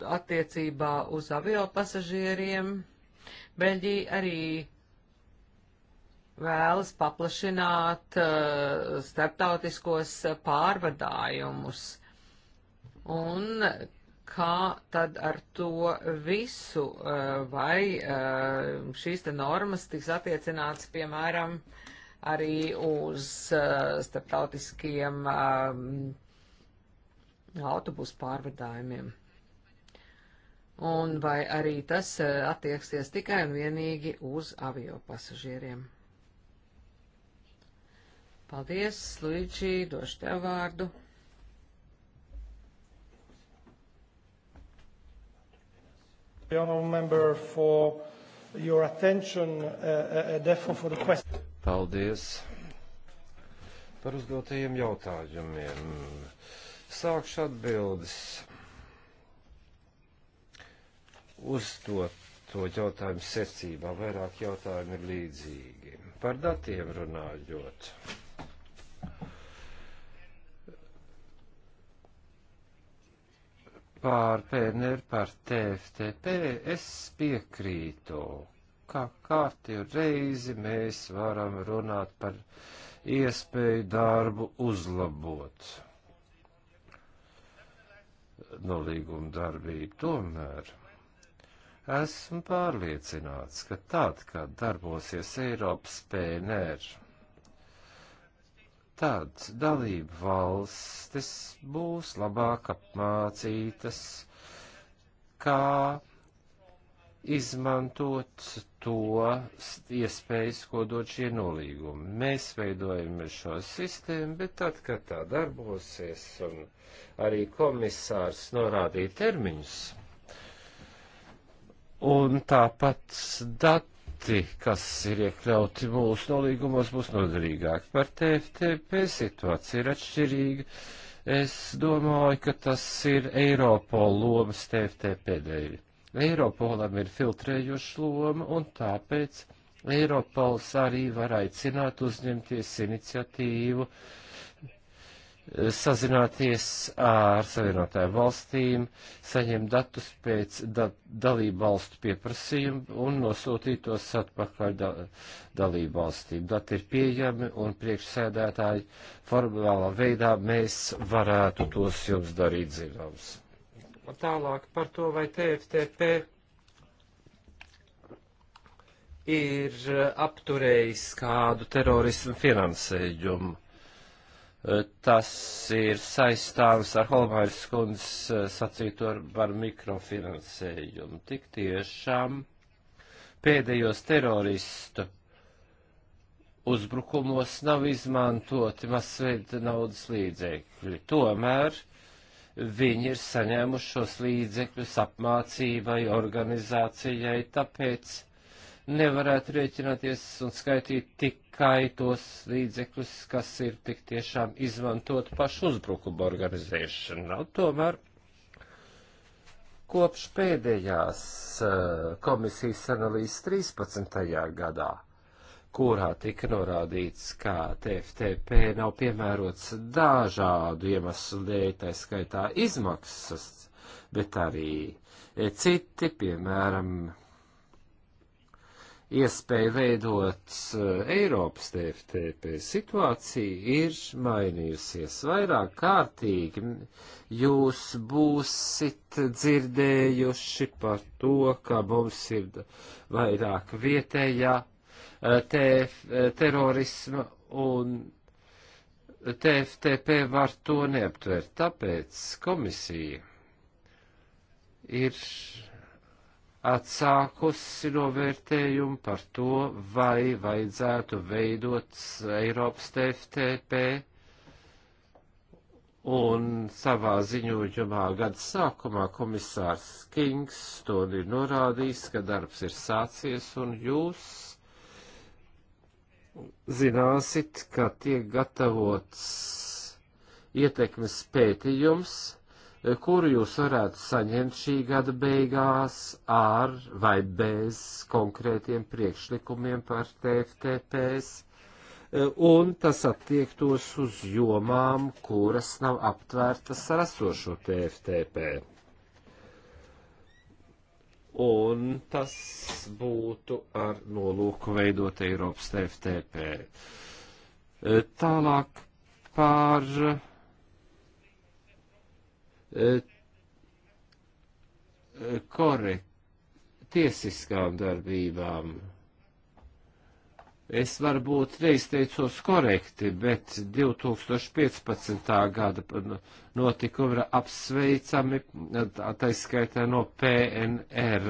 attiecībā uz avio pasažieriem. Beļģija arī vēlas paplašināt uh, starptautiskos pārvadājumus. Un kā tad ar to visu, uh, vai uh, šīs te normas tiks attiecināts, piemēram, arī uz uh, starptautiskiem um, autobusu pārvadājumiem? un vai arī tas eh, attieksies tikai un vienīgi uz avio pasažieriem. Paldies, Luīčī, došu tev vārdu. Uh, uh, Paldies par uzdotajiem jautājumiem. Sākšu atbildes uzdot to jautājumu secībā. Vairāk jautājumu ir līdzīgi. Par datiem runājot. Pār PNR, par TFTP es piekrītu, kā kārti reizi mēs varam runāt par iespēju darbu uzlabot no līguma darbību. Tomēr Esmu pārliecināts, ka tad, kad darbosies Eiropas PNR, tad dalību valstis būs labāk apmācītas, kā izmantot to iespējas, ko dod šie nolīgumi. Mēs veidojam šo sistēmu, bet tad, kad tā darbosies un arī komisārs norādīja termiņus, Un tāpat dati, kas ir iekļauti mūsu nolīgumos, būs noderīgāki. Par TFTP situācija ir atšķirīga. Es domāju, ka tas ir Eiropola lomas TFTP dēļ. Eiropolam ir filtrējoša loma, un tāpēc Eiropols arī var aicināt uzņemties iniciatīvu uh, sazināties ar savienotāju valstīm, saņemt datus pēc da dalību valstu pieprasījuma un nosūtīt tos atpakaļ da dalību valstīm. Dati ir pieejami un priekšsēdētāji formālā veidā mēs varētu tos jums darīt zināms. Tālāk par to, vai TFTP ir apturējis kādu terorismu finansējumu Tas ir saistāms ar Holmairas kundzes eh, sacīto par mikrofinansējumu. Tik tiešām pēdējos teroristu uzbrukumos nav izmantoti masveida naudas līdzekļi. Tomēr viņi ir saņēmuši šos līdzekļus apmācībai, organizācijai, tāpēc nevarētu rēķināties un skaitīt tik tikai tos līdzekļus, kas ir tik tiešām izmantot pašu uzbrukumu organizēšanā. Tomēr kopš pēdējās eh, komisijas analīzes 13. gadā, kurā tika norādīts, ka TFTP nav piemērots dažādu iemeslu dēļ, tā skaitā izmaksas, bet arī eh, citi, piemēram, iespēju veidot eh, Eiropas TFTP. Situācija ir mainījusies vairāk kārtīgi. Jūs būsit dzirdējuši par to, ka mums ir vairāk vietējā eh, te, eh, terorisma un TFTP var to neaptvert. Tāpēc komisija ir atsākusi novērtējumu par to, vai vajadzētu veidot Eiropas TFTP, un savā ziņojumā gada sākumā komisārs Kings to ir norādījis, ka darbs ir sācies, un jūs zināsit, ka tiek gatavots ietekmes pētījums, kuru jūs varētu saņemt šī gada beigās ar vai bez konkrētiem priekšlikumiem par TFTPS, un tas attiektos uz jomām, kuras nav aptvērtas ar esošo TFTP. Un tas būtu ar nolūku veidot Eiropas TFTP. Tālāk par korekt, tiesiskām darbībām. Es varbūt neizteicos korekti, bet 2015. gada notikumi ir apsveicami, taiskaitā no PNR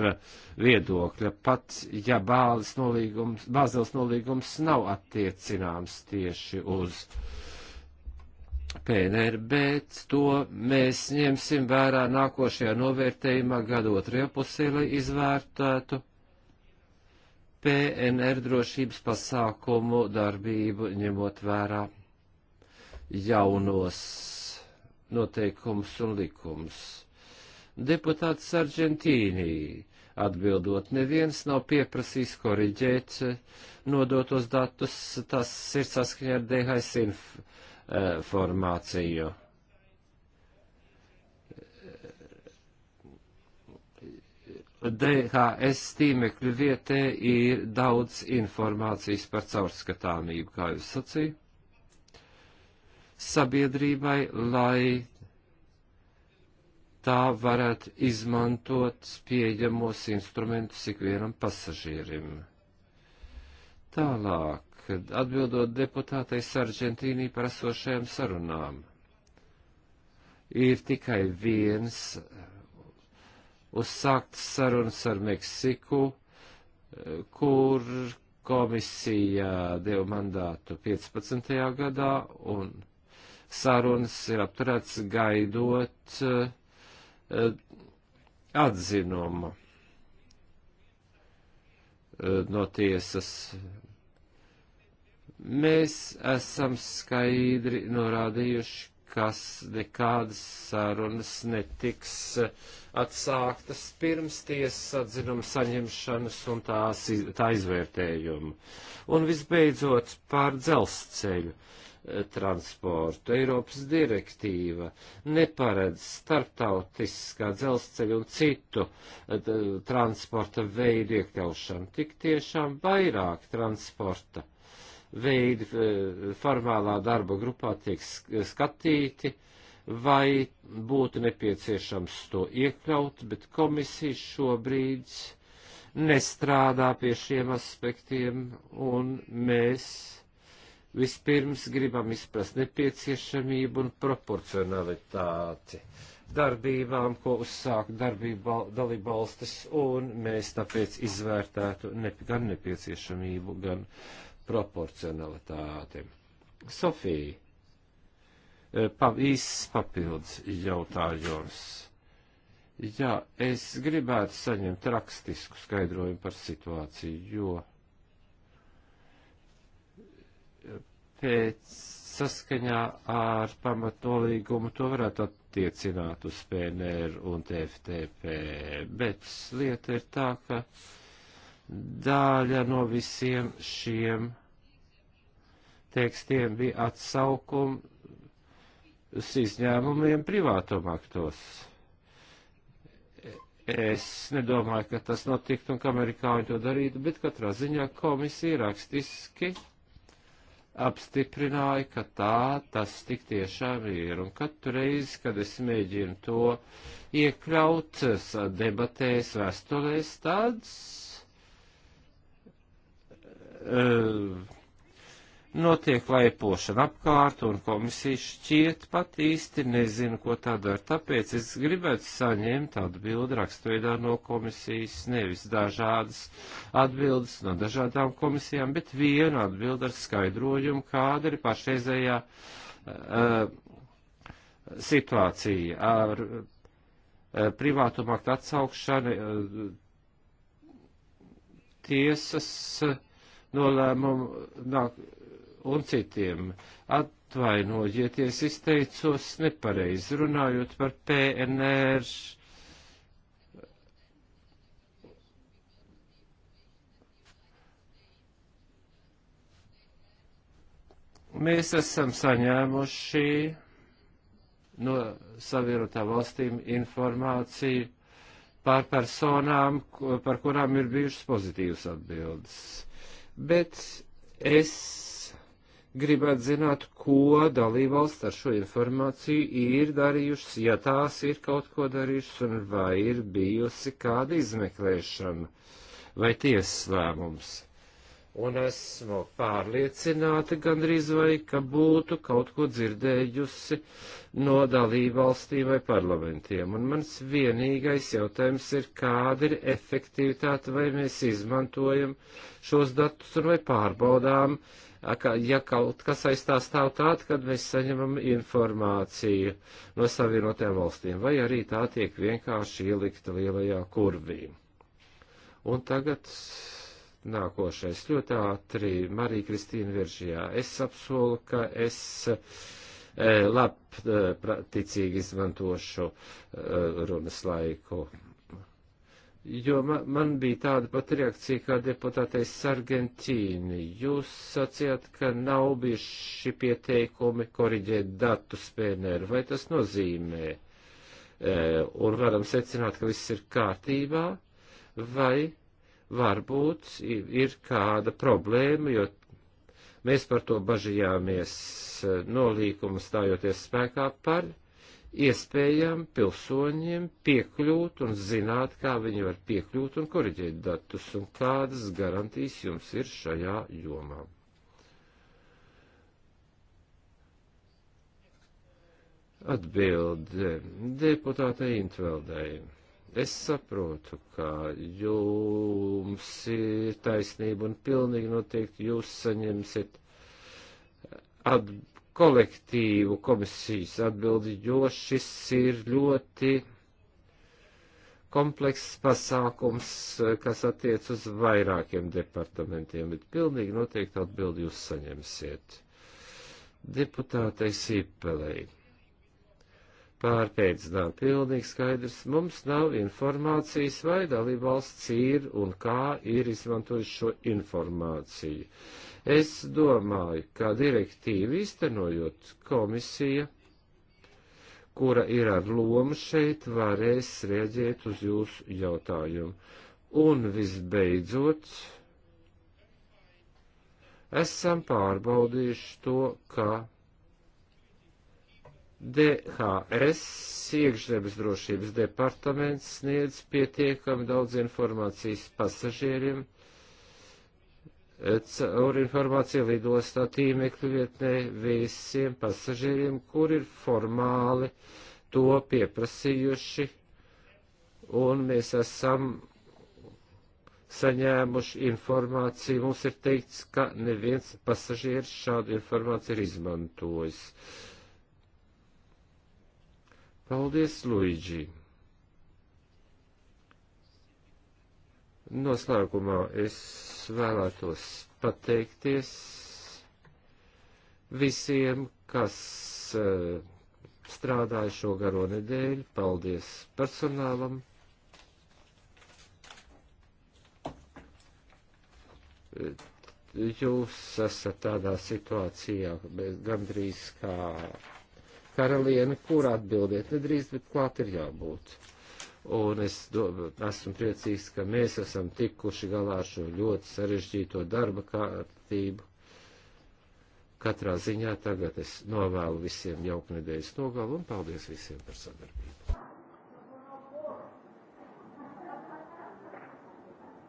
viedokļa, pat ja Bāles nolīgums, Bāzels nolīgums nav attiecināms tieši uz uh, PNR, bet to mēs ņemsim vērā nākošajā novērtējumā gada otrajā pusē, lai izvērtētu PNR drošības pasākumu darbību, ņemot vērā jaunos noteikumus un likumus. Deputāts Sargentīnī atbildot, neviens nav pieprasījis koriģēt nodotos datus, tas ir saskaņā ar DHS informāciju E, formāciju. DHS tīmekļu vietē ir daudz informācijas par caurskatāmību, kā jūs sacīju, sabiedrībai, lai tā varētu izmantot pieejamos instrumentus ikvienam pasažierim. Tālāk atbildot deputātei Sargentīnī par esošajām sarunām. Ir tikai viens eh, uzsākts sarunas ar Meksiku, eh, kur komisija deva mandātu 15. gadā, un sarunas ir apturēts gaidot eh, atzinumu no tiesas Mēs esam skaidri norādījuši, kas nekādas sarunas netiks atsāktas pirms tiesas atzinuma saņemšanas un tās, tā izvērtējuma. Un visbeidzot par dzelzceļu eh, transportu. Eiropas direktīva neparedz starptautiskā dzelzceļa un citu eh, transporta veidu iekļaušanu. Tik tiešām vairāk transporta veidi eh, formālā darba grupā tiek skatīti, vai būtu nepieciešams to iekļaut, bet komisija šobrīd nestrādā pie šiem aspektiem, un mēs vispirms gribam izprast nepieciešamību un proporcionalitāti darbībām, ko uzsāk darbība dalībvalstis, un mēs tāpēc izvērtētu ne, gan nepieciešamību, gan proporcionalitāti. Sofija, e, pa, īsts papildus jautājums. Jā, es gribētu saņemt rakstisku skaidrojumu par situāciju, jo pēc saskaņā ar pamatnolīgumu to varētu attiecināt uz PNR un TFTP, bet lieta ir tā, ka daļa no visiem šiem tekstiem bija atsaukums izņēmumiem privātum aktos. Es nedomāju, ka tas notiktu un ka amerikāņi to darītu, bet katrā ziņā komisija rakstiski apstiprināja, ka tā tas tik tiešām ir. Un katru reizi, kad es mēģinu to iekļaut debatēs, vēstulēs, tāds Eh, notiek laipošana apkārt, un komisija šķiet pat īsti nezina, ko tā dara. Tāpēc es gribētu saņemt atbildi rakstveidā no komisijas, nevis dažādas atbildes no dažādām komisijām, bet vienu atbildi ar skaidrojumu, kāda ir pašreizējā uh, situācija ar uh, eh, privātumā atsaukšanu uh, tiesas. Uh, nolēmumu nāk un citiem. Atvainojieties, izteicos nepareizi runājot par PNR. Mēs esam saņēmuši no savienotā valstīm informāciju par personām, par kurām ir bijušas pozitīvas atbildes bet es gribētu zināt, ko dalībvalsts ar šo informāciju ir darījušas, ja tās ir kaut ko darījušas, un vai ir bijusi kāda izmeklēšana vai tiesas lēmums un esmu pārliecināta gandrīz vai, ka būtu kaut ko dzirdējusi no dalībvalstīm vai parlamentiem. Un mans vienīgais jautājums ir, kāda ir efektivitāte, vai mēs izmantojam šos datus un vai pārbaudām, ja kaut kas aizstās tā tād, kad mēs saņemam informāciju no savienotajām valstīm, vai arī tā tiek vienkārši ielikta lielajā kurvī. Un tagad Nākošais ļoti ātri. Marija Kristīna Viržijā. Es apsolu, ka es e, labticīgi izmantošu e, runas laiku. Jo man, man bija tāda pat reakcija kā deputātais Sargentīni. Jūs sacījāt, ka nav bijuši pieteikumi koriģēt datu spēnēru. Vai tas nozīmē? E, un varam secināt, ka viss ir kārtībā, vai varbūt ir kāda problēma, jo mēs par to bažījāmies e, nolīkumu stājoties spēkā par iespējām pilsoņiem piekļūt un zināt, kā viņi var piekļūt un koriģēt datus un kādas garantijas jums ir šajā jomā. Atbilde deputātei Intveldējai. Es saprotu, ka jums ir taisnība un pilnīgi noteikti jūs saņemsiet at kolektīvu komisijas atbildi, jo šis ir ļoti komplekss pasākums, kas attiec uz vairākiem departamentiem, bet pilnīgi noteikti atbildi jūs saņemsiet. Deputātei Sīpelei pārpēdas nav pilnīgi skaidrs, mums nav informācijas, vai dalībvalsts ir un kā ir izmantojis šo informāciju. Es domāju, ka direktīvu iztenojot komisija, kura ir ar lomu šeit, varēs rēģēt uz jūsu jautājumu. Un visbeidzot, esam pārbaudījuši to, ka DHS, iekšzemes drošības departaments, sniedz pietiekami daudz informācijas pasažieriem caur informāciju lidostā tīmekļu vietnē visiem pasažieriem, kur ir formāli to pieprasījuši, un mēs esam saņēmuši informāciju. Mums ir teikts, ka neviens pasažieris šādu informāciju ir izmantojis. Uh, Paldies, Luīģi! Noslēgumā es vēlētos pateikties visiem, kas eh, strādāja šo garo nedēļu. Paldies personālam. Eh, jūs esat tādā situācijā gandrīz kā karaliene, kur atbildiet nedrīkst, bet klāt ir jābūt. Un es do, esmu priecīgs, ka mēs esam tikuši galā ar šo ļoti sarežģīto darba kārtību. Katrā ziņā tagad es novēlu visiem jauku nedēļas nogalu un paldies visiem par sadarbību.